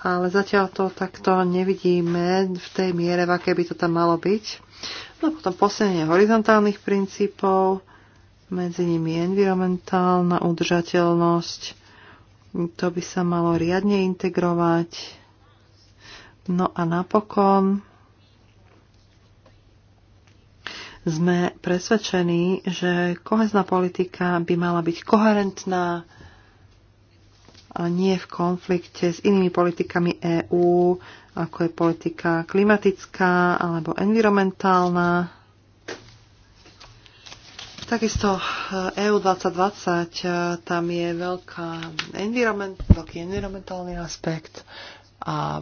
ale zatiaľ to takto nevidíme v tej miere, v aké by to tam malo byť. No potom posilnenie horizontálnych princípov, medzi nimi environmentálna udržateľnosť, to by sa malo riadne integrovať. No a napokon sme presvedčení, že kohezná politika by mala byť koherentná a nie v konflikte s inými politikami EÚ, ako je politika klimatická alebo environmentálna. Takisto EU eh, e 2020, eh, tam je veľká environment, veľký environmentálny aspekt a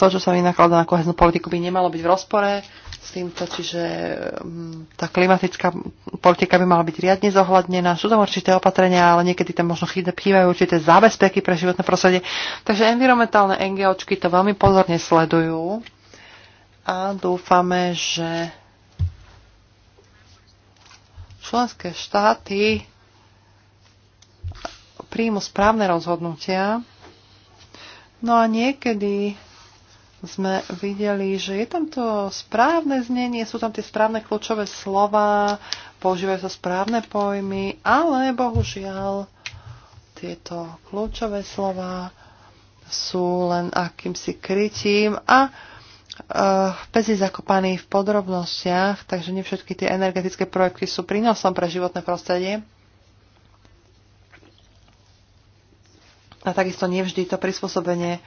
to, čo sa vynakladá na koheznú politiku, by nemalo byť v rozpore s týmto, čiže mm, tá klimatická politika by mala byť riadne zohľadnená. Sú tam určité opatrenia, ale niekedy tam možno chýbajú určité zábezpeky pre životné prostredie. Takže environmentálne NGOčky to veľmi pozorne sledujú a dúfame, že členské štáty príjmu správne rozhodnutia. No a niekedy sme videli, že je tam to správne znenie, sú tam tie správne kľúčové slova, používajú sa správne pojmy, ale bohužiaľ tieto kľúčové slova sú len akýmsi krytím a uh, pes je zakopaný v podrobnostiach, takže nie všetky tie energetické projekty sú prínosom pre životné prostredie. A takisto nevždy to prispôsobenie uh,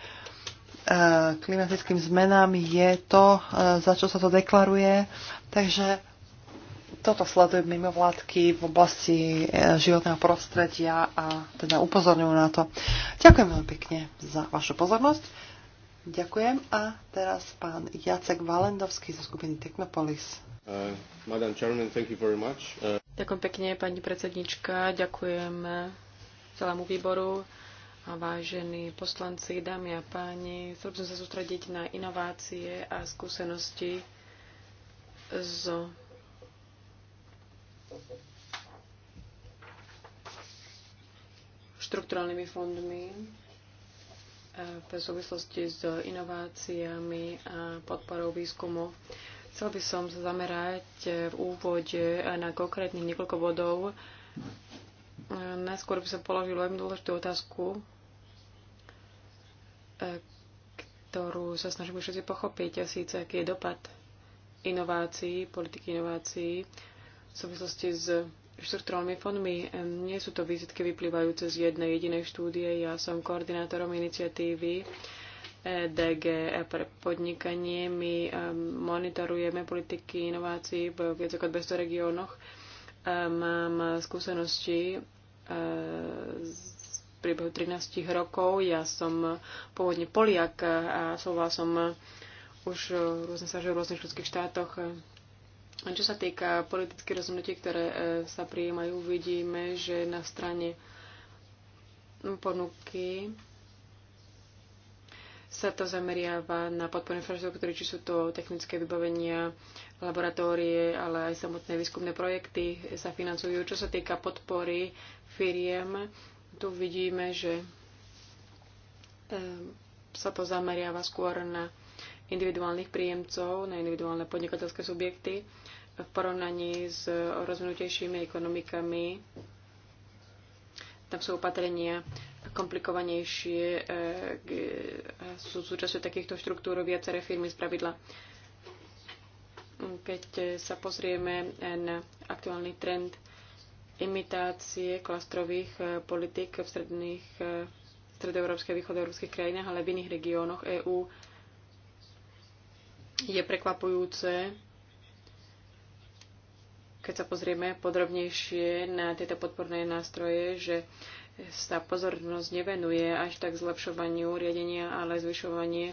Eh, klimatickým zmenám je to, eh, za čo sa to deklaruje. Takže toto sledujú mimovládky v oblasti eh, životného prostredia a teda upozorňujú na to. Ďakujem veľmi pekne za vašu pozornosť. Ďakujem a teraz pán Jacek Valendovský zo skupiny Technopolis. Uh, Chairman, uh... Ďakujem pekne, pani predsednička. Ďakujem celému výboru vážení poslanci, dámy a páni. Chcel by som sa sústrediť na inovácie a skúsenosti z štrukturálnymi fondmi e, v súvislosti s inováciami a podporou výskumu. Chcel by som sa zamerať e, v úvode na konkrétnych niekoľko bodov. E, najskôr by som položil veľmi dôležitú otázku, ktorú sa snažíme všetci pochopiť, a síce aký je dopad inovácií, politiky inovácií v súvislosti s štruktúrnymi fondmi. Nie sú to vizitky vyplývajúce z jednej jedinej štúdie. Ja som koordinátorom iniciatívy e DG pre podnikanie. My um, monitorujeme politiky inovácií v viac ako 200 regiónoch. Um, mám skúsenosti uh, z priebehu 13 rokov. Ja som pôvodne Poliak a slovala som už e, rôzne sa v rôznych ľudských štátoch. A čo sa týka politických rozhodnutí, ktoré e, sa prijímajú, vidíme, že na strane ponuky sa to zameriava na podporu infraštruktúry, či sú to technické vybavenia, laboratórie, ale aj samotné výskumné projekty sa financujú. Čo sa týka podpory firiem, tu vidíme, že ehm, sa to zameriava skôr na individuálnych príjemcov, na individuálne podnikateľské subjekty v porovnaní s rozvinutejšími ekonomikami. Tam sú opatrenia komplikovanejšie, eh, eh, sú súčasťou takýchto štruktúr viaceré firmy z pravidla. Keď eh, sa pozrieme na aktuálny trend imitácie klastrových e, politik v stredných, e, stredoeurópskej a východoeurópskej krajinách, ale v iných regiónoch EÚ je prekvapujúce, keď sa pozrieme podrobnejšie na tieto podporné nástroje, že sa pozornosť nevenuje až tak zlepšovaniu riadenia, ale zvyšovanie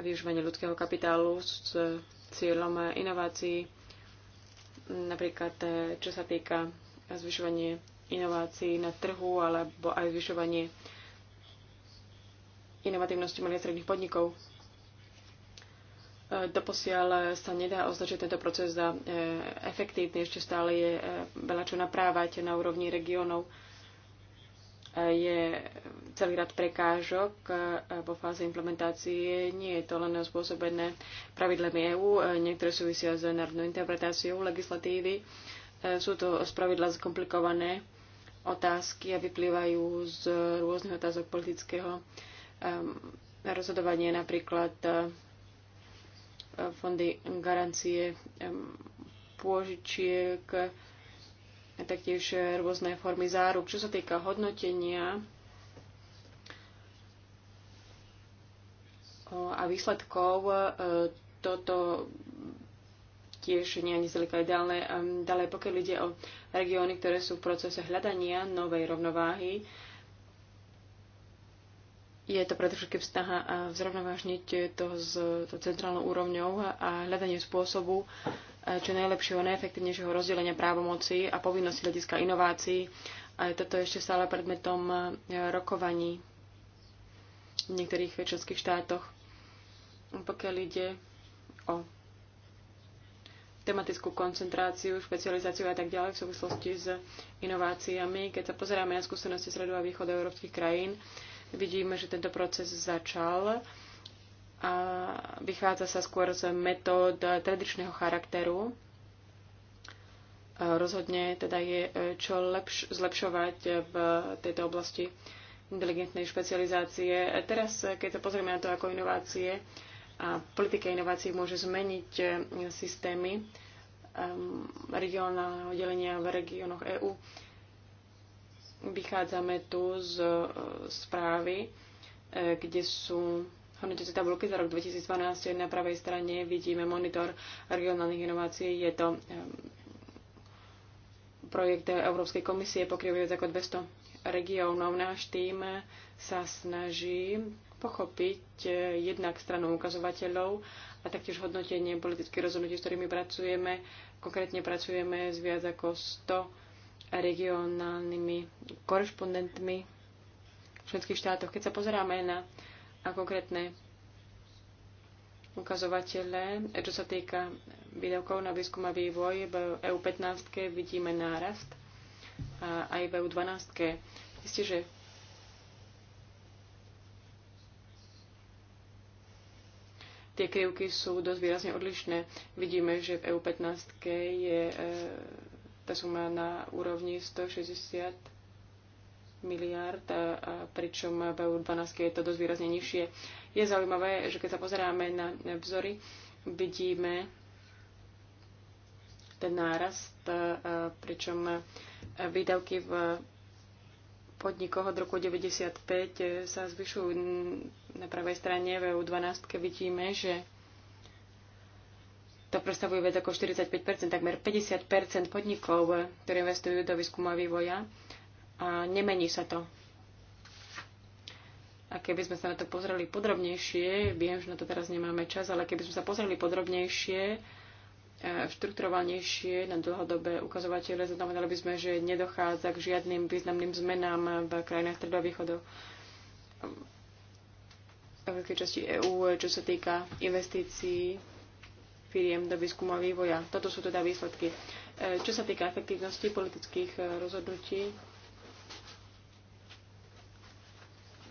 využívanie ľudského kapitálu s cieľom inovácií, napríklad e, čo sa týka zvyšovanie inovácií na trhu alebo aj zvyšovanie inovatívnosti malých a stredných podnikov. E, doposiaľ sa nedá označiť tento proces za e, efektívny, ešte stále je e, veľa čo naprávať na úrovni regiónov. Je celý rad prekážok vo fáze implementácie. Nie je to len spôsobené pravidlami EÚ, niektoré súvisia s národnou interpretáciou legislatívy E, sú to spravidla zkomplikované otázky a vyplývajú z rôznych otázok politického rozhodovania, napríklad e, fondy garancie pôžičiek, taktiež rôzne formy záruk. Čo sa týka hodnotenia a výsledkov, e, toto tiež nie ani zďaleka ideálne. Ďalej, pokiaľ ide o regióny, ktoré sú v procese hľadania novej rovnováhy, je to predovšetkým snaha zrovnovážniť to s to centrálnou úrovňou a hľadanie spôsobu e, čo najlepšieho, najefektívnejšieho rozdelenia právomoci a povinnosti hľadiska inovácií. A toto je ešte stále predmetom e, rokovaní v niektorých členských štátoch. Pokiaľ ide o tematickú koncentráciu, špecializáciu a tak ďalej v súvislosti s inováciami. Keď sa pozeráme na skúsenosti Sredu a východu európskych krajín, vidíme, že tento proces začal a vychádza sa skôr z metód tradičného charakteru. Rozhodne teda je čo lepš- zlepšovať v tejto oblasti inteligentnej špecializácie. Teraz, keď sa pozrieme na to ako inovácie, a politika inovácií môže zmeniť e, systémy e, regionálneho delenia v regiónoch EÚ. Vychádzame tu z e, správy, kde sú hodnotiace tabulky za rok 2012. Na pravej strane vidíme monitor regionálnych inovácií. Je to projekt Európskej komisie pokrývajúc ako 200 regiónov. Náš tým sa snaží pochopiť e, jednak stranu ukazovateľov a taktiež hodnotenie politických rozhodnutí, s ktorými pracujeme. Konkrétne pracujeme s viac ako 100 regionálnymi korešpondentmi v členských štátoch. Keď sa pozeráme na, na konkrétne ukazovatele, e, čo sa týka výdavkov na výskum a vývoj, v EU15 vidíme nárast a aj v EU12. Isté, že tie krivky sú dosť výrazne odlišné. Vidíme, že v EU15 je e, tá suma na úrovni 160 miliard, a pričom v EU12 je to dosť výrazne nižšie. Je zaujímavé, že keď sa pozeráme na vzory, vidíme ten nárast, pričom výdavky v podnikoch od roku 1995 e, sa zvyšujú. Na pravej strane v EU12 vidíme, že to predstavuje viac ako 45%, takmer 50% podnikov, e, ktoré investujú do výskumu a vývoja. A nemení sa to. A keby sme sa na to pozreli podrobnejšie, viem, že na to teraz nemáme čas, ale keby sme sa pozreli podrobnejšie, Eh, štrukturovanejšie na dlhodobé ukazovatele. Zaznamenali by sme, že nedochádza k žiadnym významným zmenám v krajinách stredovýchodov veľkej časti EÚ, čo sa týka investícií firiem do výskumu a vývoja. Toto sú teda výsledky. Eh, čo sa týka efektívnosti politických eh, rozhodnutí,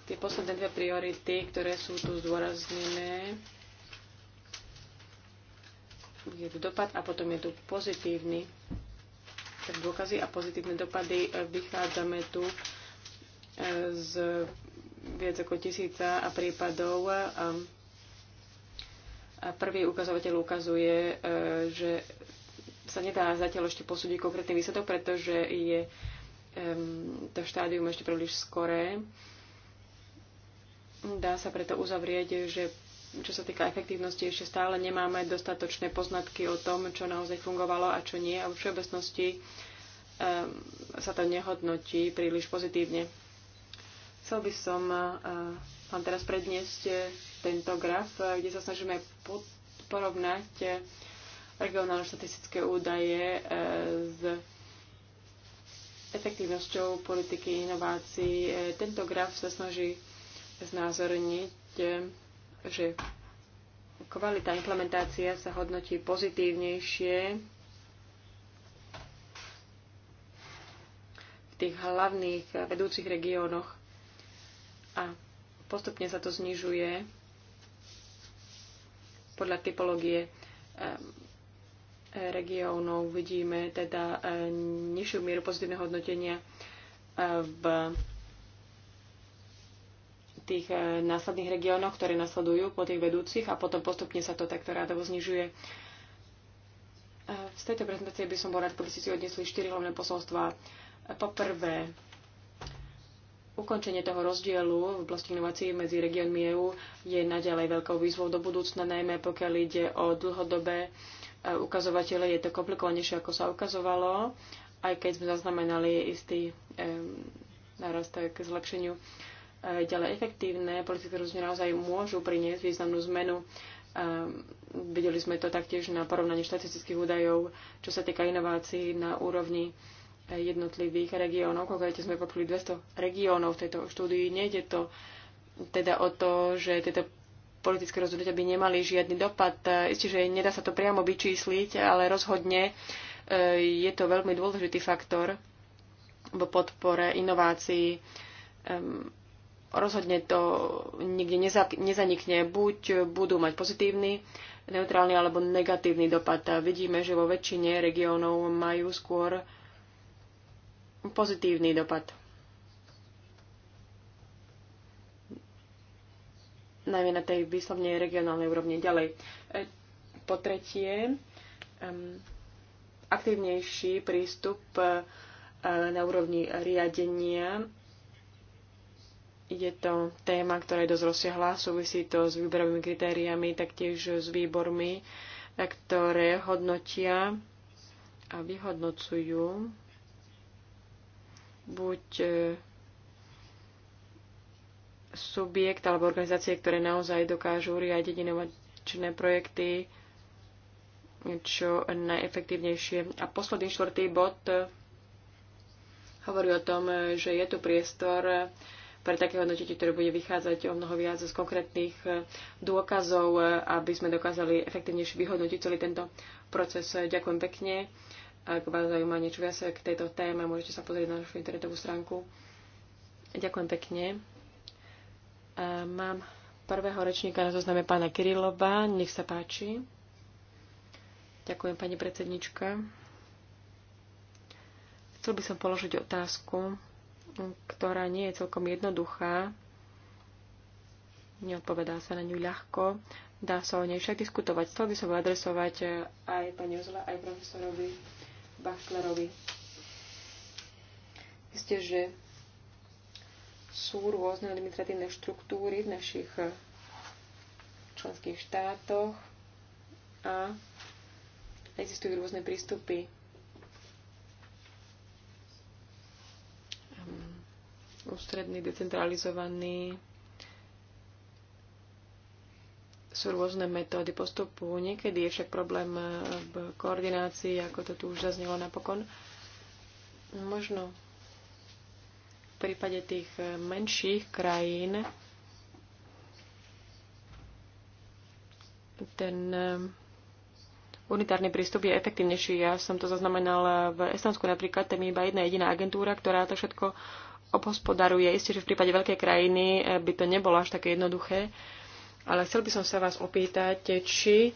tie posledné dve priority, ktoré sú tu zdôraznené, je tu dopad a potom je tu pozitívny tak dôkazy a pozitívne dopady. E, vychádzame tu e, z viac ako tisíca prípadov. E, a prvý ukazovateľ ukazuje, že sa nedá zatiaľ ešte posúdiť konkrétny výsledok, pretože je to štádium ešte príliš skoré. Dá sa preto uzavrieť, že čo sa týka efektívnosti, ešte stále nemáme dostatočné poznatky o tom, čo naozaj fungovalo a čo nie. A v všeobecnosti um, sa to nehodnotí príliš pozitívne. Chcel by som uh, vám teraz predniesť eh, tento graf, eh, kde sa snažíme porovnať regionálne štatistické údaje s efektívnosťou politiky inovácií. Tento graf sa snaží znázorniť že kvalita implementácia sa hodnotí pozitívnejšie v tých hlavných vedúcich regiónoch a postupne sa to znižuje podľa typológie eh, regiónov. Vidíme teda eh, nižšiu mieru pozitívneho hodnotenia eh, v tých e, následných regiónoch, ktoré nasledujú po tých vedúcich a potom postupne sa to takto rádovo znižuje. E, z tejto prezentácie by som bol rád, keby ste si odnesli štyri hlavné posolstva. Po prvé, ukončenie toho rozdielu v oblasti inovácií medzi regiónmi EÚ je naďalej veľkou výzvou do budúcna, najmä pokiaľ ide o dlhodobé e, ukazovatele. Je to komplikovanejšie, ako sa ukazovalo, aj keď sme zaznamenali istý um, narast k zlepšeniu. Uh, Eh, ďalej efektívne. Politické rozhodnutia naozaj môžu priniesť významnú zmenu. Eh, videli sme to taktiež na porovnaní štatistických údajov, čo sa týka inovácií na úrovni eh, jednotlivých regiónov. Konkrétne sme pokryli 200 regiónov v tejto štúdii. Nejde to teda o to, že tieto politické rozhodnutia by nemali žiadny dopad. Isté, že nedá sa to priamo vyčísliť, ale rozhodne je to veľmi dôležitý faktor v podpore inovácií rozhodne to nikde nezanikne. Buď budú mať pozitívny, neutrálny alebo negatívny dopad. A vidíme, že vo väčšine regiónov majú skôr pozitívny dopad. najmä na tej výslovne regionálnej úrovni. Ďalej, e, po tretie, aktívnejší prístup e, na úrovni riadenia je to téma, ktorá je dosť rozsiahla, súvisí to s výberovými kritériami, taktiež s výbormi, eh, ktoré hodnotia a vyhodnocujú buď eh, subjekt alebo organizácie, ktoré naozaj dokážu riadiť inovačné projekty čo najefektívnejšie. A posledný štvrtý bod eh, hovorí o tom, že je tu priestor pre také hodnotenie, ktoré bude vychádzať o mnoho viac z konkrétnych e, dôkazov, e, aby sme dokázali efektívnejšie vyhodnotiť celý tento proces. E, ďakujem pekne. Ak vás zaujíma niečo viac k tejto téme, môžete sa pozrieť na našu internetovú stránku. Ďakujem pekne. Mám prvého rečníka na zozname pána Kirilova. Nech sa páči. Ďakujem, pani predsednička. Chcel by som položiť otázku ktorá nie je celkom jednoduchá. Neodpovedá sa na ňu ľahko. Dá sa o nej však diskutovať. Chcel by som adresovať e, aj pani Ozla, aj profesorovi Bachlerovi. Isté, že sú rôzne administratívne štruktúry v našich e, členských štátoch a existujú rôzne prístupy ústredný, decentralizovaný. Sú rôzne metódy postupu. Niekedy je však problém eh, v koordinácii, ako to tu už zaznelo napokon. Možno v prípade tých eh, menších krajín ten eh, unitárny prístup je efektívnejší. Ja som to zaznamenala v Estonsku napríklad, tam je iba jedna jediná agentúra, ktorá to všetko obhospodaruje. Isté, že v prípade veľkej krajiny eh, by to nebolo až také jednoduché, ale chcel by som sa vás opýtať, či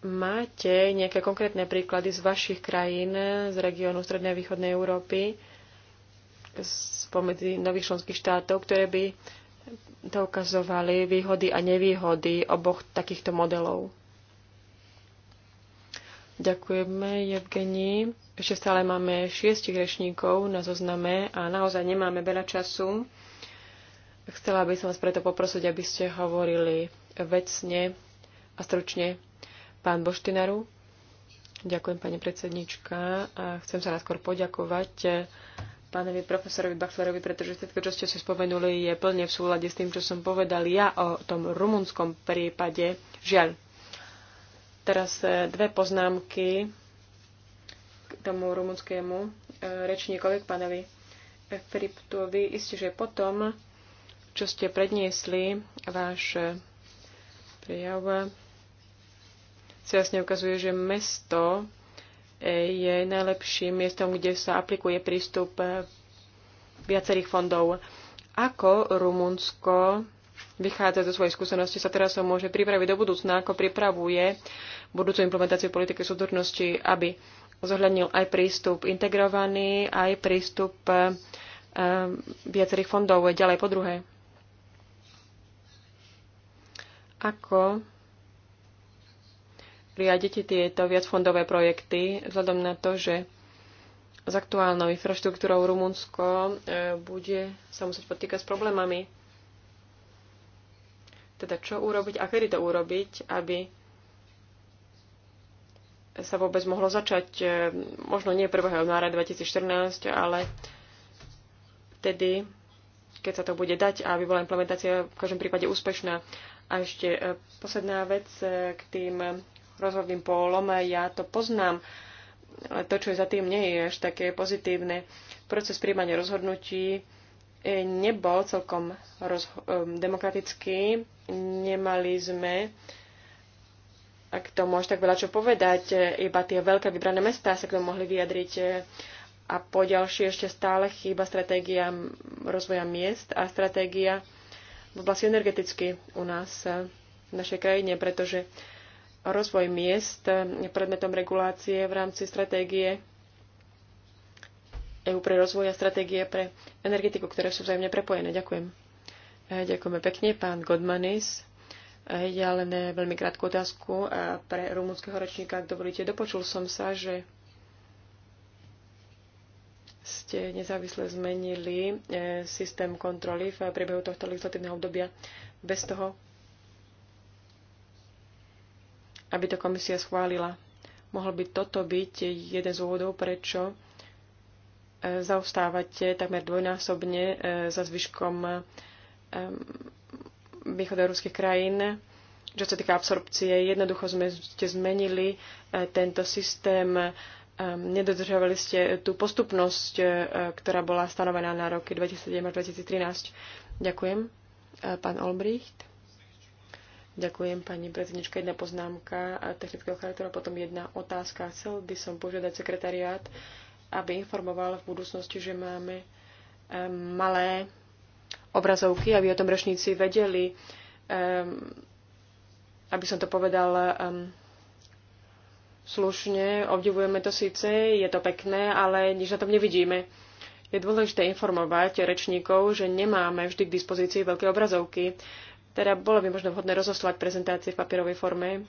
máte nejaké konkrétne príklady z vašich krajín, z regiónu Strednej a Východnej Európy, spomedzi nových členských štátov, ktoré by to ukazovali výhody a nevýhody oboch takýchto modelov. Ďakujeme, Evgenii. Ešte stále máme šiestich rečníkov na zozname a naozaj nemáme veľa času. Chcela by som vás preto poprosiť, aby ste hovorili vecne a stručne. Pán Boštinaru, ďakujem pani predsednička a chcem sa náskôr poďakovať pánovi profesorovi Bachlerovi, pretože všetko, čo ste si spomenuli, je plne v súlade s tým, čo som povedal ja o tom rumunskom prípade. Žiaľ. Teraz eh, dve poznámky tomu rumunskému e, rečníkovi, k pánovi e, Friptovi. Isté, že potom, čo ste predniesli váš e, prejav, sa jasne ukazuje, že mesto je najlepším miestom, kde sa aplikuje prístup viacerých fondov. Ako Rumunsko vychádza zo svojej skúsenosti, sa teraz môže pripraviť do budúcna, ako pripravuje budúcu implementáciu politiky súdržnosti, aby zohľadnil aj prístup integrovaný, aj prístup e, e, viacerých fondov. Ďalej po druhé. Ako riadite tieto viacfondové projekty vzhľadom na to, že s aktuálnou infraštruktúrou Rumunsko e, bude sa musieť potýkať s problémami. Teda čo urobiť a kedy to urobiť, aby sa vôbec mohlo začať, e, možno nie 1. januára 2014, ale vtedy, keď sa to bude dať, aby bola implementácia v každom prípade úspešná. A ešte e, posledná vec e, k tým rozhodným pólom. Ja to poznám, ale to, čo je za tým, nie je až také pozitívne. Proces príjmania rozhodnutí nebol celkom demokratický. Nemali sme k tomu až tak veľa čo povedať, e, iba tie veľké vybrané mestá sa k tomu mohli vyjadriť e, a po ďalšie ešte stále chýba stratégia rozvoja miest a stratégia v oblasti energeticky u nás e, v našej krajine, pretože rozvoj miest je predmetom regulácie v rámci stratégie EU pre rozvoj a stratégie pre energetiku, ktoré sú vzájomne prepojené. Ďakujem. Ďakujeme pekne, pán Godmanis. Ja len eh, veľmi krátku otázku eh, pre rumúnskeho ročníka, ak dovolíte. Dopočul som sa, že ste nezávisle zmenili eh, systém kontroly v priebehu tohto legislatívneho obdobia bez toho, aby to komisia schválila. Mohol by toto byť jeden z dôvodov, prečo zaostávate takmer dvojnásobne za zvyškom východoeurópskych krajín, čo sa týka absorpcie. Jednoducho sme, ste zmenili e, tento systém, e, nedodržovali ste tú postupnosť, e, ktorá bola stanovená na roky 2007 až 2013. Ďakujem. Pán Olbricht. Ďakujem, pani predsednička. Jedna poznámka technického charakteru, a potom jedna otázka. Chcel by som požiadať sekretariát, aby informoval v budúcnosti, že máme malé obrazovky, aby o tom rečníci vedeli, um, aby som to povedal um, slušne, obdivujeme to síce, je to pekné, ale nič na tom nevidíme. Je dôležité informovať rečníkov, že nemáme vždy k dispozícii veľké obrazovky, teda bolo by možno vhodné rozoslať prezentácie v papierovej forme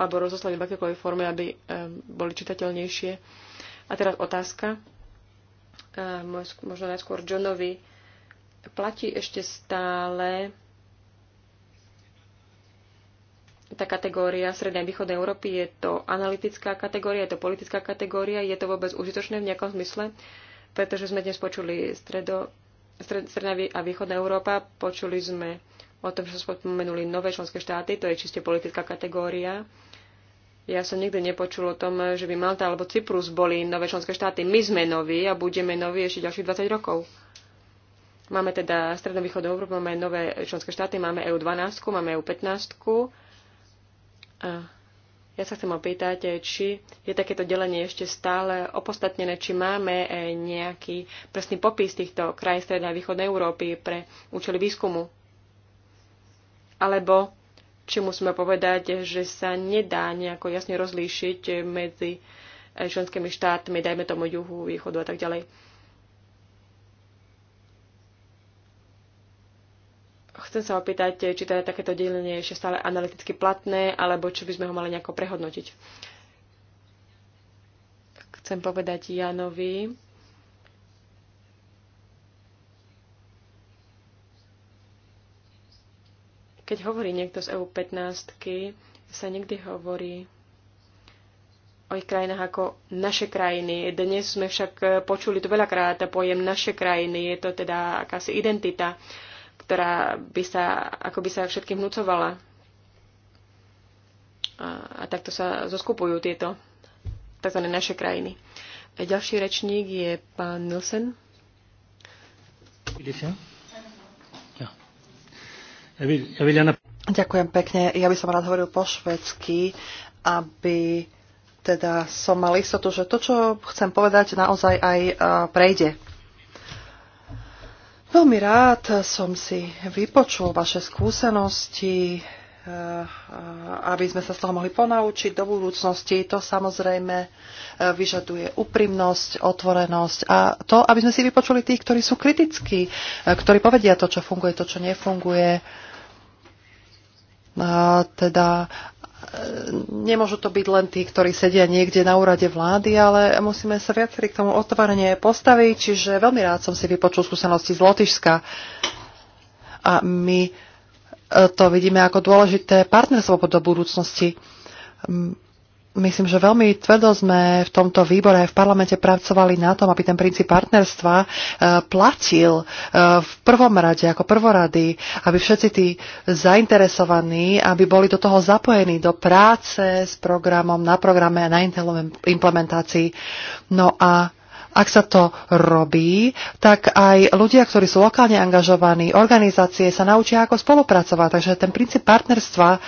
alebo rozoslať v akékoľvek forme, aby um, boli čitateľnejšie. A teraz otázka, um, možno najskôr Johnovi platí ešte stále tá kategória Srednej a Východnej Európy, je to analytická kategória, je to politická kategória, je to vôbec užitočné v nejakom zmysle, pretože sme dnes počuli stredo, stred, Stredná a Východná Európa, počuli sme o tom, že spomenuli nové členské štáty, to je čiste politická kategória. Ja som nikdy nepočul o tom, že by Malta alebo Cyprus boli nové členské štáty. My sme noví a budeme noví ešte ďalších 20 rokov. Máme teda Stredovýchodnú Európu, máme nové členské štáty, máme EU12, máme EU15. Ja sa chcem opýtať, či je takéto delenie ešte stále opostatnené, či máme e, nejaký presný popis týchto kraj strednej a východnej Európy pre účely výskumu. Alebo či musíme povedať, že sa nedá nejako jasne rozlíšiť medzi e, členskými štátmi, dajme tomu juhu, východu a tak ďalej. Chcem sa opýtať, či teda takéto delenie je ešte stále analyticky platné, alebo či by sme ho mali nejako prehodnotiť. Chcem povedať Janovi, keď hovorí niekto z EU15, sa nikdy hovorí o ich krajinách ako naše krajiny. Dnes sme však počuli to veľakrát pojem naše krajiny, je to teda akási identita. Uh, ktorá by sa, ako by sa všetkým vnúcovala. A, a takto sa zoskupujú tieto tzv. naše krajiny. A ďalší rečník je pán Nilsen. Ďakujem pekne. Ja by som rád hovoril po švedsky, aby teda som mal istotu, že to, čo chcem povedať, naozaj aj prejde. Veľmi rád som si vypočul vaše skúsenosti, eh, aby sme sa z toho mohli ponaučiť do budúcnosti. To samozrejme eh, vyžaduje úprimnosť, otvorenosť a to, aby sme si vypočuli tých, ktorí sú kritickí, eh, ktorí povedia to, čo funguje, to, čo nefunguje. A teda E, nemôžu to byť len tí, ktorí sedia niekde na úrade vlády, ale musíme sa viacerí k tomu otvorene postaviť, čiže veľmi rád som si vypočul skúsenosti z Lotyšska. A my e, to vidíme ako dôležité partnerstvo do budúcnosti myslím, že veľmi tvrdo sme v tomto výbore aj v parlamente pracovali na tom, aby ten princíp partnerstva e, platil e, v prvom rade, ako prvorady, aby všetci tí zainteresovaní, aby boli do toho zapojení, do práce s programom, na programe a na implementácii. No a ak sa to robí, tak aj ľudia, ktorí sú lokálne angažovaní, organizácie sa naučia, ako spolupracovať. Takže ten princíp partnerstva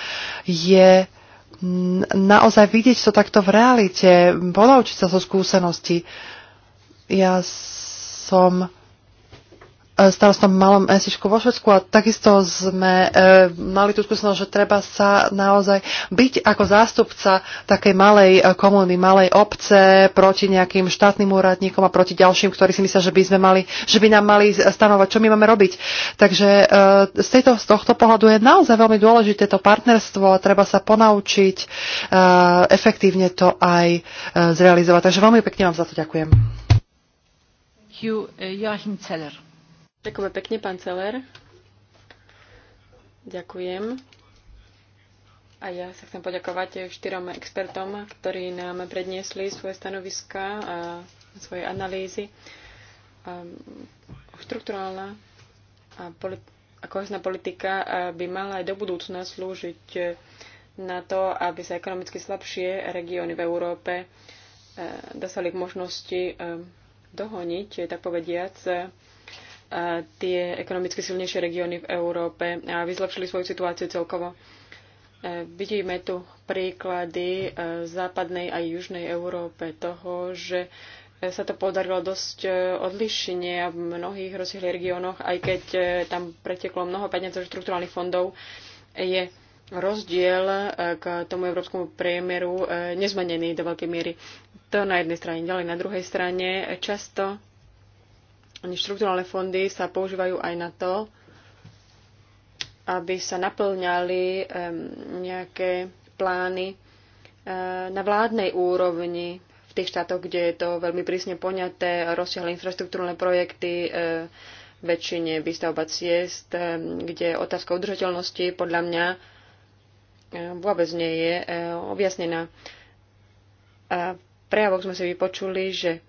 je naozaj vidieť to takto v realite, ponaučiť sa zo skúsenosti. Ja som E, starostom malom mesičku vo Švedsku a takisto sme e, mali tú skúsenosť, že treba sa naozaj byť ako zástupca takej malej e, komuny, malej obce proti nejakým štátnym úradníkom a proti ďalším, ktorí si myslia, že by, sme mali, že by nám mali stanovať, čo my máme robiť. Takže e, z, tejto, z tohto pohľadu je naozaj veľmi dôležité to partnerstvo a treba sa ponaučiť e, efektívne to aj e, zrealizovať. Takže veľmi pekne vám za to ďakujem. you, uh, Ďakujeme pekne, pán Celer. Ďakujem. A ja sa chcem poďakovať štyrom expertom, ktorí nám predniesli svoje stanoviska a svoje analýzy. Ehm, Štrukturálna a, politi- a kohezná politika e, by mala aj do budúcna slúžiť e, na to, aby sa ekonomicky slabšie regióny v Európe e, dostali k možnosti dohoniť, tak povediac, tie ekonomicky silnejšie regióny v Európe a vyzlepšili svoju situáciu celkovo. E, vidíme tu príklady v e, západnej a južnej Európe toho, že e, sa to podarilo dosť odlišne a v mnohých rozsiahlých regiónoch, aj keď tam preteklo mnoho peniazov štruktúrálnych fondov, je rozdiel k tomu európskemu priemeru nezmenený do veľkej miery. To na jednej strane, ďalej na druhej strane. Často Štruktúrálne fondy sa používajú aj na to, aby sa naplňali nejaké plány eh, na vládnej úrovni v tých štátoch, kde je to veľmi prísne poňaté, rozsiahle infraštruktúrne projekty, eh, väčšine výstavba ciest, eh, kde otázka udržateľnosti podľa mňa vôbec nie je objasnená. A v prejavoch sme si vypočuli, že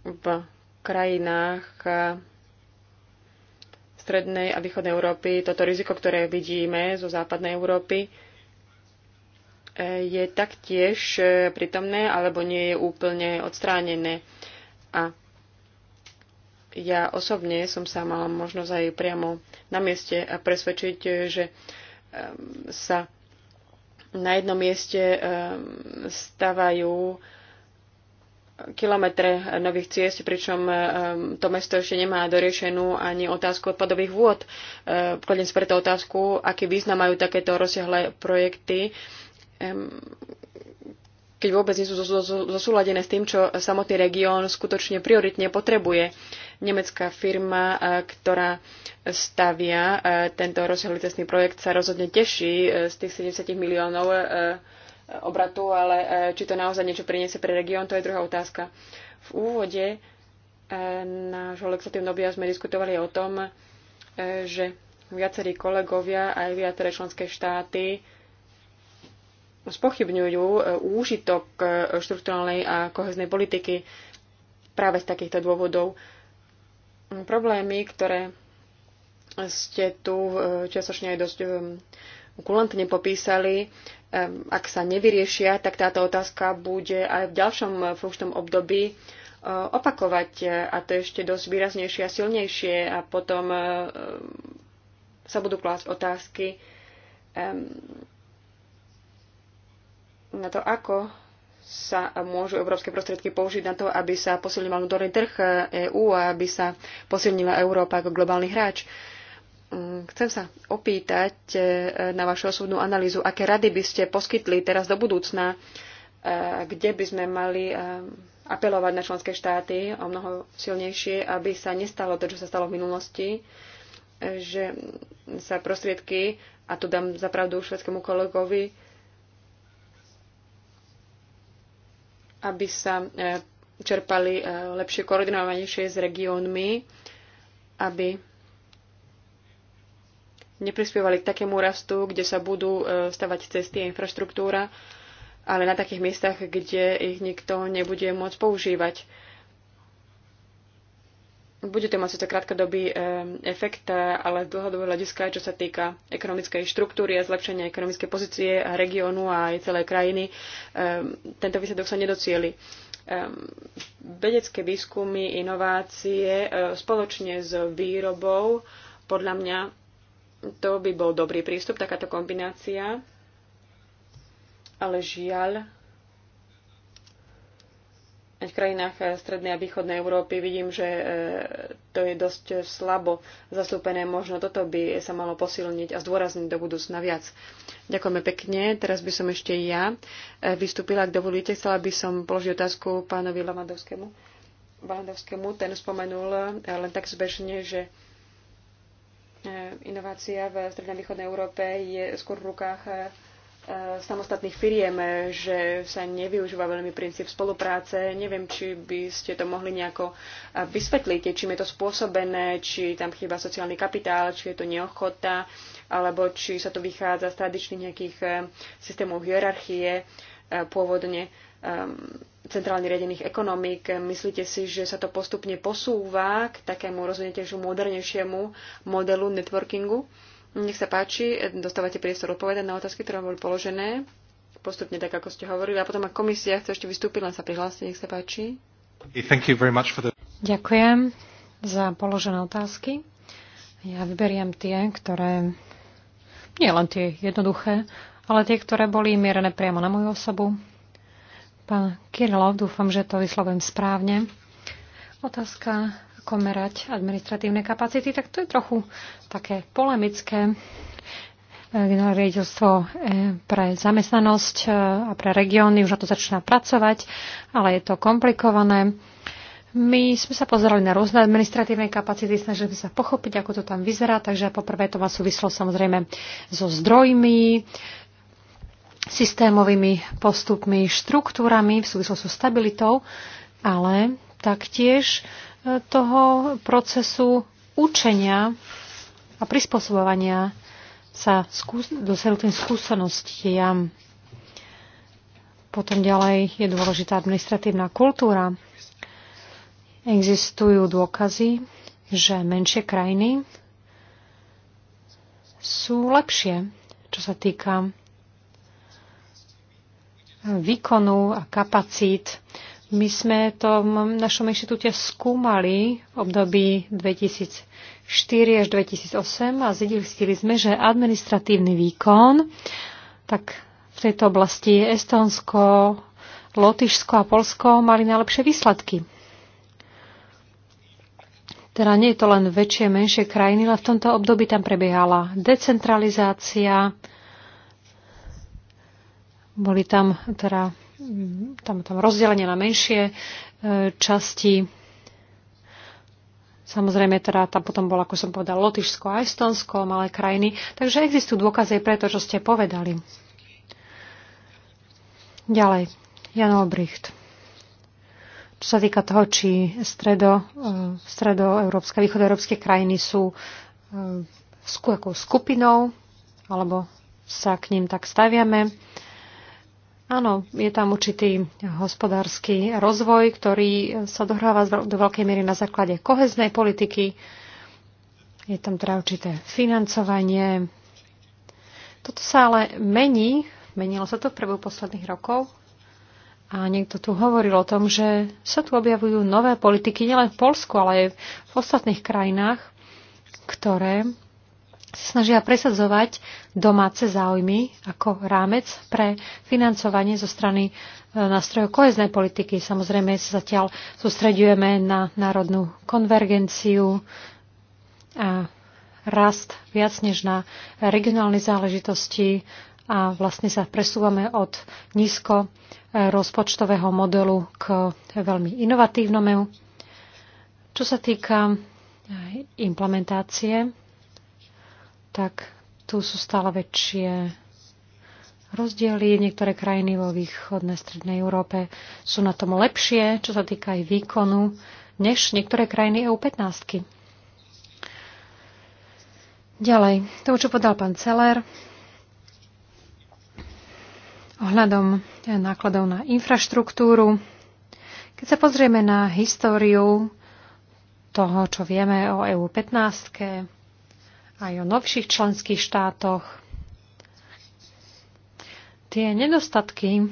v krajinách eh, strednej a východnej Európy, toto riziko, ktoré vidíme zo západnej Európy, eh, je taktiež eh, prítomné alebo nie je úplne odstránené. A ja osobne som sa mala možnosť aj priamo na mieste a presvedčiť, že ehm, sa na jednom mieste ehm, stavajú kilometre nových ciest, pričom e, to mesto ešte nemá doriešenú ani otázku odpadových vôd. E, Kladem si preto otázku, aký význam majú takéto rozsiahle projekty, keď vôbec nie sú zosúladené s tým, čo samotný región skutočne prioritne potrebuje. Nemecká firma, e, ktorá stavia tento rozsiahly cestný projekt, sa rozhodne teší z tých 70 miliónov obratu, ale e, či to naozaj niečo priniesie pre región, to je druhá otázka. V úvode e, nášho legislatívneho obia sme diskutovali o tom, e, že viacerí kolegovia aj viaceré členské štáty spochybňujú úžitok štruktúralnej a koheznej politiky práve z takýchto dôvodov. Problémy, ktoré ste tu čiastočne aj dosť kulantne popísali, ak sa nevyriešia, tak táto otázka bude aj v ďalšom funkčnom období e, opakovať e, a to ešte dosť výraznejšie a silnejšie a potom e, sa budú klásť otázky na to, ako sa môžu európske prostriedky použiť na to, aby sa posilnil vnútorný trh EÚ a aby sa posilnila Európa ako globálny hráč. Mm, chcem sa opýtať e, na vašu osobnú analýzu, aké rady by ste poskytli teraz do budúcna, e, kde by sme mali e, apelovať na členské štáty o mnoho silnejšie, aby sa nestalo to, čo sa stalo v minulosti, že sa prostriedky, a tu dám zapravdu švedskému kolegovi, aby sa čerpali lepšie koordinovanejšie s regiónmi, aby neprispievali k takému rastu, kde sa budú e, stavať cesty a infraštruktúra, ale na takých miestach, kde ich nikto nebude môcť používať. Bude to mať sice krátkodobý e, efekt, e, ale z dlhodobého hľadiska, čo sa týka ekonomickej štruktúry a zlepšenia ekonomickej pozície a regiónu a aj celej krajiny, tento výsledok sa nedocieli. Vedecké výskumy, inovácie spoločne s výrobou podľa mňa to by bol dobrý prístup, takáto kombinácia. Ale žiaľ, aj v krajinách eh, strednej a východnej Európy vidím, že eh, to je dosť eh, slabo zastúpené. Možno toto by sa malo posilniť a zdôrazniť do budúcna viac. Ďakujeme pekne. Teraz by som ešte ja vystúpila, ak dovolíte. Chcela by som položiť otázku pánovi Lavandovskému. Lavandovskému ten spomenul len tak zbežne, že E, inovácia v strednej východnej Európe je skôr v rukách e, samostatných firiem, e, že sa nevyužíva veľmi princíp spolupráce. Neviem, či by ste to mohli nejako vysvetliť, čím je to spôsobené, či tam chýba sociálny kapitál, či je to neochota, alebo či sa to vychádza z tradičných nejakých systémov hierarchie pôvodne centrálne riadených ekonomík. Myslíte si, že sa to postupne posúva k takému rozvinutejšiu, modernejšiemu modelu networkingu? Nech sa páči, dostávate priestor odpovedať na otázky, ktoré boli položené. Postupne tak, ako ste hovorili. A potom, ak komisia chce ešte vystúpiť, len sa prihláste, nech sa páči. The... Ďakujem za položené otázky. Ja vyberiem tie, ktoré... Nie len tie jednoduché, ale tie, ktoré boli mierené priamo na moju osobu Pán Kirilov, dúfam, že to vyslovujem správne. Otázka, ako merať administratívne kapacity, tak to je trochu také polemické. E, generálne riaditeľstvo e, pre zamestnanosť e, a pre regióny už na to začína pracovať, ale je to komplikované. My sme sa pozerali na rôzne administratívne kapacity, snažili sme sa pochopiť, ako to tam vyzerá, takže poprvé to má súvislo samozrejme so zdrojmi, systémovými postupmi, štruktúrami v súvislosti so stabilitou, ale taktiež e, toho procesu učenia a prispôsobovania sa skús- dosiahnutým skúsenostiam. Potom ďalej je dôležitá administratívna kultúra. Existujú dôkazy, že menšie krajiny sú lepšie, čo sa týka výkonu a kapacít. My sme to v našom inštitúte skúmali v období 2004 až 2008 a zistili sme, že administratívny výkon, tak v tejto oblasti Estonsko, Lotyšsko a Polsko mali najlepšie výsledky. Teda nie je to len väčšie, menšie krajiny, ale v tomto období tam prebiehala decentralizácia, boli tam teda tam, tam rozdelenie na menšie e, časti. Samozrejme, teda tam potom bolo, ako som povedal, Lotyšsko a Estonsko, malé krajiny. Takže existujú dôkazy pre to, čo ste povedali. Ďalej, Jan Obricht. Čo sa týka toho, či stredo, e, stredoeurópske, východoeurópske krajiny sú e, skupinou, alebo sa k ním tak staviame. Áno, je tam určitý hospodársky rozvoj, ktorý sa dohráva do veľkej miery na základe koheznej politiky. Je tam teda určité financovanie. Toto sa ale mení, menilo sa to v priebehu posledných rokov. A niekto tu hovoril o tom, že sa tu objavujú nové politiky nielen v Polsku, ale aj v ostatných krajinách, ktoré snažia presadzovať domáce záujmy ako rámec pre financovanie zo strany e, nástrojov koheznej politiky. Samozrejme sa zatiaľ sústredujeme na národnú konvergenciu a rast viac než na regionálne záležitosti a vlastne sa presúvame od nízko e, rozpočtového modelu k veľmi inovatívnomu. Čo sa týka e, implementácie, tak tu sú stále väčšie rozdiely. Niektoré krajiny vo východnej strednej Európe sú na tom lepšie, čo sa týka aj výkonu, než niektoré krajiny EU15. Ďalej, to, čo podal pán Celer, ohľadom nákladov na infraštruktúru. Keď sa pozrieme na históriu toho, čo vieme o EU15, aj o novších členských štátoch. Tie nedostatky,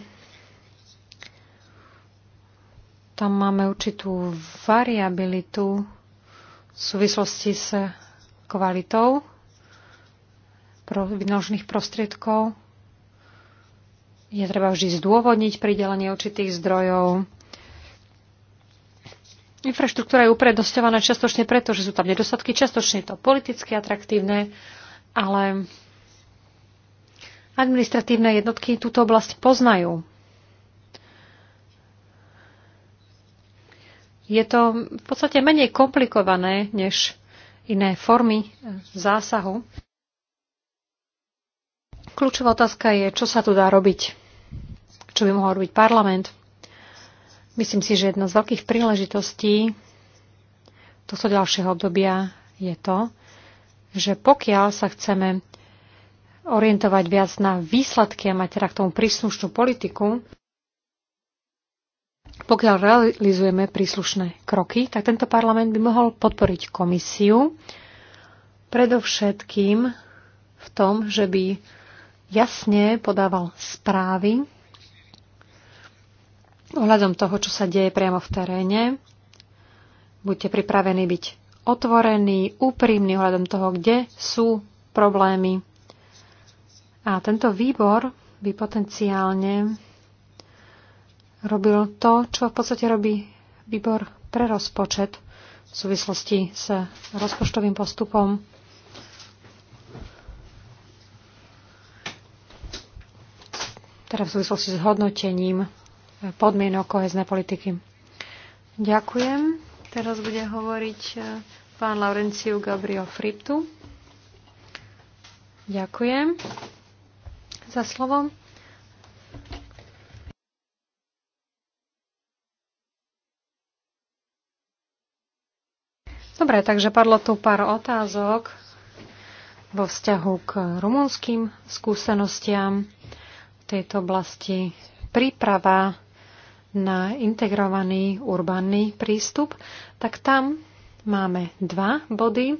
tam máme určitú variabilitu v súvislosti s kvalitou vynožných prostriedkov. Je treba vždy zdôvodniť pridelenie určitých zdrojov Infraštruktúra je uprednostňovaná čiastočne preto, že sú tam nedostatky, čiastočne je to politicky atraktívne, ale administratívne jednotky túto oblasť poznajú. Je to v podstate menej komplikované než iné formy zásahu. Kľúčová otázka je, čo sa tu dá robiť. Čo by mohol robiť parlament? Myslím si, že jedna z veľkých príležitostí tohto ďalšieho obdobia je to, že pokiaľ sa chceme orientovať viac na výsledky a mať teda k tomu príslušnú politiku, pokiaľ realizujeme príslušné kroky, tak tento parlament by mohol podporiť komisiu predovšetkým v tom, že by jasne podával správy ohľadom toho, čo sa deje priamo v teréne. Buďte pripravení byť otvorení, úprimní ohľadom toho, kde sú problémy. A tento výbor by potenciálne robil to, čo v podstate robí výbor pre rozpočet v súvislosti s rozpočtovým postupom. Teda v súvislosti s hodnotením podmienok kohezné politiky. Ďakujem. Teraz bude hovoriť e, pán Laurenciu Gabriel Friptu. Ďakujem za slovo. Dobre, takže padlo tu pár otázok vo vzťahu k rumunským skúsenostiam v tejto oblasti. Príprava na integrovaný urbánny prístup, tak tam máme dva body.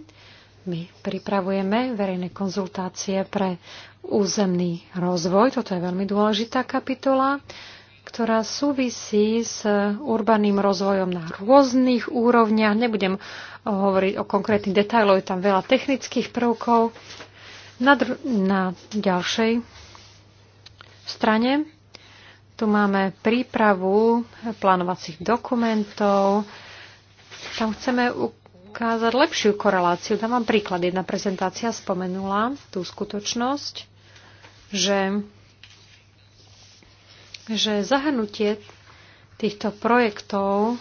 My pripravujeme verejné konzultácie pre územný rozvoj. Toto je veľmi dôležitá kapitola, ktorá súvisí s urbaným rozvojom na rôznych úrovniach. Nebudem hovoriť o konkrétnych detailoch, je tam veľa technických prvkov. Na, na ďalšej strane tu máme prípravu plánovacích dokumentov. Tam chceme ukázať lepšiu koreláciu. Dám vám príklad. Jedna prezentácia spomenula tú skutočnosť, že, že zahrnutie týchto projektov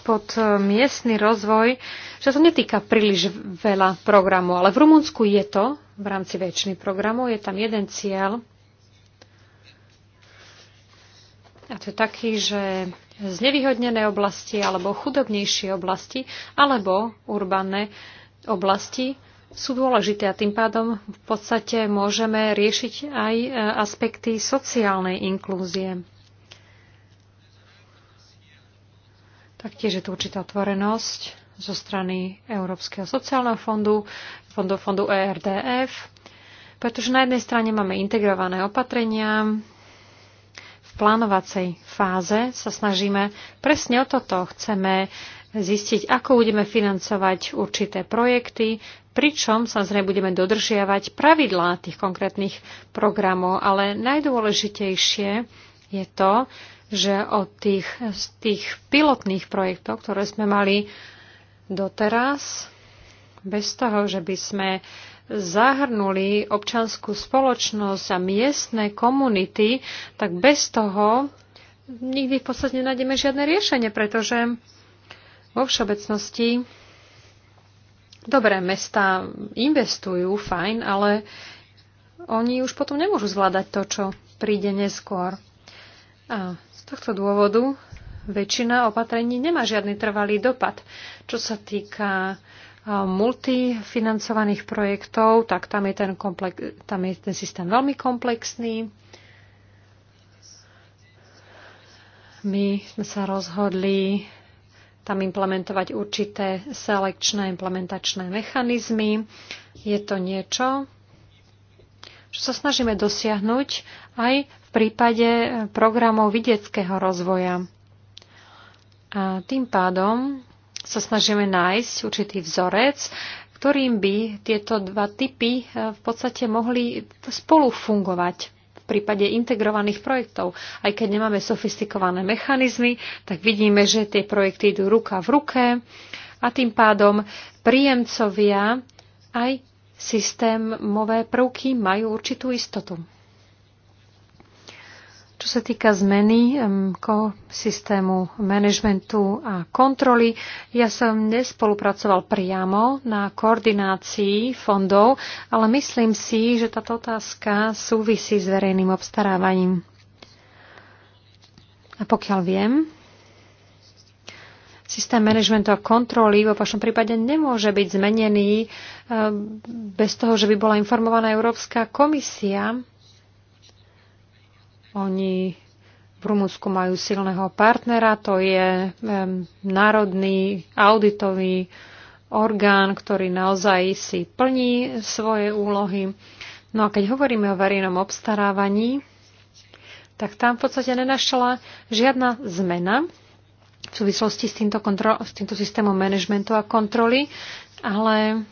pod e, miestny rozvoj, že sa netýka príliš veľa programov, ale v Rumunsku je to v rámci väčšiny programov, je tam jeden cieľ, a to je taký, že znevýhodnené oblasti alebo chudobnejšie oblasti alebo urbané oblasti sú dôležité a tým pádom v podstate môžeme riešiť aj e, aspekty sociálnej inklúzie. Taktiež je tu určitá otvorenosť zo strany Európskeho sociálneho fondu, fondu, fondu ERDF, pretože na jednej strane máme integrované opatrenia, plánovacej fáze sa snažíme presne o toto. Chceme zistiť, ako budeme financovať určité projekty, pričom samozrejme budeme dodržiavať pravidlá tých konkrétnych programov, ale najdôležitejšie je to, že od tých, z tých pilotných projektov, ktoré sme mali doteraz, bez toho, že by sme uh, zahrnuli občanskú spoločnosť a miestne komunity, tak bez toho nikdy v podstate nenájdeme žiadne riešenie, pretože vo všeobecnosti dobré mesta investujú, fajn, ale oni už potom nemôžu zvládať to, čo príde neskôr. A z tohto dôvodu väčšina opatrení nemá žiadny trvalý dopad. Čo sa týka multifinancovaných projektov, tak tam je ten, komplex, tam je ten systém veľmi komplexný. My sme sa rozhodli tam implementovať určité selekčné implementačné mechanizmy. Je to niečo, čo sa snažíme dosiahnuť aj v prípade programov vidieckého rozvoja. A tým pádom sa snažíme nájsť určitý vzorec, ktorým by tieto dva typy e, v podstate mohli spolu fungovať v prípade integrovaných projektov. Aj keď nemáme sofistikované mechanizmy, tak vidíme, že tie projekty idú ruka v ruke a tým pádom príjemcovia aj systémové prvky majú určitú istotu. Čo sa týka zmeny systému manažmentu a kontroly, ja som nespolupracoval priamo na koordinácii fondov, ale myslím si, že táto otázka súvisí s verejným obstarávaním. A pokiaľ viem, systém manažmentu a kontroly v vašom prípade nemôže byť zmenený bez toho, že by bola informovaná Európska komisia oni v Rumunsku majú silného partnera, to je um, národný auditový orgán, ktorý naozaj si plní svoje úlohy. No a keď hovoríme o verejnom obstarávaní, tak tam v podstate nenašla žiadna zmena v súvislosti s týmto, kontro- s týmto systémom manažmentu a kontroly, ale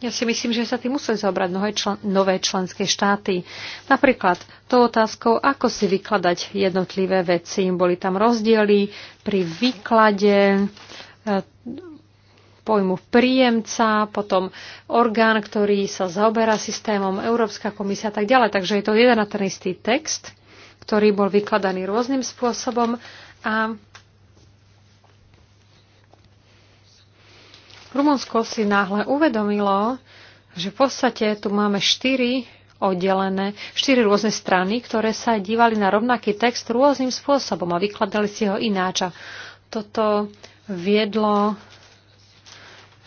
ja si myslím, že sa tým museli zobrať nové, člen, nové členské štáty. Napríklad to otázkou, ako si vykladať jednotlivé veci. Boli tam rozdiely pri výklade eh, pojmu príjemca, potom orgán, ktorý sa zaoberá systémom, Európska komisia a tak ďalej. Takže je to jeden a ten istý text, ktorý bol vykladaný rôznym spôsobom a Rumunsko si náhle uvedomilo, že v podstate tu máme štyri oddelené, štyri rôzne strany, ktoré sa dívali na rovnaký text rôznym spôsobom a vykladali si ho ináč. A toto viedlo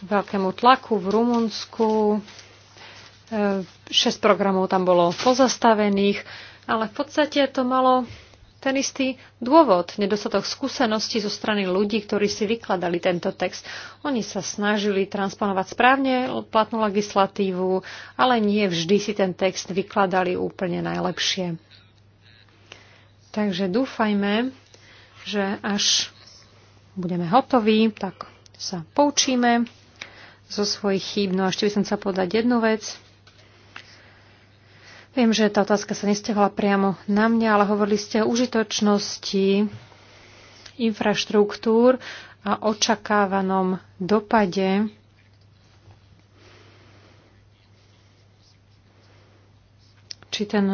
veľkému tlaku v Rumunsku. E, šesť programov tam bolo pozastavených, ale v podstate to malo ten istý dôvod, nedostatok skúseností zo strany ľudí, ktorí si vykladali tento text. Oni sa snažili transponovať správne platnú legislatívu, ale nie vždy si ten text vykladali úplne najlepšie. Takže dúfajme, že až budeme hotoví, tak sa poučíme zo svojich chýb. No a ešte by som chcela povedať jednu vec. Viem, že tá otázka sa nestiahla priamo na mňa, ale hovorili ste o užitočnosti infraštruktúr a očakávanom dopade či ten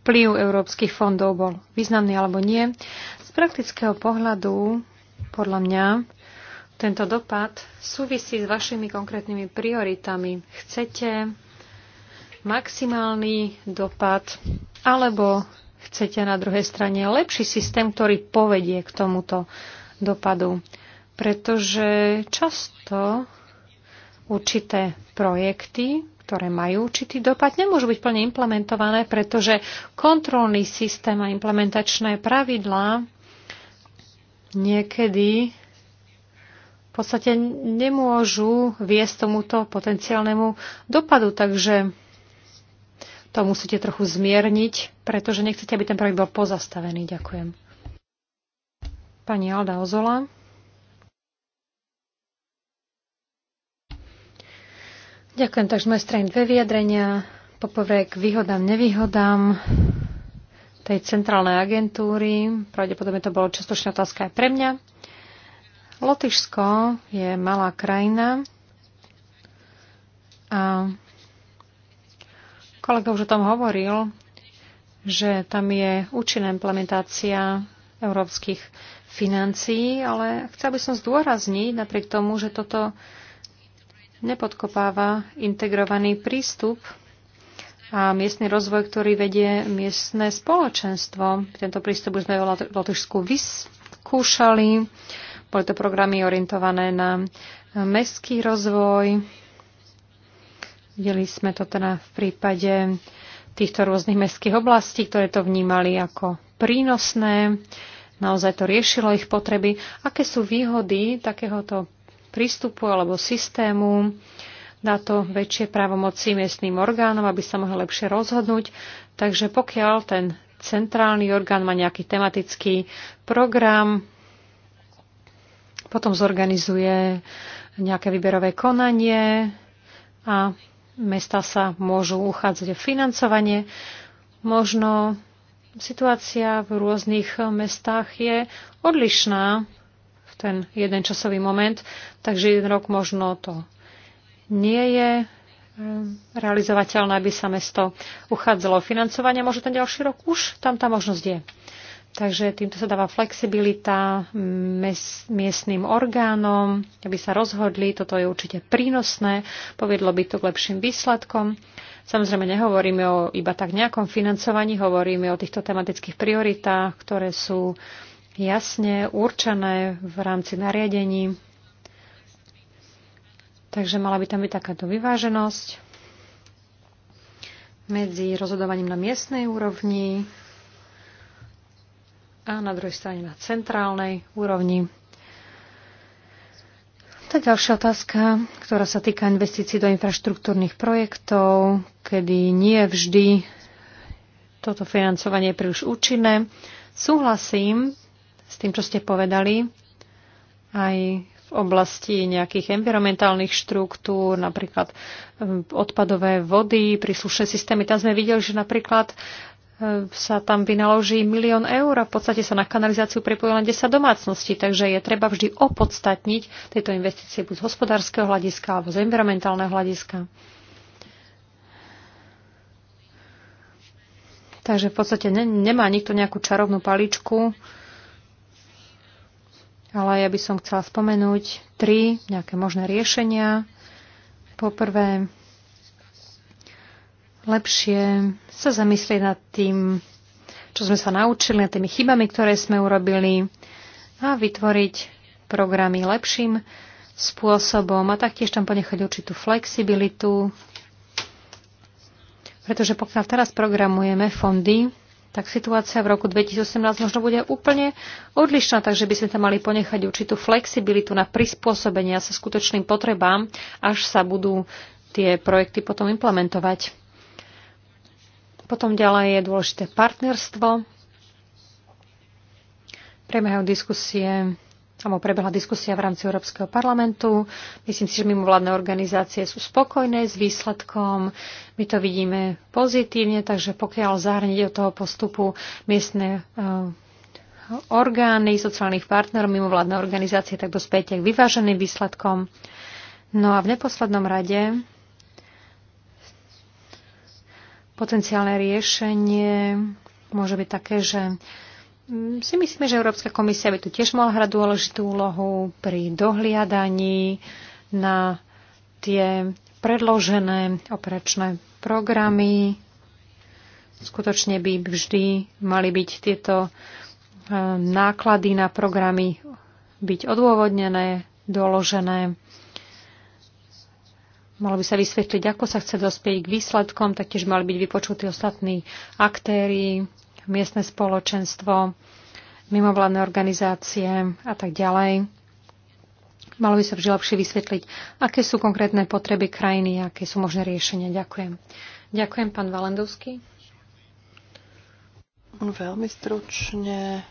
vplyv európskych fondov bol významný alebo nie. Z praktického pohľadu, podľa mňa, tento dopad súvisí s vašimi konkrétnymi prioritami. Chcete maximálny dopad, alebo chcete na druhej strane lepší systém, ktorý povedie k tomuto dopadu. Pretože často určité projekty, ktoré majú určitý dopad, nemôžu byť plne implementované, pretože kontrolný systém a implementačné pravidlá niekedy v podstate nemôžu viesť tomuto potenciálnemu dopadu. Takže to musíte trochu zmierniť, pretože nechcete, aby ten projekt bol pozastavený. Ďakujem. Pani Alda Ozola. Ďakujem, takže moje strany dve vyjadrenia. Poprvé k výhodám, nevýhodám tej centrálnej agentúry. Pravdepodobne to bolo častočná otázka aj pre mňa. Lotyšsko je malá krajina a Kolega už o tom hovoril, že tam je účinná implementácia európskych financií, ale chcel by som zdôrazniť napriek tomu, že toto nepodkopáva integrovaný prístup a miestny rozvoj, ktorý vedie miestne spoločenstvo. Tento prístup už sme v Lotyšsku vyskúšali. Boli to programy orientované na mestský rozvoj, Videli sme to teda v prípade týchto rôznych mestských oblastí, ktoré to vnímali ako prínosné, naozaj to riešilo ich potreby. Aké sú výhody takéhoto prístupu alebo systému? Dá to väčšie právomoci miestným orgánom, aby sa mohli lepšie rozhodnúť. Takže pokiaľ ten centrálny orgán má nejaký tematický program, potom zorganizuje nejaké výberové konanie a mesta sa môžu uchádzať o financovanie. Možno situácia v rôznych mestách je odlišná v ten jeden časový moment, takže jeden rok možno to nie je eh, realizovateľné, aby sa mesto uchádzalo o financovanie. Možno ten ďalší rok už tam tá možnosť je. Takže týmto sa dáva flexibilita miestnym orgánom, aby sa rozhodli. Toto je určite prínosné, povedlo by to k lepším výsledkom. Samozrejme, nehovoríme o iba tak nejakom financovaní, hovoríme o týchto tematických prioritách, ktoré sú jasne určené v rámci nariadení. Takže mala by tam byť takáto vyváženosť medzi rozhodovaním na miestnej úrovni a na druhej strane na centrálnej úrovni. Tá ďalšia otázka, ktorá sa týka investícií do infraštruktúrnych projektov, kedy nie vždy toto financovanie je príliš účinné. Súhlasím s tým, čo ste povedali, aj v oblasti nejakých environmentálnych štruktúr, napríklad mm, odpadové vody, príslušné systémy. Tam sme videli, že napríklad E, sa tam vynaloží milión eur a v podstate sa na kanalizáciu prepojí len 10 domácností, takže je treba vždy opodstatniť tieto investície buď z hospodárskeho hľadiska alebo z environmentálneho hľadiska. Takže v podstate ne, nemá nikto nejakú čarovnú paličku, ale ja by som chcela spomenúť tri nejaké možné riešenia. Poprvé, lepšie sa zamyslieť nad tým, čo sme sa naučili, nad tými chybami, ktoré sme urobili a vytvoriť programy lepším spôsobom a taktiež tam ponechať určitú flexibilitu, pretože pokiaľ teraz programujeme fondy, tak situácia v roku 2018 možno bude úplne odlišná, takže by sme tam mali ponechať určitú flexibilitu na prispôsobenia sa skutočným potrebám, až sa budú tie projekty potom implementovať. Potom ďalej je dôležité partnerstvo. Prebiehajú diskusie alebo prebehla diskusia v rámci Európskeho parlamentu. Myslím si, že mimovládne organizácie sú spokojné s výsledkom. My to vidíme pozitívne, takže pokiaľ zahrniť do toho postupu miestne eh, orgány, sociálnych partnerov, mimovládne organizácie, tak dospejete k vyváženým výsledkom. No a v neposlednom rade Potenciálne riešenie môže byť také, že mm, si myslíme, že Európska komisia by tu tiež mohla hrať dôležitú úlohu pri dohliadaní na tie predložené operačné programy. Skutočne by vždy mali byť tieto e, náklady na programy byť odôvodnené, doložené malo by sa vysvetliť, ako sa chce dospieť k výsledkom, taktiež mali byť vypočutí ostatní aktéry, miestne spoločenstvo, mimovládne organizácie a tak ďalej. Malo by sa vždy lepšie vysvetliť, aké sú konkrétne potreby krajiny, aké sú možné riešenia. Ďakujem. Ďakujem, pán Valendovský. Veľmi stručne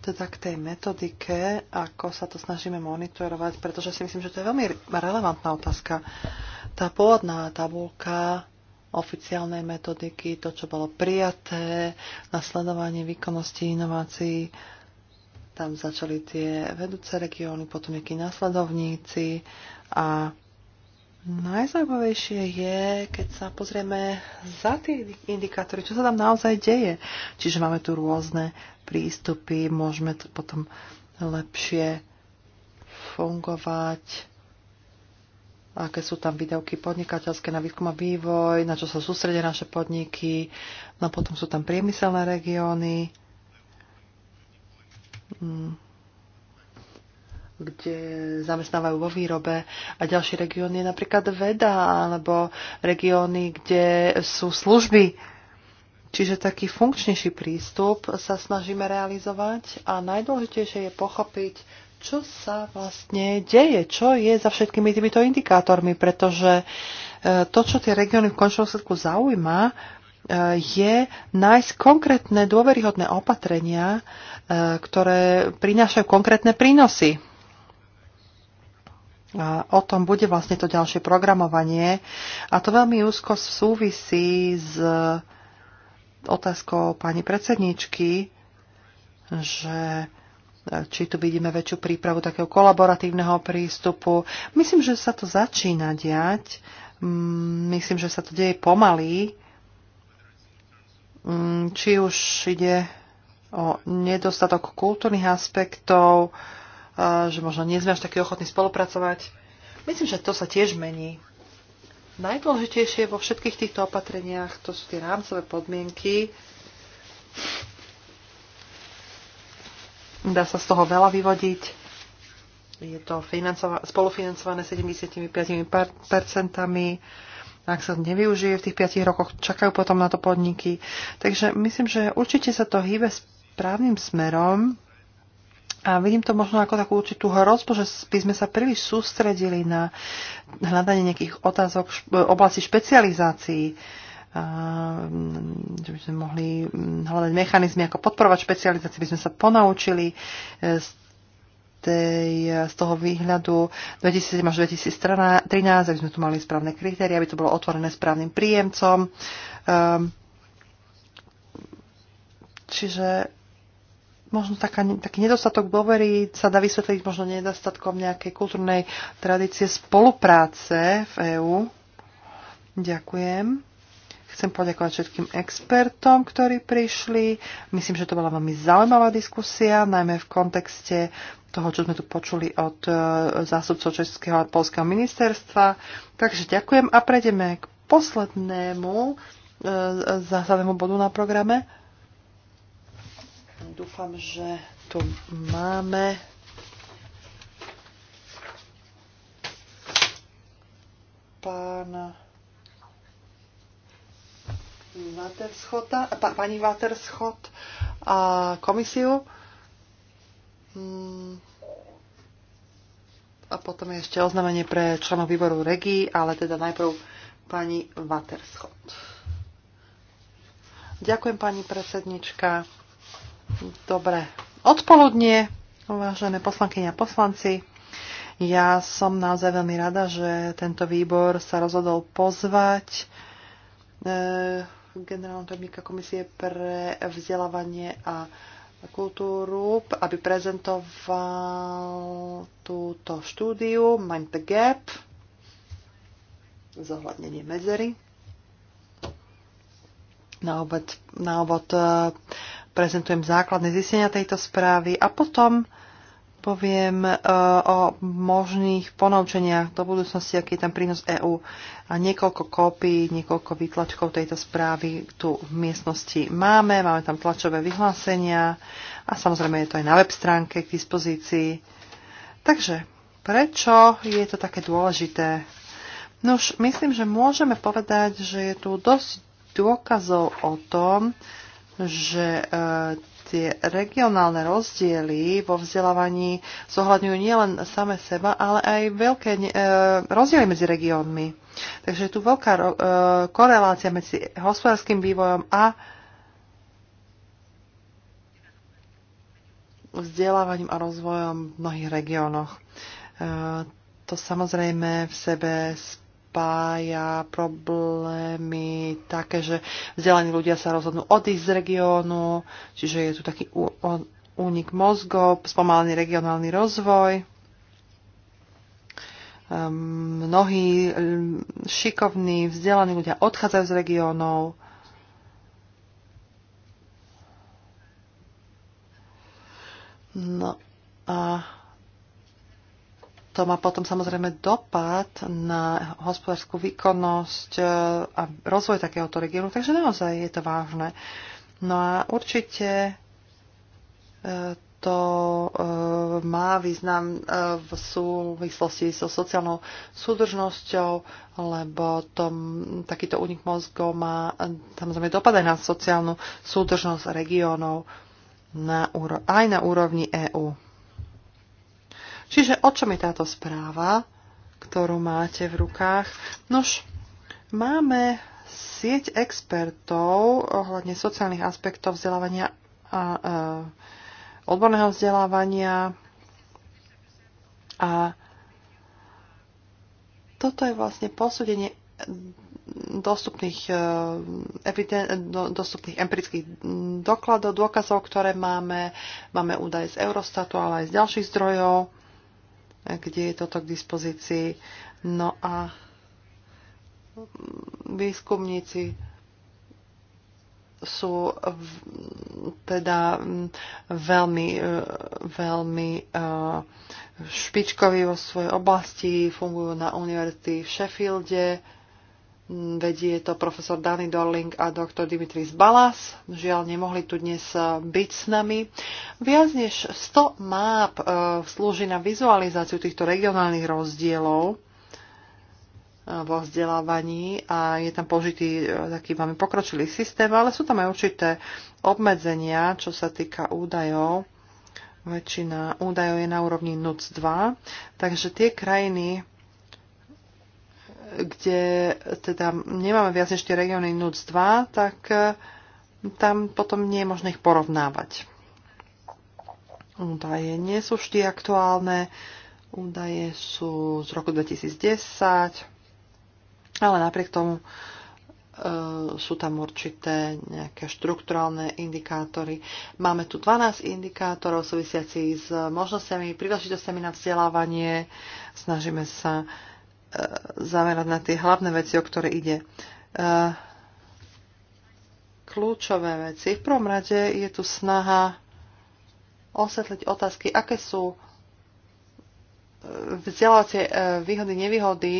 teda k tej metodike, ako sa to snažíme monitorovať, pretože si myslím, že to je veľmi relevantná otázka. Tá pôvodná tabulka oficiálnej metodiky, to, čo bolo prijaté, nasledovanie výkonnosti inovácií, tam začali tie vedúce regióny, potom nejakí následovníci a Najzaujímavejšie je, keď sa pozrieme za tie indikátory, čo sa tam naozaj deje. Čiže máme tu rôzne prístupy, môžeme tu potom lepšie fungovať, aké sú tam videoky podnikateľské na výskum a vývoj, na čo sa sústredia naše podniky, no potom sú tam priemyselné regióny. Hmm kde zamestnávajú vo výrobe. A ďalší región je napríklad veda alebo regióny, kde sú služby. Čiže taký funkčnejší prístup sa snažíme realizovať a najdôležitejšie je pochopiť, čo sa vlastne deje, čo je za všetkými týmito indikátormi, pretože e, to, čo tie regióny v končnom sledku zaujíma, e, je nájsť konkrétne dôveryhodné opatrenia, e, ktoré prinášajú konkrétne prínosy. A o tom bude vlastne to ďalšie programovanie a to veľmi úzko súvisí s otázkou pani predsedničky, že e, či tu vidíme väčšiu prípravu takého kolaboratívneho prístupu. Myslím, že sa to začína diať. Mm, myslím, že sa to deje pomaly. Mm, či už ide o nedostatok kultúrnych aspektov, že možno nie sme až takí ochotní spolupracovať. Myslím, že to sa tiež mení. Najdôležitejšie vo všetkých týchto opatreniach to sú tie rámcové podmienky. Dá sa z toho veľa vyvodiť. Je to spolufinancované 75%. Ak sa nevyužije v tých 5 rokoch, čakajú potom na to podniky. Takže myslím, že určite sa to hýbe správnym smerom a vidím to možno ako takú určitú hrozbu, že by sme sa príliš sústredili na hľadanie nejakých otázok oblasti špecializácií, a, mm, že by sme mohli mm, hľadať mechanizmy, ako podporovať špecializáciu, by sme sa ponaučili e, z tej, e, z toho výhľadu 2007 až 2013, aby sme tu mali správne kritéria, aby to bolo otvorené správnym príjemcom. Ehm, čiže možno taká, taký nedostatok dôvery sa dá vysvetliť možno nedostatkom nejakej kultúrnej tradície spolupráce v EÚ. Ďakujem. Chcem poďakovať všetkým expertom, ktorí prišli. Myslím, že to bola veľmi zaujímavá diskusia, najmä v kontexte toho, čo sme tu počuli od e, zástupcov Českého a Polského ministerstva. Takže ďakujem a prejdeme k poslednému e, zásadnému bodu na programe. Dúfam, že tu máme pána Waterschota, pani Waterschot a komisiu. Hmm. A potom je ešte oznámenie pre členov výboru REGI, ale teda najprv pani Waterschot. Ďakujem, pani predsednička. Dobre, odpoludnie, vážené poslankyne a poslanci. Ja som naozaj veľmi rada, že tento výbor sa rozhodol pozvať e, generálneho tajomníka Komisie pre vzdelávanie a kultúru, aby prezentoval túto štúdiu Mind the Gap, zohľadnenie medzery. Na, obod, na obod e, prezentujem základné zistenia tejto správy a potom poviem e, o možných ponaučeniach do budúcnosti, aký je tam prínos EÚ a niekoľko kópií, niekoľko výtlačkov tejto správy tu v miestnosti máme. Máme tam tlačové vyhlásenia a samozrejme je to aj na web stránke k dispozícii. Takže prečo je to také dôležité? No už myslím, že môžeme povedať, že je tu dosť dôkazov o tom, že e, tie regionálne rozdiely vo vzdelávaní zohľadňujú nielen same seba, ale aj veľké e, rozdiely medzi regiónmi. Takže je tu veľká e, korelácia medzi hospodárským vývojom a vzdelávaním a rozvojom v mnohých regiónoch. To samozrejme v sebe spája problémy také, že vzdelaní ľudia sa rozhodnú odísť z regiónu, čiže je tu taký únik mozgov, spomalený regionálny rozvoj. Ehm, mnohí ehm, šikovní, vzdelaní ľudia odchádzajú z regiónov. No a to má potom samozrejme dopad na hospodárskú výkonnosť e, a rozvoj takéhoto regiónu, takže naozaj je to vážne. No a určite e, to e, má význam v súvislosti so sociálnou súdržnosťou, lebo to, takýto únik mozgov má samozrejme dopad aj na sociálnu súdržnosť regiónov na, aj na úrovni EÚ. Čiže o čom je táto správa, ktorú máte v rukách? Nož, máme sieť expertov ohľadne sociálnych aspektov vzdelávania a odborného vzdelávania a toto je vlastne posúdenie dostupných, eviden, dostupných empirických dokladov, dôkazov, ktoré máme. Máme údaje z Eurostatu, ale aj z ďalších zdrojov kde je toto k dispozícii. No a výskumníci sú v, teda veľmi, e, veľmi e, špičkoví vo svojej oblasti, fungujú na univerzity v Sheffielde, Vedie to profesor Danny Dorling a doktor Dimitris Balas. Žiaľ, nemohli tu dnes e, byť s nami. Viac než 100 máp e, slúži na vizualizáciu týchto regionálnych rozdielov e, vo vzdelávaní a je tam použitý taký veľmi pokročilý systém, ale sú tam aj určité obmedzenia, čo sa týka údajov. Väčšina údajov je na úrovni NUC 2, takže tie krajiny, kde teda nemáme viac než tie regióny NUC 2, tak eh, tam potom nie je možné ich porovnávať. Údaje nie sú vždy aktuálne, údaje sú z roku 2010, ale napriek tomu e, sú tam určité nejaké štrukturálne indikátory. Máme tu 12 indikátorov súvisiacich s možnosťami, príležitostiami na vzdelávanie. Snažíme sa e, zamerať na tie hlavné veci, o ktoré ide. E, kľúčové veci. V prvom rade je tu snaha osvetliť otázky, aké sú e, vzdelávacie e, výhody, nevýhody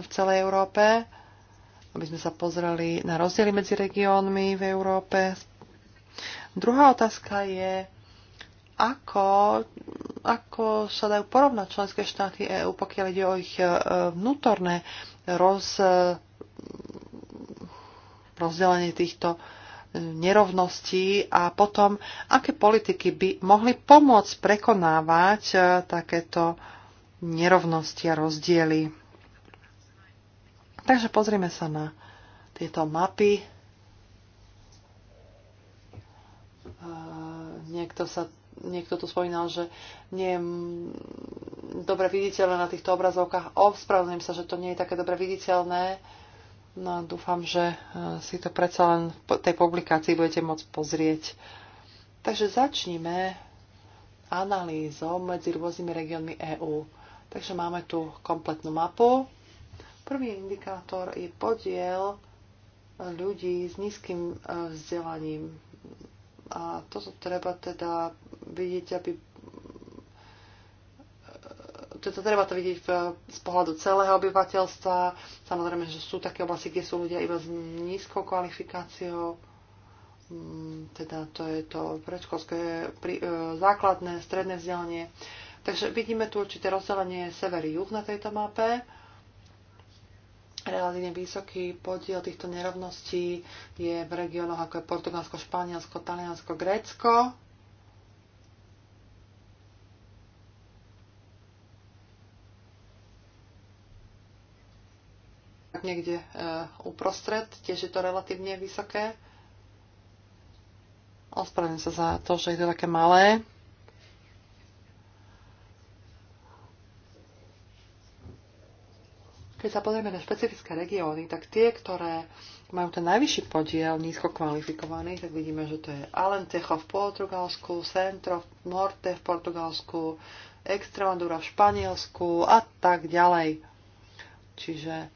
v celej Európe, aby sme sa pozreli na rozdiely medzi regiónmi v Európe. Druhá otázka je, ako ako sa dajú porovnať členské štáty EÚ, pokiaľ ide o ich e, vnútorné roz, e, rozdelenie týchto e, nerovností a potom, aké politiky by mohli pomôcť prekonávať takéto nerovnosti a rozdiely. Takže pozrime sa na tieto mapy. Niekto sa niekto tu spomínal, že nie je dobre viditeľné na týchto obrazovkách. Ospravedlňujem sa, že to nie je také dobre viditeľné. No dúfam, že e, si to predsa len v tej publikácii budete môcť pozrieť. Takže začníme analýzou medzi rôznymi regiónmi EÚ. Takže máme tu kompletnú mapu. Prvý indikátor je podiel ľudí s nízkym e, vzdelaním a toto treba teda vidieť, aby to teda treba to vidieť z pohľadu celého obyvateľstva. Samozrejme, že sú také oblasti, kde sú ľudia iba s nízkou kvalifikáciou. Mm, teda to je to predškolské e, základné, stredné vzdelanie. Takže vidíme tu určité rozdelenie sever-juh na tejto mape. Relatívne vysoký podiel týchto nerovností je v regiónoch ako je Portugalsko, Španielsko, Taliansko, Grécko. niekde e, uprostred, tiež je to relatívne vysoké. Ospravedlňujem sa za to, že je to také malé. Keď sa pozrieme na špecifické regióny, tak tie, ktoré majú ten najvyšší podiel nízko kvalifikovaných, tak vidíme, že to je Alentejo v Portugalsku, Centro v Norte v Portugalsku, Extremadura v Španielsku a tak ďalej. Čiže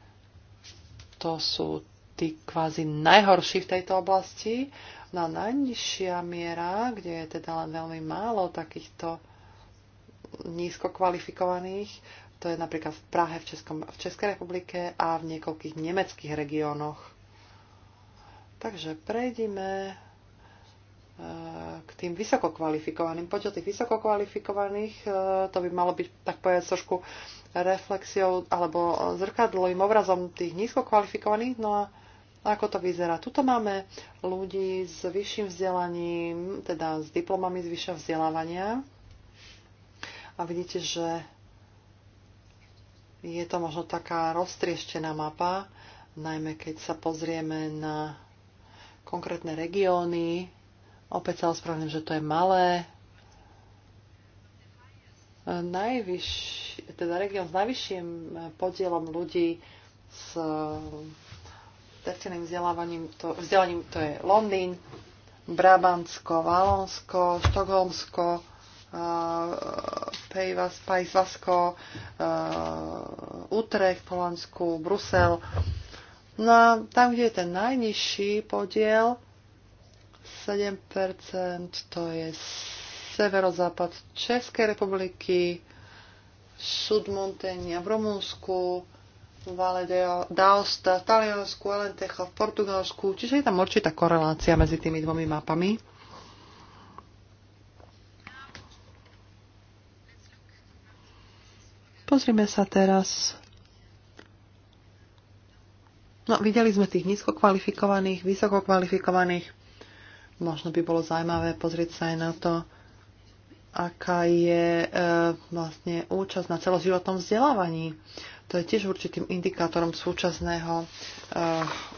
to sú tí kvázi najhorší v tejto oblasti. No a najnižšia miera, kde je teda len veľmi málo takýchto nízko kvalifikovaných, to je napríklad v Prahe, v, Českom, v Českej republike a v niekoľkých nemeckých regiónoch. Takže prejdime eh, k tým vysokokvalifikovaným. kvalifikovaným. Počet tých vysokokvalifikovaných eh, to by malo byť, tak povedať, trošku reflexiou alebo zrkadlovým obrazom tých nízkokvalifikovaných. No a ako to vyzerá? Tuto máme ľudí s vyšším vzdelaním, teda s diplomami z vyššieho vzdelávania. A vidíte, že je to možno taká roztrieštená mapa, najmä keď sa pozrieme na konkrétne regióny. Opäť sa ospravedlňujem, že to je malé. Najvyš, teda región s najvyšším podielom ľudí s terciálnym vzdelávaním, to, vzdelaním to je Londýn, Brabantsko, Valonsko, Štokholmsko, Pejvas, Pais Vasko, eh, Utrecht v Holandsku, Brusel. No a tam, kde je ten najnižší podiel, 7%, to je severozápad Českej republiky, Sudmontenia v Rumúnsku, Vale d'Aosta v Taliansku, Alentecha v Portugalsku, čiže je tam určitá korelácia medzi tými dvomi mapami. Pozrime sa teraz. No, videli sme tých nízko kvalifikovaných, vysoko kvalifikovaných. Možno by bolo zaujímavé pozrieť sa aj na to, aká je e, vlastne účasť na celoživotnom vzdelávaní. To je tiež určitým indikátorom súčasného e,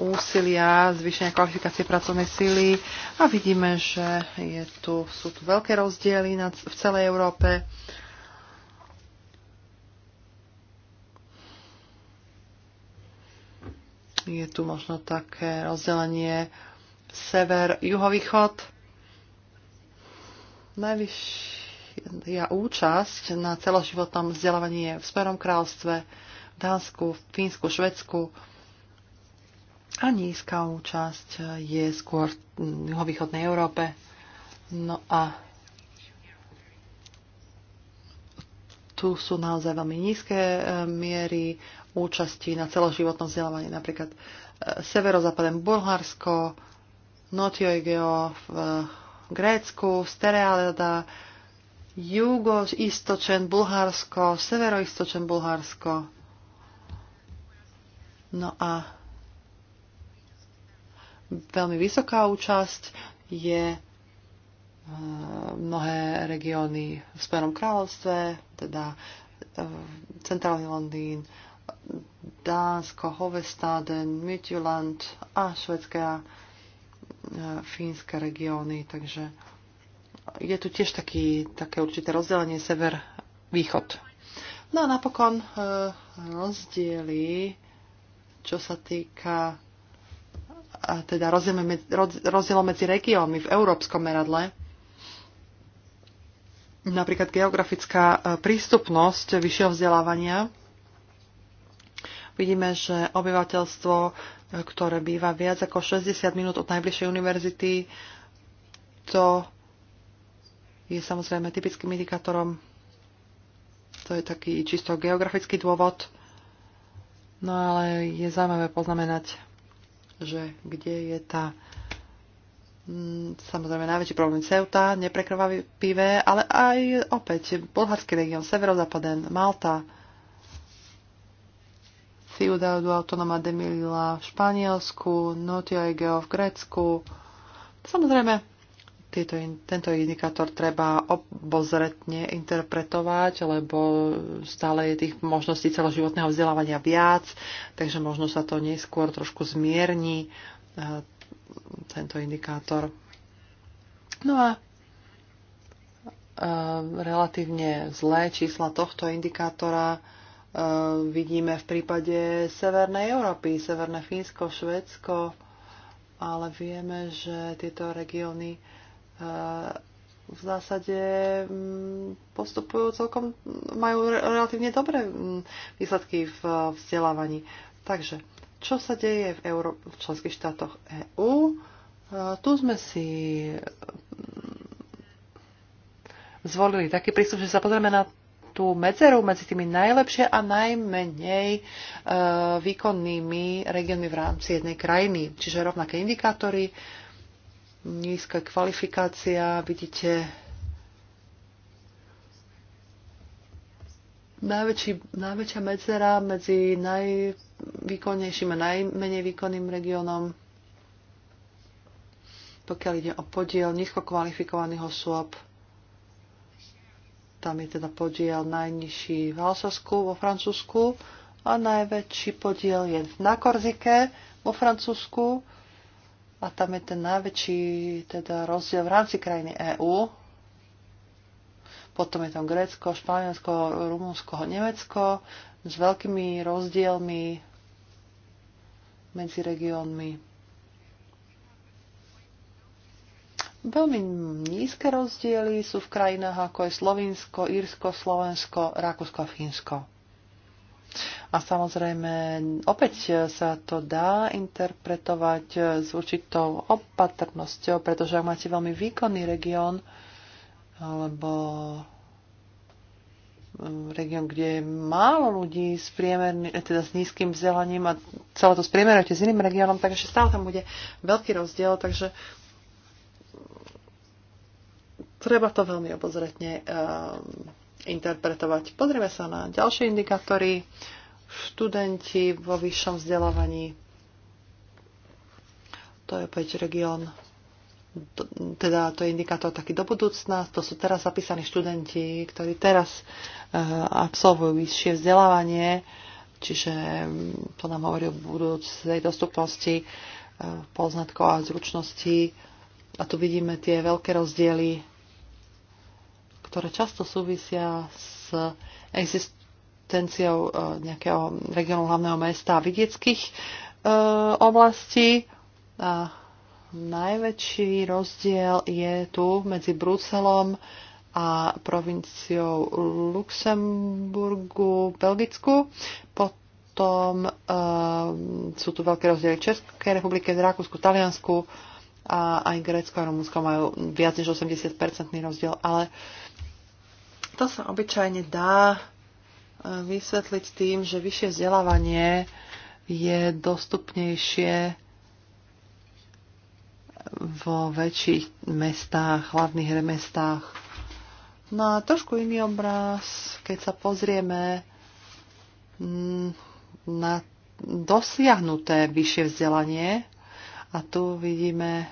úsilia zvýšenia kvalifikácie pracovnej síly a vidíme, že je tu, sú tu veľké rozdiely na, v celej Európe. E, Je tu možno také rozdelenie sever-juhovýchod. Najvyššia účasť na celoživotnom vzdelávaní je v Sperom kráľstve, v Dánsku, v Fínsku, Švedsku. A nízka účasť je skôr v juhovýchodnej Európe. No a tu sú naozaj veľmi nízke eh, miery účasti na celoživotnom vzdelávaní. Napríklad e, severozápadem Bulharsko, Notioegeo v e, Grécku, Sterealeda, jugoistočen Bulharsko, severoistočen Bulharsko. No a veľmi vysoká účasť je e, mnohé regióny v Spojenom kráľovstve, teda centrálny Londýn, Dánsko, Hovestaden, Midtjylland a švedské a e, fínske regióny. Takže je tu tiež taký, také určité rozdelenie sever-východ. No a napokon e, rozdiely, čo sa týka a teda rozdielom medzi regiónmi v európskom meradle. Napríklad geografická e, prístupnosť vyššieho vzdelávania Vidíme, že obyvateľstvo, e, ktoré býva viac ako 60 minút od najbližšej univerzity, to je samozrejme typickým indikátorom. To je taký čisto geografický dôvod. No ale je zaujímavé poznamenať, že kde je tá mm, samozrejme najväčší problém Ceuta, neprekrvavivé, ale aj opäť bulharský región, severozápaden, Malta, Ciudad Autonoma de Milila v Španielsku, Notio Egeo v Grécku. Samozrejme, tieto, tento indikátor treba obozretne interpretovať, lebo stále je tých možností celoživotného vzdelávania viac, takže možno sa to neskôr trošku zmierni, e, tento indikátor. No a e, relatívne zlé čísla tohto indikátora Ehm, vidíme v prípade Severnej Európy, Severné Fínsko, Švedsko, ale vieme, že tieto regióny ehm, v zásade mm, postupujú celkom, majú relatívne dobré mm, výsledky v vzdelávaní. Takže, čo sa deje v, Euró- v členských štátoch EÚ? Ehm, tu sme si mm, zvolili taký prístup, že sa pozrieme na tú medzeru medzi tými najlepšie a najmenej e, výkonnými regiónmi v rámci jednej krajiny. Čiže rovnaké indikátory, nízka kvalifikácia, vidíte najväčší, najväčšia medzera medzi najvýkonnejším a najmenej výkonným regiónom pokiaľ ide o podiel nízko kvalifikovaných osôb tam je teda podiel najnižší v Alsasku vo Francúzsku a najväčší podiel je na Korzike vo Francúzsku a tam je ten najväčší teda rozdiel v rámci krajiny EÚ. Potom je tam Grécko, Španielsko, Rumunsko, Nemecko s veľkými rozdielmi medzi regiónmi. Veľmi nízke rozdiely sú v krajinách ako je Slovinsko, Írsko, Slovensko, Rakúsko a Fínsko. A samozrejme, opäť sa to dá interpretovať s určitou opatrnosťou, pretože ak máte veľmi výkonný región, alebo mm, región, kde je málo ľudí s, priemerný, eh, teda s nízkym vzdelaním a celé to spriemerujete s iným regiónom, takže stále tam bude veľký rozdiel, takže Treba to veľmi obozretne eh, interpretovať. Pozrieme sa na ďalšie indikátory. Študenti vo vyššom vzdelávaní. To je opäť región, teda to je indikátor taký do budúcna. To sú teraz zapísaní študenti, ktorí teraz eh, absolvujú vyššie vzdelávanie, čiže mm, to nám hovorí o budúcej dostupnosti eh, poznatkov a zručností. A tu vidíme tie veľké rozdiely ktoré často súvisia s existenciou e, nejakého regionu hlavného mesta a vidieckých e, oblastí. A najväčší rozdiel je tu medzi Bruselom a provinciou Luxemburgu, Belgicku. Potom e, sú tu veľké rozdiely v Českej republike, v Rakúsku, Taliansku a aj Grécko a Rumunsko majú viac než 80-percentný rozdiel, ale e, to sa obyčajne dá e, vysvetliť tým, že vyššie vzdelávanie je dostupnejšie vo väčších mestách, hlavných remestách. No a trošku iný obraz, keď sa pozrieme mm, na dosiahnuté vyššie vzdelanie. A tu vidíme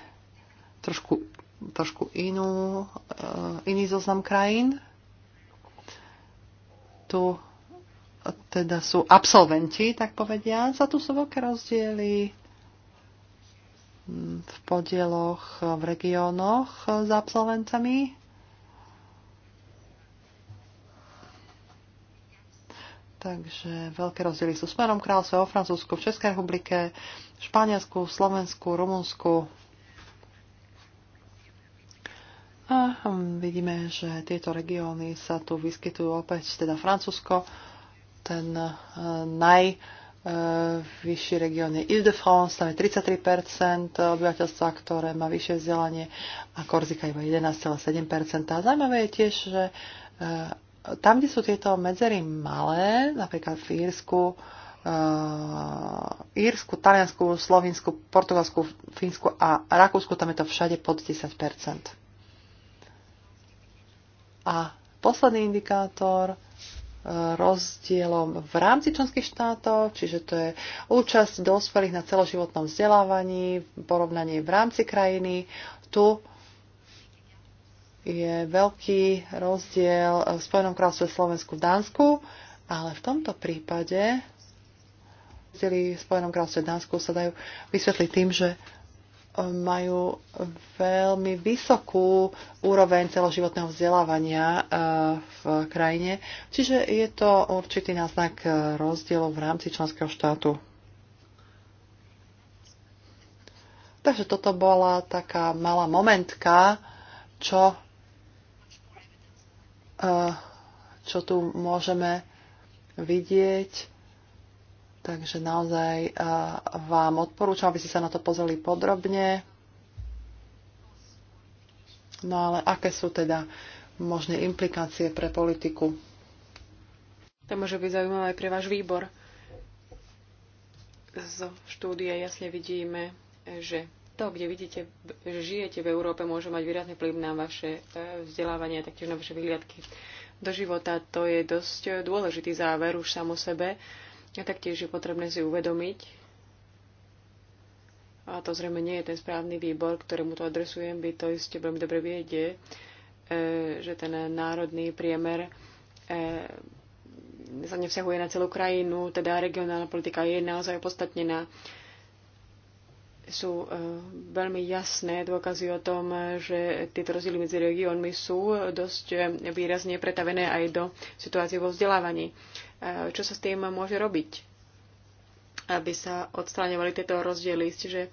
trošku, trošku inú, e, iný zoznam krajín tu teda sú absolventi, tak povedia. Za tu sú veľké rozdiely v podieloch v regiónoch s absolventami. Takže veľké rozdiely sú smerom kráľstva o Francúzsku, v Českej republike, Španielsku, Slovensku, Rumunsku. A hm, vidíme, že tieto regióny sa tu vyskytujú opäť, teda Francúzsko, ten eh, najvyšší eh, región je Ile-de-France, tam je 33% obyvateľstva, ktoré má vyššie vzdelanie a Korzika iba 11,7%. A zaujímavé je tiež, že eh, tam, kde sú tieto medzery malé, napríklad v Írsku, uh, Írsku, Taliansku, Slovinsku, Portugalsku, Fínsku a Rakúsku, tam je to všade pod 10 a posledný indikátor e, rozdielom v rámci členských štátov, čiže to je účasť dospelých na celoživotnom vzdelávaní, porovnanie v rámci krajiny. Tu je veľký rozdiel v Spojenom kráľovstve Slovensku v Dánsku, ale v tomto prípade v Spojenom kráľovstve Dánsku sa dajú vysvetliť tým, že majú veľmi vysokú úroveň celoživotného vzdelávania eh, v krajine, čiže je to určitý náznak rozdielov v rámci členského štátu. Takže toto bola taká malá momentka, čo, eh, čo tu môžeme vidieť Takže naozaj eh, vám odporúčam, aby ste sa na to pozreli podrobne. No ale aké sú teda možné implikácie pre politiku? To môže byť zaujímavé aj pre váš výbor. Z štúdie jasne vidíme, že to, kde vidíte, že žijete v Európe, môže mať výrazný vplyv na vaše eh, vzdelávanie a taktiež na vaše vyhliadky do života. To je dosť dôležitý záver už samo sebe a taktiež je potrebné si uvedomiť, a to zrejme nie je ten správny výbor, ktorému to adresujem, by to iste veľmi dobre viede, e, že ten národný priemer e, sa nevzťahuje na celú krajinu, teda regionálna politika je naozaj opodstatnená. Sú e, veľmi jasné dôkazy o tom, že tieto rozdiely medzi regiónmi sú dosť výrazne pretavené aj do situácie vo vzdelávaní. E, čo sa s tým môže robiť, aby sa odstraňovali tieto rozdiely. že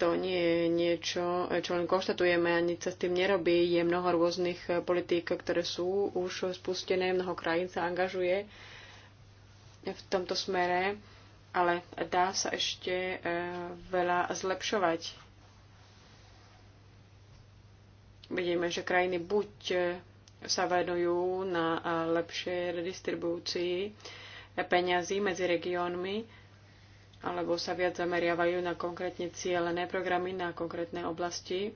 to nie je niečo, čo len konštatujeme a nič sa s tým nerobí. Je mnoho rôznych e, politík, ktoré sú už spustené, mnoho krajín sa angažuje v tomto smere, ale dá sa ešte e, veľa zlepšovať. Vidíme, že krajiny buď sa venujú na lepšie redistribúcii peňazí medzi regiónmi, alebo sa viac zameriavajú na konkrétne cieľené programy na konkrétne oblasti.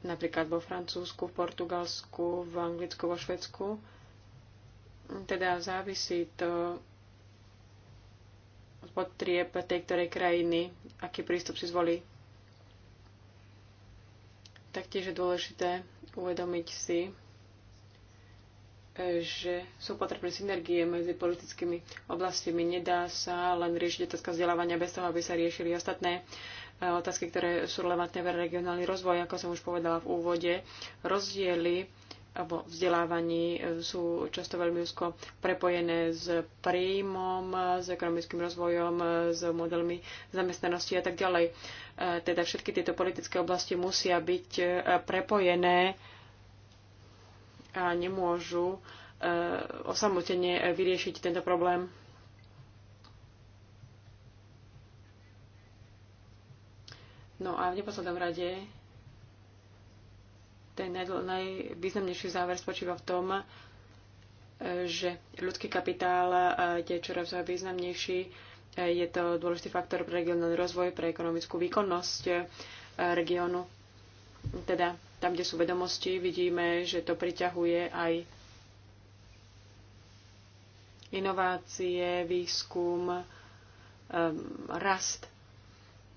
Napríklad vo Francúzsku, v Portugalsku, v Anglicku, vo Švedsku. Teda závisí to od potrieb tej ktorej krajiny, aký prístup si zvolí. Taktiež je dôležité uvedomiť si, e, že sú potrebné synergie medzi politickými oblastiami. Nedá sa len riešiť otázka vzdelávania bez toho, aby sa riešili ostatné e, otázky, ktoré sú relevantné pre regionálny rozvoj. Ako som už povedala v úvode, rozdiely alebo vzdelávaní e, sú často veľmi úzko prepojené s príjmom, s ekonomickým rozvojom, e, s modelmi zamestnanosti a tak ďalej. E, teda všetky tieto politické oblasti musia byť prepojené a nemôžu osamotene vyriešiť tento problém. No a v neposlednom rade ten najvýznamnejší záver spočíva v tom, e, že ľudský kapitál e, je čoraz významnejší. E, je to dôležitý faktor pre regionálny rozvoj, pre ekonomickú výkonnosť regiónu. Teda tam, kde sú vedomosti, vidíme, že to priťahuje aj inovácie, výskum, rast.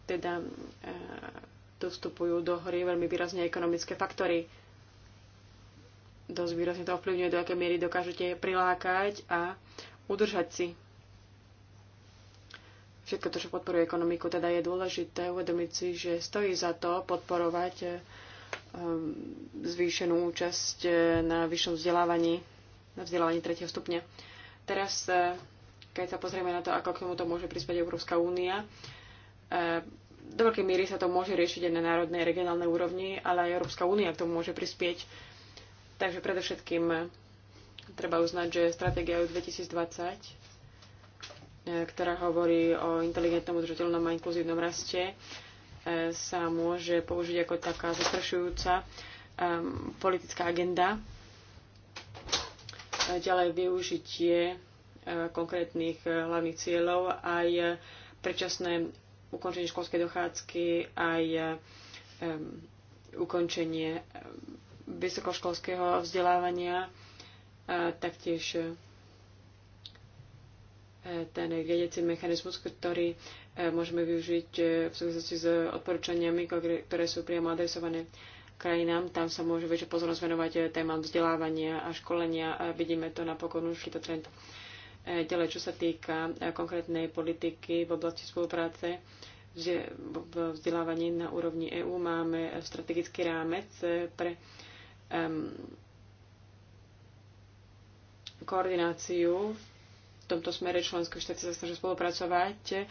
Teda tu vstupujú do hry veľmi výrazne ekonomické faktory. Dosť výrazne to ovplyvňuje, do aké miery dokážete prilákať a udržať si všetko to, čo podporuje ekonomiku, teda je dôležité uvedomiť si, že stojí za to podporovať eh, ehm, zvýšenú účasť eh, na vyššom vzdelávaní, na vzdelávaní 3. stupňa. Teraz, eh, keď sa pozrieme na to, ako k tomuto môže prispieť Európska únia, do veľkej míry sa to môže riešiť aj na národnej, regionálnej úrovni, ale aj Európska únia k tomu môže prispieť. Takže predovšetkým eh, treba uznať, že stratégia EU 2020, eh, ktorá hovorí o inteligentnom, udržateľnom a inkluzívnom raste, eh, sa môže použiť ako taká zastrašujúca ehm, politická agenda. Ďalej využitie konkrétnych hlavných cieľov aj predčasné ukončenie školskej dochádzky, aj um, ukončenie vysokoškolského vzdelávania, a e, taktiež e, ten riadiaci mechanizmus, ktorý e, môžeme využiť v súvislosti s odporúčaniami, ktoré sú priamo adresované krajinám. Tam sa môže väčšia pozornosť venovať témam vzdelávania a školenia. A vidíme to napokon už je to trend E, ďalej, čo sa týka e, konkrétnej politiky v oblasti spolupráce, že v vzdelávaní na úrovni EÚ máme strategický rámec e, pre um, koordináciu v tomto smere členské štáty sa snažia spolupracovať,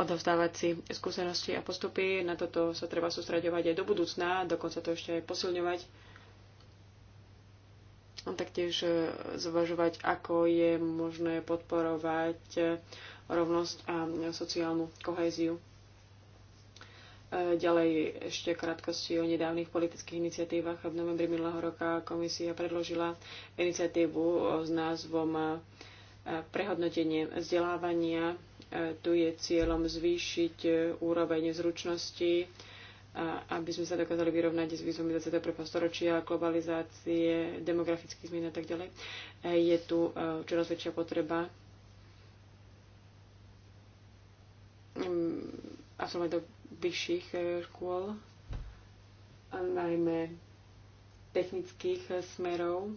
odovzdávať si skúsenosti a postupy. Na toto sa treba sústraďovať aj do budúcna, dokonca to ešte aj posilňovať No taktiež e, zvažovať, ako je možné podporovať e, rovnosť a sociálnu kohéziu. E, ďalej ešte krátkosti o nedávnych politických iniciatívach. V novembri minulého roka komisia predložila iniciatívu s názvom Prehodnotenie vzdelávania. Tu je cieľom zvýšiť úroveň zručnosti aby sme sa dokázali vyrovnať s výzvami 21. storočia, globalizácie, demografických zmien a tak ďalej. E, je tu e, čoraz väčšia potreba mm, do vyšších e, škôl, najmä technických smerov,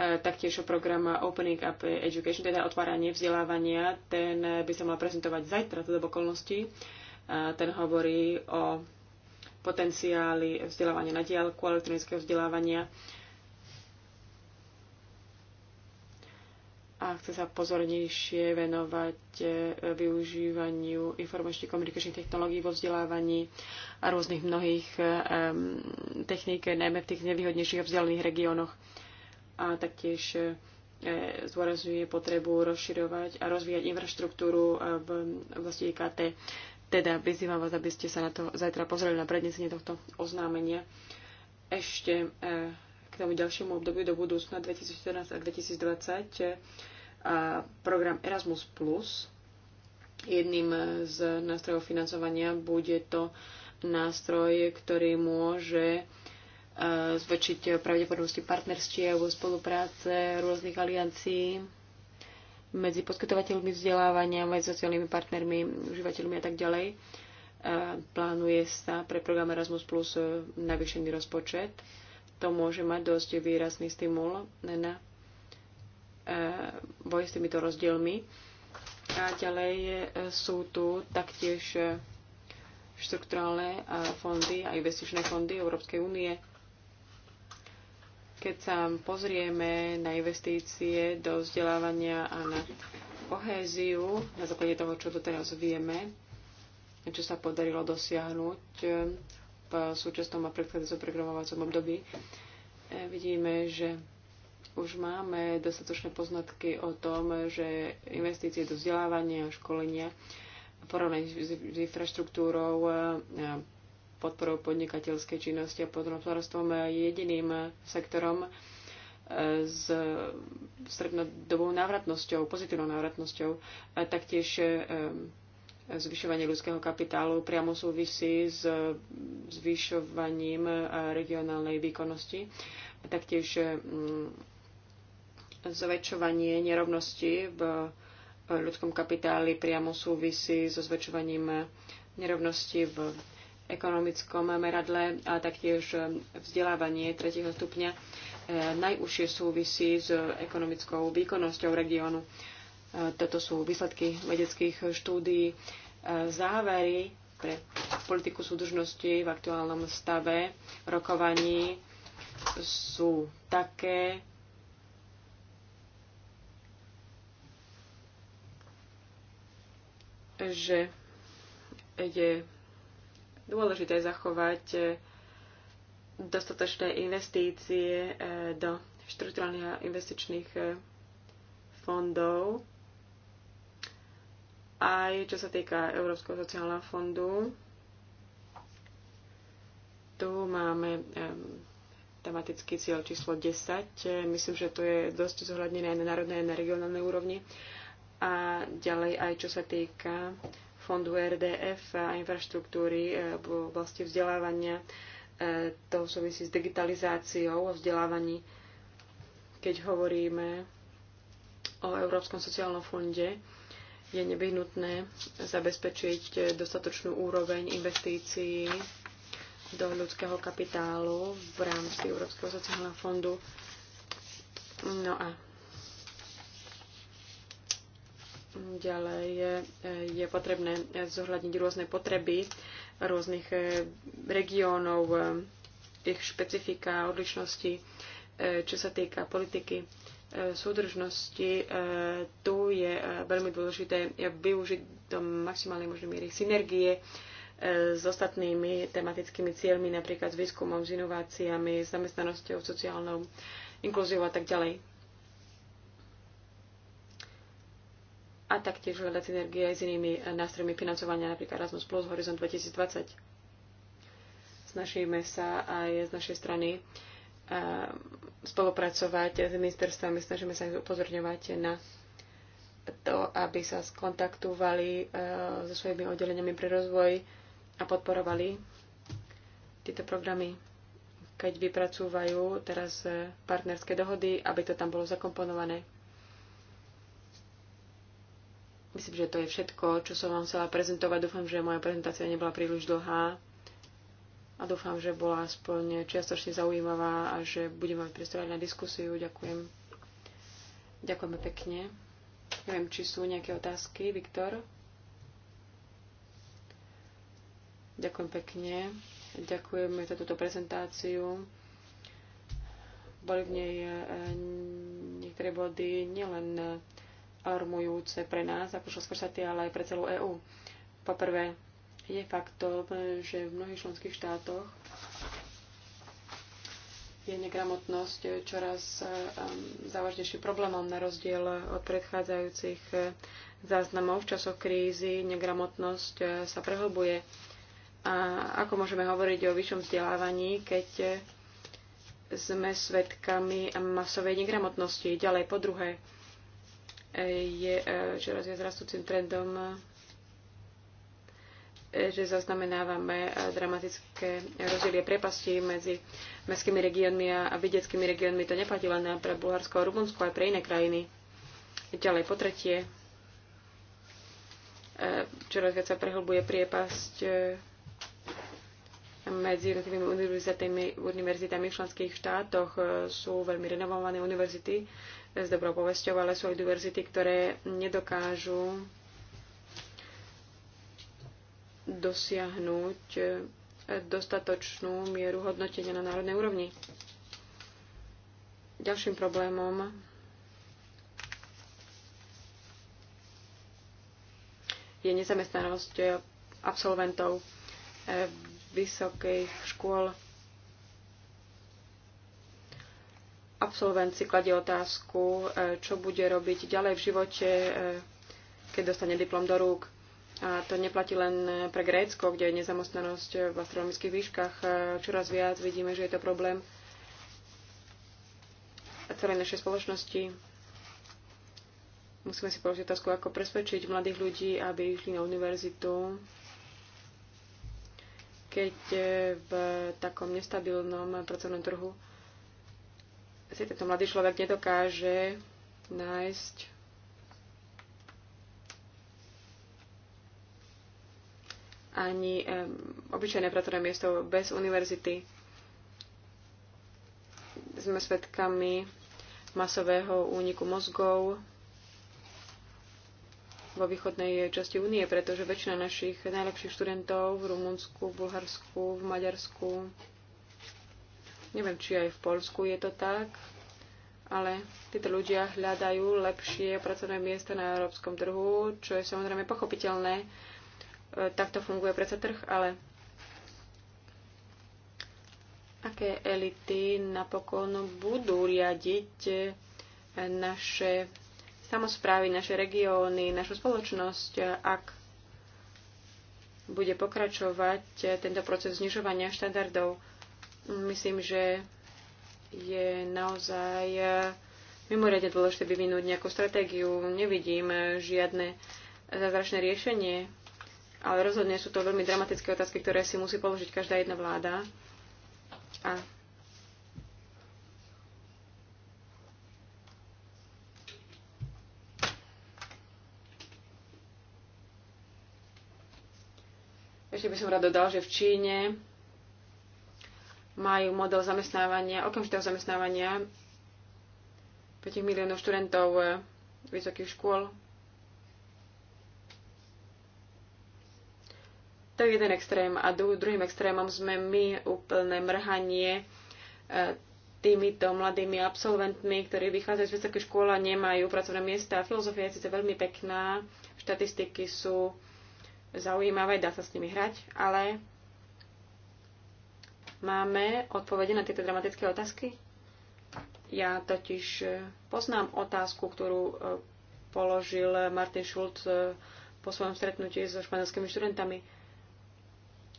taktiež program Opening Up Education, teda otváranie vzdelávania, ten by sa mal prezentovať zajtra, teda v okolnosti. Ten hovorí o potenciáli vzdelávania na diálku, elektronického vzdelávania. A chce sa pozornejšie venovať e, využívaniu informačných komunikačných technológií vo vzdelávaní a rôznych mnohých e, techník, najmä v tých nevýhodnejších a vzdialených regiónoch. A taktiež e, zdôrazňuje potrebu rozširovať a rozvíjať infraštruktúru v oblasti IKT. Teda vyzývam vás, aby ste sa na to zajtra pozreli na prednesenie tohto oznámenia. Ešte e, k tomu ďalšiemu obdobiu do budúcna 2014 a 2020 e, a program Erasmus+, Plus, jedným e, z nástrojov financovania bude to nástroj, ktorý môže zväčšiť pravdepodobnosti partnerstiev, spolupráce rôznych aliancií medzi poskytovateľmi vzdelávania, medzi sociálnymi partnermi, užívateľmi a tak ďalej. Plánuje sa pre program Erasmus Plus e, navýšený rozpočet. To môže mať dosť výrazný stimul na e, boj s týmito rozdielmi. A ďalej e, sú tu taktiež štrukturálne fondy a investičné fondy Európskej únie keď sa pozrieme na investície do vzdelávania a na kohéziu, na základe toho, čo tu teraz vieme, čo sa podarilo dosiahnuť eh, v súčasnom a predchádzajúcom programovacom období, eh, vidíme, že už máme dostatočné poznatky o tom, že investície do vzdelávania a školenia porovnaní s infraštruktúrou eh, podporou podnikateľskej činnosti a podnohospodárstvom jediným sektorom e, s strednodobou návratnosťou, pozitívnou návratnosťou. A taktiež e, e, zvyšovanie ľudského kapitálu priamo súvisí s zvyšovaním regionálnej výkonnosti a taktiež zväčšovanie nerovnosti v ľudskom kapitáli priamo súvisí so zväčšovaním nerovnosti v ekonomickom meradle a taktiež e, vzdelávanie tretieho stupňa e, najúžšie súvisí s ekonomickou výkonnosťou regiónu. E, toto sú výsledky vedeckých štúdií. Závery pre politiku súdržnosti v aktuálnom stave rokovaní sú také, že je dôležité zachovať e, dostatočné investície e, do štruktúrnych a investičných e, fondov, aj čo sa týka Európskeho sociálneho fondu. Tu máme tematický cieľ číslo 10. Myslím, že to je dosť zohľadnené aj na národnej, a na regionálnej úrovni. A ďalej aj čo sa týka fondu RDF a infraštruktúry e, v oblasti vzdelávania. E, to súvisí s digitalizáciou o vzdelávaní. Keď hovoríme o Európskom sociálnom fonde, je nevyhnutné zabezpečiť dostatočnú úroveň investícií do ľudského kapitálu v rámci Európskeho sociálneho fondu. No a Ďalej je, je potrebné zohľadniť rôzne potreby rôznych eh, regiónov, eh, ich špecifika, odlišnosti, eh, čo sa týka politiky súdržnosti. Tu je veľmi dôležité využiť do maximálnej možnej miery synergie s ostatnými tematickými cieľmi, napríklad s výskumom, s inováciami, s zamestnanosťou, sociálnou inkluziou a tak ďalej. a taktiež hľadať synergie aj s inými eh, nástrojmi financovania, napríklad Erasmus Plus, Horizon 2020. Snažíme sa aj z našej strany eh, spolupracovať s ministerstvami, snažíme sa ich upozorňovať na to, aby sa skontaktovali eh, so svojimi oddeleniami pre rozvoj a podporovali tieto programy, keď vypracúvajú teraz partnerské dohody, aby to tam bolo zakomponované Myslím, že to je všetko, čo som vám chcela prezentovať. Dúfam, že moja prezentácia nebola príliš dlhá a dúfam, že bola aspoň čiastočne zaujímavá a že budeme mať priestor na diskusiu. Ďakujem. Ďakujeme pekne. Neviem, či sú nejaké otázky. Viktor? Ďakujem pekne. Ďakujeme za túto prezentáciu. Boli v nej eh, niektoré body nielen eh, alarmujúce pre nás ako členské štáty, ale aj pre celú EÚ. Poprvé, je faktom, že v mnohých členských štátoch je negramotnosť čoraz um, závažnejším problémom na rozdiel od predchádzajúcich eh, záznamov. V časoch krízy negramotnosť eh, sa prehlbuje. A ako môžeme hovoriť o vyššom vzdelávaní, keď eh, sme svedkami masovej negramotnosti? Ďalej, po druhé, je e, čoraz viac rastúcim trendom, e, že zaznamenávame e, dramatické rozdiely a prepasti medzi mestskými regiónmi a vidieckými regiónmi. To neplatí len pre Bulharsko a Rumunsko, aj pre iné krajiny. Ďalej po tretie, čoraz viac sa prehlbuje priepasť medzi jednotlivými univerzitami, univerzitami v členských štátoch. E, sú veľmi renovované univerzity e, s dobrou povesťou, ale sú aj univerzity, ktoré nedokážu dosiahnuť e, dostatočnú mieru hodnotenia na národnej úrovni. Ďalším problémom je nezamestnanosť absolventov vysokých škôl. Absolvent si kladie otázku, e, čo bude robiť ďalej v živote, e, keď dostane diplom do rúk. A to neplatí len pre Grécko, kde je nezamestnanosť v astronomických výškach. E, čoraz viac vidíme, že je to problém celej našej spoločnosti. Musíme si položiť otázku, ako presvedčiť mladých ľudí, aby išli na univerzitu, keď e, v takom nestabilnom pracovnom trhu si tento mladý človek nedokáže nájsť ani um, obyčajné pracovné miesto bez univerzity. Sme svedkami masového úniku mozgov, vo východnej časti únie, pretože väčšina našich najlepších študentov v Rumunsku, v Bulharsku, v Maďarsku, neviem, či aj v Polsku je to tak, ale títo ľudia hľadajú lepšie pracovné miesta na európskom trhu, čo je samozrejme pochopiteľné. E, takto funguje predsa trh, ale aké elity napokon budú riadiť naše samozprávy, naše regióny, našu spoločnosť, ak bude pokračovať tento proces znižovania štandardov. Myslím, že je naozaj mimoriadne dôležité vyvinúť nejakú stratégiu. Nevidím žiadne zázračné riešenie, ale rozhodne sú to veľmi dramatické otázky, ktoré si musí položiť každá jedna vláda. A Ešte by som rád dodal, že v Číne majú model zamestnávania, okamžitého zamestnávania 5 miliónov študentov eh, vysokých škôl. To je jeden extrém. A druhým extrémom sme my, úplné mrhanie eh, týmito mladými absolventmi, ktorí vychádzajú z vysokej školy a nemajú pracovné miesta. Filozofia je síce veľmi pekná, štatistiky sú zaujímavé, dá sa s nimi hrať, ale máme odpovede na tieto dramatické otázky? Ja totiž e, poznám otázku, ktorú e, položil Martin Schulz e, po svojom stretnutí so španielskými študentami.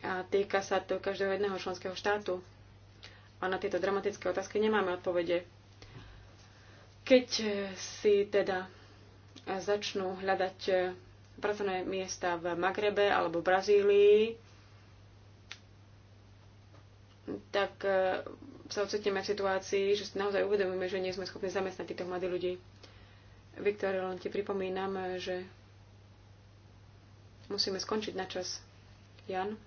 A týka sa to každého jedného členského štátu. A na tieto dramatické otázky nemáme odpovede. Keď si teda začnú hľadať pracovné miesta v Magrebe alebo v Brazílii, tak e, sa ocitneme v situácii, že si naozaj uvedomíme, že nie sme schopní zamestnať týchto mladých ľudí. Viktor, len ti pripomínam, že musíme skončiť na čas. Jan?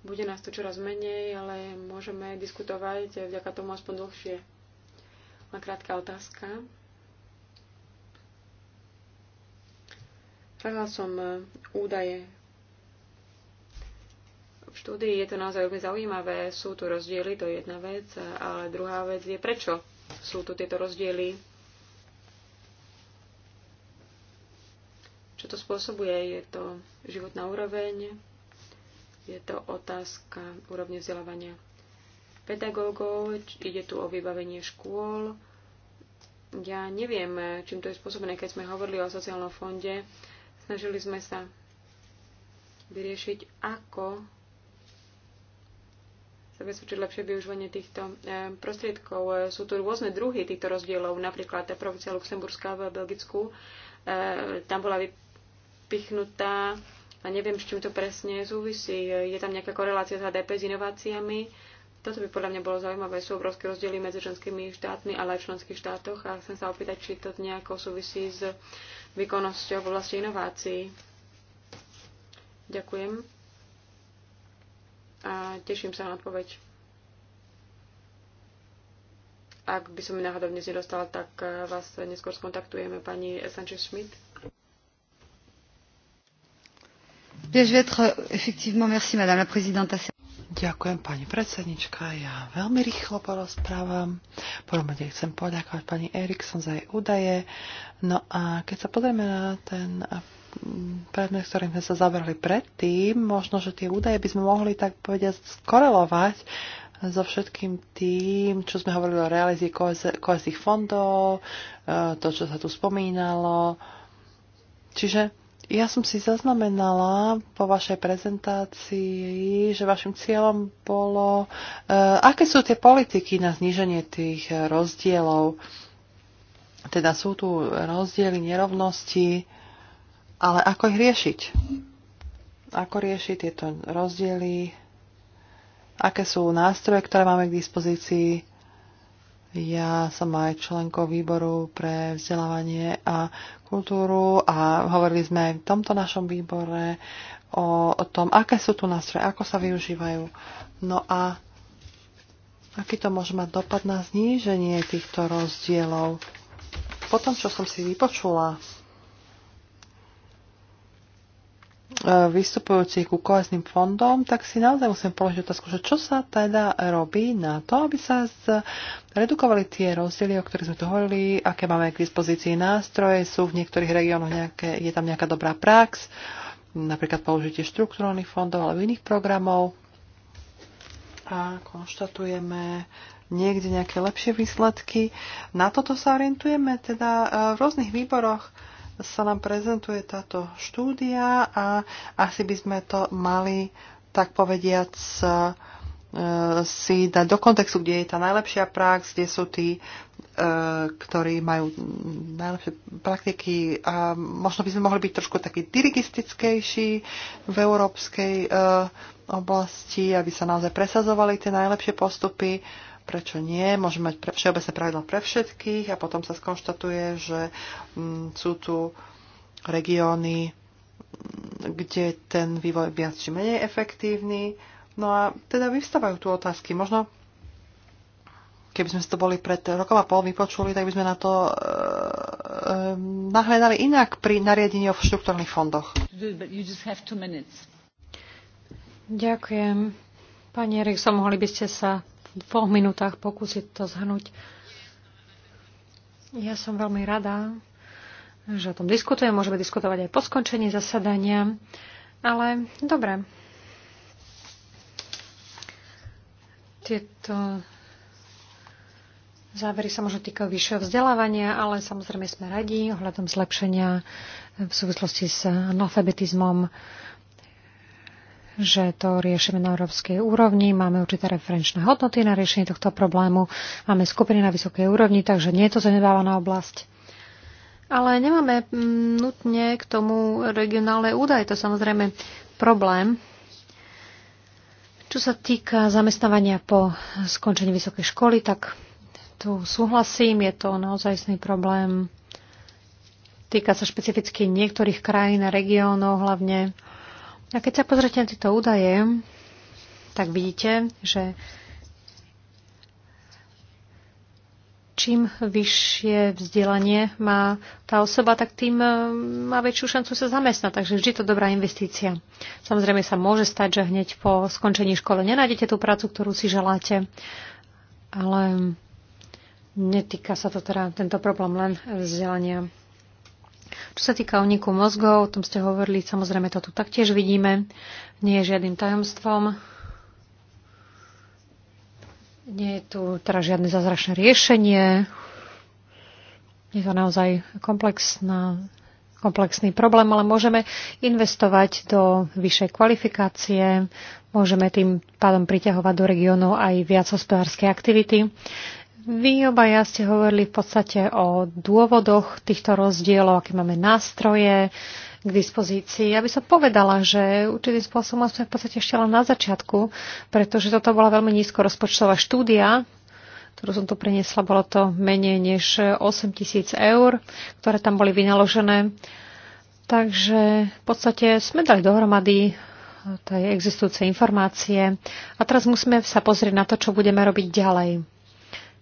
Bude nás to čoraz menej, ale môžeme diskutovať vďaka tomu aspoň dlhšie. Má krátka otázka. Hľadala som e, údaje v štúdii je to naozaj veľmi zaujímavé. Sú tu rozdiely, to je jedna vec, ale druhá vec je, prečo sú tu tieto rozdiely. Čo to spôsobuje? Je to životná úroveň, je to otázka úrovne vzdelávania pedagógov, ide tu o vybavenie škôl. Ja neviem, čím to je spôsobené, keď sme hovorili o sociálnom fonde. Snažili sme sa vyriešiť, ako zabezpečiť lepšie využívanie týchto eh, prostriedkov. Sú tu rôzne druhy týchto rozdielov, napríklad tá provincia Luxemburská v Belgicku, eh, tam bola vypichnutá a neviem, s čím to presne súvisí. Je tam nejaká korelácia s HDP s inováciami. Toto by podľa mňa bolo zaujímavé. Sú obrovské rozdiely medzi členskými štátmi, ale aj v členských štátoch. A chcem sa opýtať, či to nejako súvisí s výkonnosťou v oblasti inovácií. Ďakujem a teším sa na odpoveď. Ak by som mi náhodou dnes nedostal, tak eh, vás neskôr skontaktujeme pani Sanchez Schmidt. Bien, je vais être effectivement merci Madame la Présidente Ďakujem pani predsednička, ja veľmi rýchlo porozprávam. Prvom rade chcem poďakovať pani Erikson za jej údaje. No a keď sa pozrieme na ten predmet, ktorým sme sa zabrali predtým, možno, že tie údaje by sme mohli tak povedať skorelovať so všetkým tým, čo sme hovorili o realizii kohezných fondov, e, to, čo sa tu spomínalo. Čiže ja som si zaznamenala po vašej prezentácii, že vašim cieľom bolo, e, aké sú tie politiky na zníženie tých rozdielov. Teda sú tu rozdiely, nerovnosti, ale ako ich riešiť? Ako riešiť tieto rozdiely? Aké sú nástroje, ktoré máme k dispozícii? Ja som aj členkou výboru pre vzdelávanie a kultúru a hovorili sme aj v tomto našom výbore o, o tom, aké sú tu nástroje, ako sa využívajú. No a aký to môže mať dopad na zníženie týchto rozdielov. Po tom, čo som si vypočula E, vystupujúcich ku kohezným fondom, tak si naozaj musím položiť otázku, že čo sa teda robí na to, aby sa redukovali tie rozdiely, o ktorých sme tu hovorili, aké máme k dispozícii nástroje, sú v niektorých regiónoch nejaké, je tam nejaká dobrá prax, napríklad použitie štruktúrnych fondov alebo iných programov a konštatujeme niekde nejaké lepšie výsledky. Na toto sa orientujeme teda e, v rôznych výboroch sa nám prezentuje táto štúdia a asi by sme to mali, tak povediať e, si dať do kontextu, kde je tá najlepšia prax, kde sú tí, e, ktorí majú najlepšie praktiky a možno by sme mohli byť trošku taký dirigistickejší v európskej e, oblasti, aby sa naozaj presazovali tie najlepšie postupy prečo nie, môžeme mať pre, všeobecné pravidla pre všetkých a potom sa skonštatuje, že m, mm, sú tu regióny, mm, kde ten vývoj je viac či menej efektívny. No a teda vyvstávajú tu otázky. Možno keby sme si to boli pred rokom a pol vypočuli, tak by sme na to e, e, nahľadali inak pri nariadení o štruktúrnych fondoch. Ďakujem. Pani Erik, mohli by ste sa dvoch minútach pokúsiť to zhrnúť. Ja som veľmi rada, že o tom diskutujem. Môžeme diskutovať aj po skončení zasadania. Ale dobre. Tieto Závery sa možno týkajú vyššieho vzdelávania, ale samozrejme sme radi ohľadom zlepšenia v súvislosti s analfabetizmom že to riešime na európskej úrovni, máme určité referenčné hodnoty na riešenie tohto problému, máme skupiny na vysokej úrovni, takže nie je to zanedbávaná oblasť. Ale nemáme mm, nutne k tomu regionálne údaje, to samozrejme problém. Čo sa týka zamestnávania po skončení vysokej školy, tak tu súhlasím, je to naozajstný problém. Týka sa špecificky niektorých krajín a regiónov hlavne. A keď sa pozrite na tieto údaje, tak vidíte, že čím vyššie vzdelanie má tá osoba, tak tým eh, má väčšiu šancu sa zamestnať. Takže vždy to dobrá investícia. Samozrejme sa môže stať, že hneď po skončení škole nenájdete tú prácu, ktorú si želáte. Ale netýka sa to teda tento problém len vzdelania. Čo sa týka uniku mozgov, o tom ste hovorili, samozrejme to tu taktiež vidíme, nie je žiadnym tajomstvom. Nie je tu teraz žiadne zázračné riešenie. Je to naozaj komplexná, komplexný problém, ale môžeme investovať do vyššej kvalifikácie, môžeme tým pádom priťahovať do regiónov aj viac hospodárskej aktivity. Vy obaja ste hovorili v podstate o dôvodoch týchto rozdielov, aké máme nástroje k dispozícii. Ja by som povedala, že určitým spôsobom sme v podstate ešte len na začiatku, pretože toto bola veľmi nízko rozpočtová štúdia, ktorú som tu priniesla, bolo to menej než 8 tisíc eur, ktoré tam boli vynaložené. Takže v podstate sme dali dohromady tej existujúce informácie a teraz musíme sa pozrieť na to, čo budeme robiť ďalej.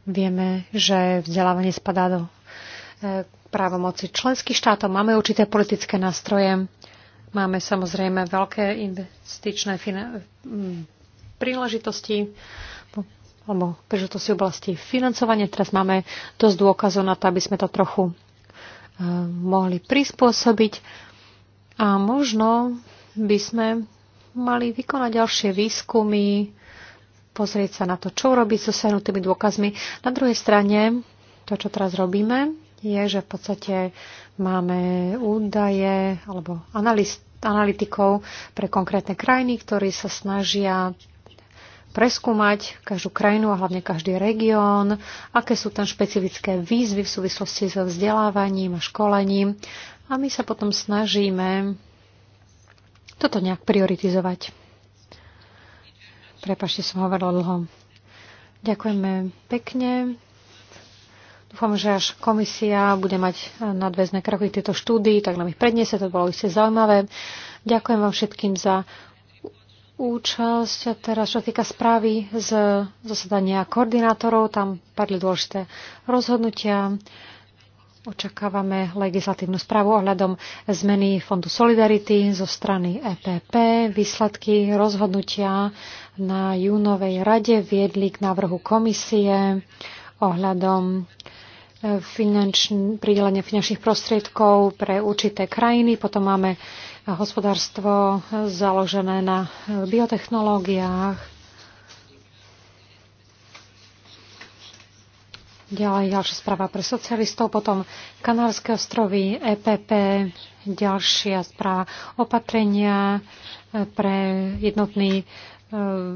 Vieme, že vzdelávanie spadá do e, právomoci členských štátov. Máme určité politické nástroje. Máme samozrejme veľké investičné príležitosti alebo príležitosti v oblasti financovania. Teraz máme dosť dôkazov na to, aby sme to trochu e, mohli prispôsobiť. A možno by sme mali vykonať ďalšie výskumy, pozrieť sa na to, čo urobiť so senutými dôkazmi. Na druhej strane, to, čo teraz robíme, je, že v podstate máme údaje alebo analist, analytikov pre konkrétne krajiny, ktorí sa snažia preskúmať každú krajinu a hlavne každý región, aké sú tam špecifické výzvy v súvislosti so vzdelávaním a školením. A my sa potom snažíme toto nejak prioritizovať. Prepašte, som hovorila dlho. Ďakujeme pekne. Dúfam, že až komisia bude mať nadväzné kroky tieto štúdii, tak nám ich predniesie, to bolo iste zaujímavé. Ďakujem vám všetkým za účasť. A teraz, čo týka správy z zasadania koordinátorov, tam padli dôležité rozhodnutia. Očakávame legislatívnu správu ohľadom zmeny Fondu Solidarity zo strany EPP. Výsledky rozhodnutia na júnovej rade viedli k návrhu komisie ohľadom e, finančn- finančných prostriedkov pre určité krajiny. Potom máme hospodárstvo založené na biotechnológiách Ďalej ďalšia správa pre socialistov, potom Kanárske ostrovy, EPP, ďalšia správa opatrenia e, pre jednotný e,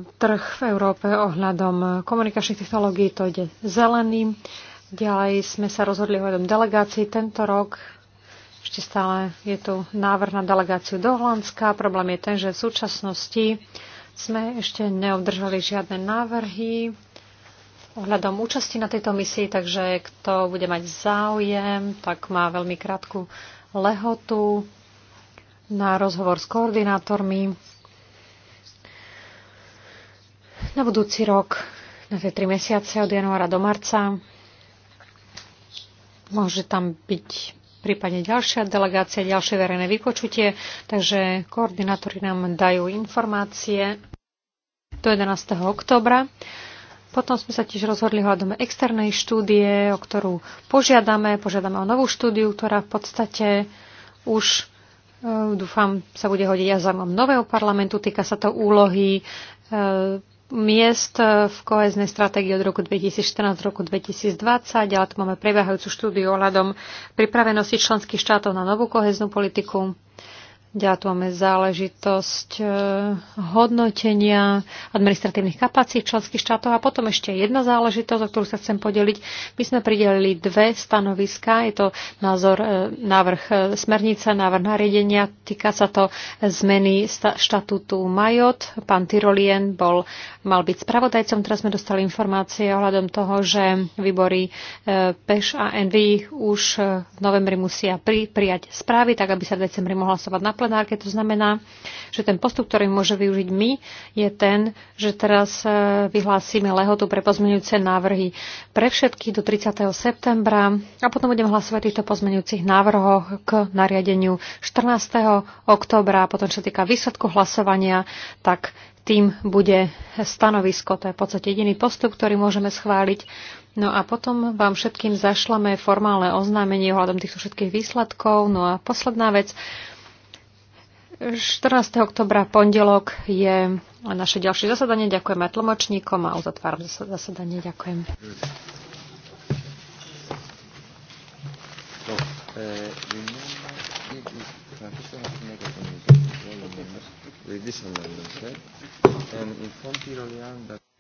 trh v Európe ohľadom komunikačných technológií, to ide zeleným. Ďalej sme sa rozhodli o jednom delegácii tento rok. Ešte stále je tu návrh na delegáciu do Holandska. Problém je ten, že v súčasnosti sme ešte neobdržali žiadne návrhy ohľadom účasti na tejto misii, takže kto bude mať záujem, tak má veľmi krátku lehotu na rozhovor s koordinátormi. Na budúci rok, na tie tri mesiace od januára do marca, môže tam byť prípadne ďalšia delegácia, ďalšie verejné vypočutie, takže koordinátori nám dajú informácie do 11. oktobra. Potom sme sa tiež rozhodli hľadom externej štúdie, o ktorú požiadame. Požiadame o novú štúdiu, ktorá v podstate už, e, dúfam, sa bude hodiť aj zaujímavom nového parlamentu. Týka sa to úlohy e, miest v koheznej stratégii od roku 2014 do roku 2020, ale tu máme prebiehajúcu štúdiu ohľadom pripravenosti členských štátov na novú koheznú politiku. Ďalej tu máme záležitosť e, hodnotenia administratívnych kapacít členských štátov a potom ešte jedna záležitosť, o ktorú sa chcem podeliť. My sme pridelili dve stanoviska. Je to názor, e, návrh e, smernice, návrh nariadenia. Týka sa to zmeny štatútu Majot. Pán Tyrolien bol, mal byť spravodajcom. Teraz sme dostali informácie ohľadom toho, že výbory PEŠ a NV už v novembri musia pri, prijať správy, tak aby sa v decembri mohla hlasovať na plenárke. To znamená, že ten postup, ktorý môže využiť my, je ten, že teraz e, vyhlásime lehotu pre pozmeňujúce návrhy pre všetky do 30. septembra a potom budem hlasovať o týchto pozmeňujúcich návrhoch k nariadeniu 14. oktobra. A potom, čo týka výsledku hlasovania, tak tým bude stanovisko. To je v podstate jediný postup, ktorý môžeme schváliť. No a potom vám všetkým zašlame formálne oznámenie ohľadom týchto všetkých výsledkov. No a posledná vec, 14. oktobra, pondelok, je naše ďalšie zasadanie. Ďakujem aj tlmočníkom a uzatváram zasadanie. Ďakujem. No, eh,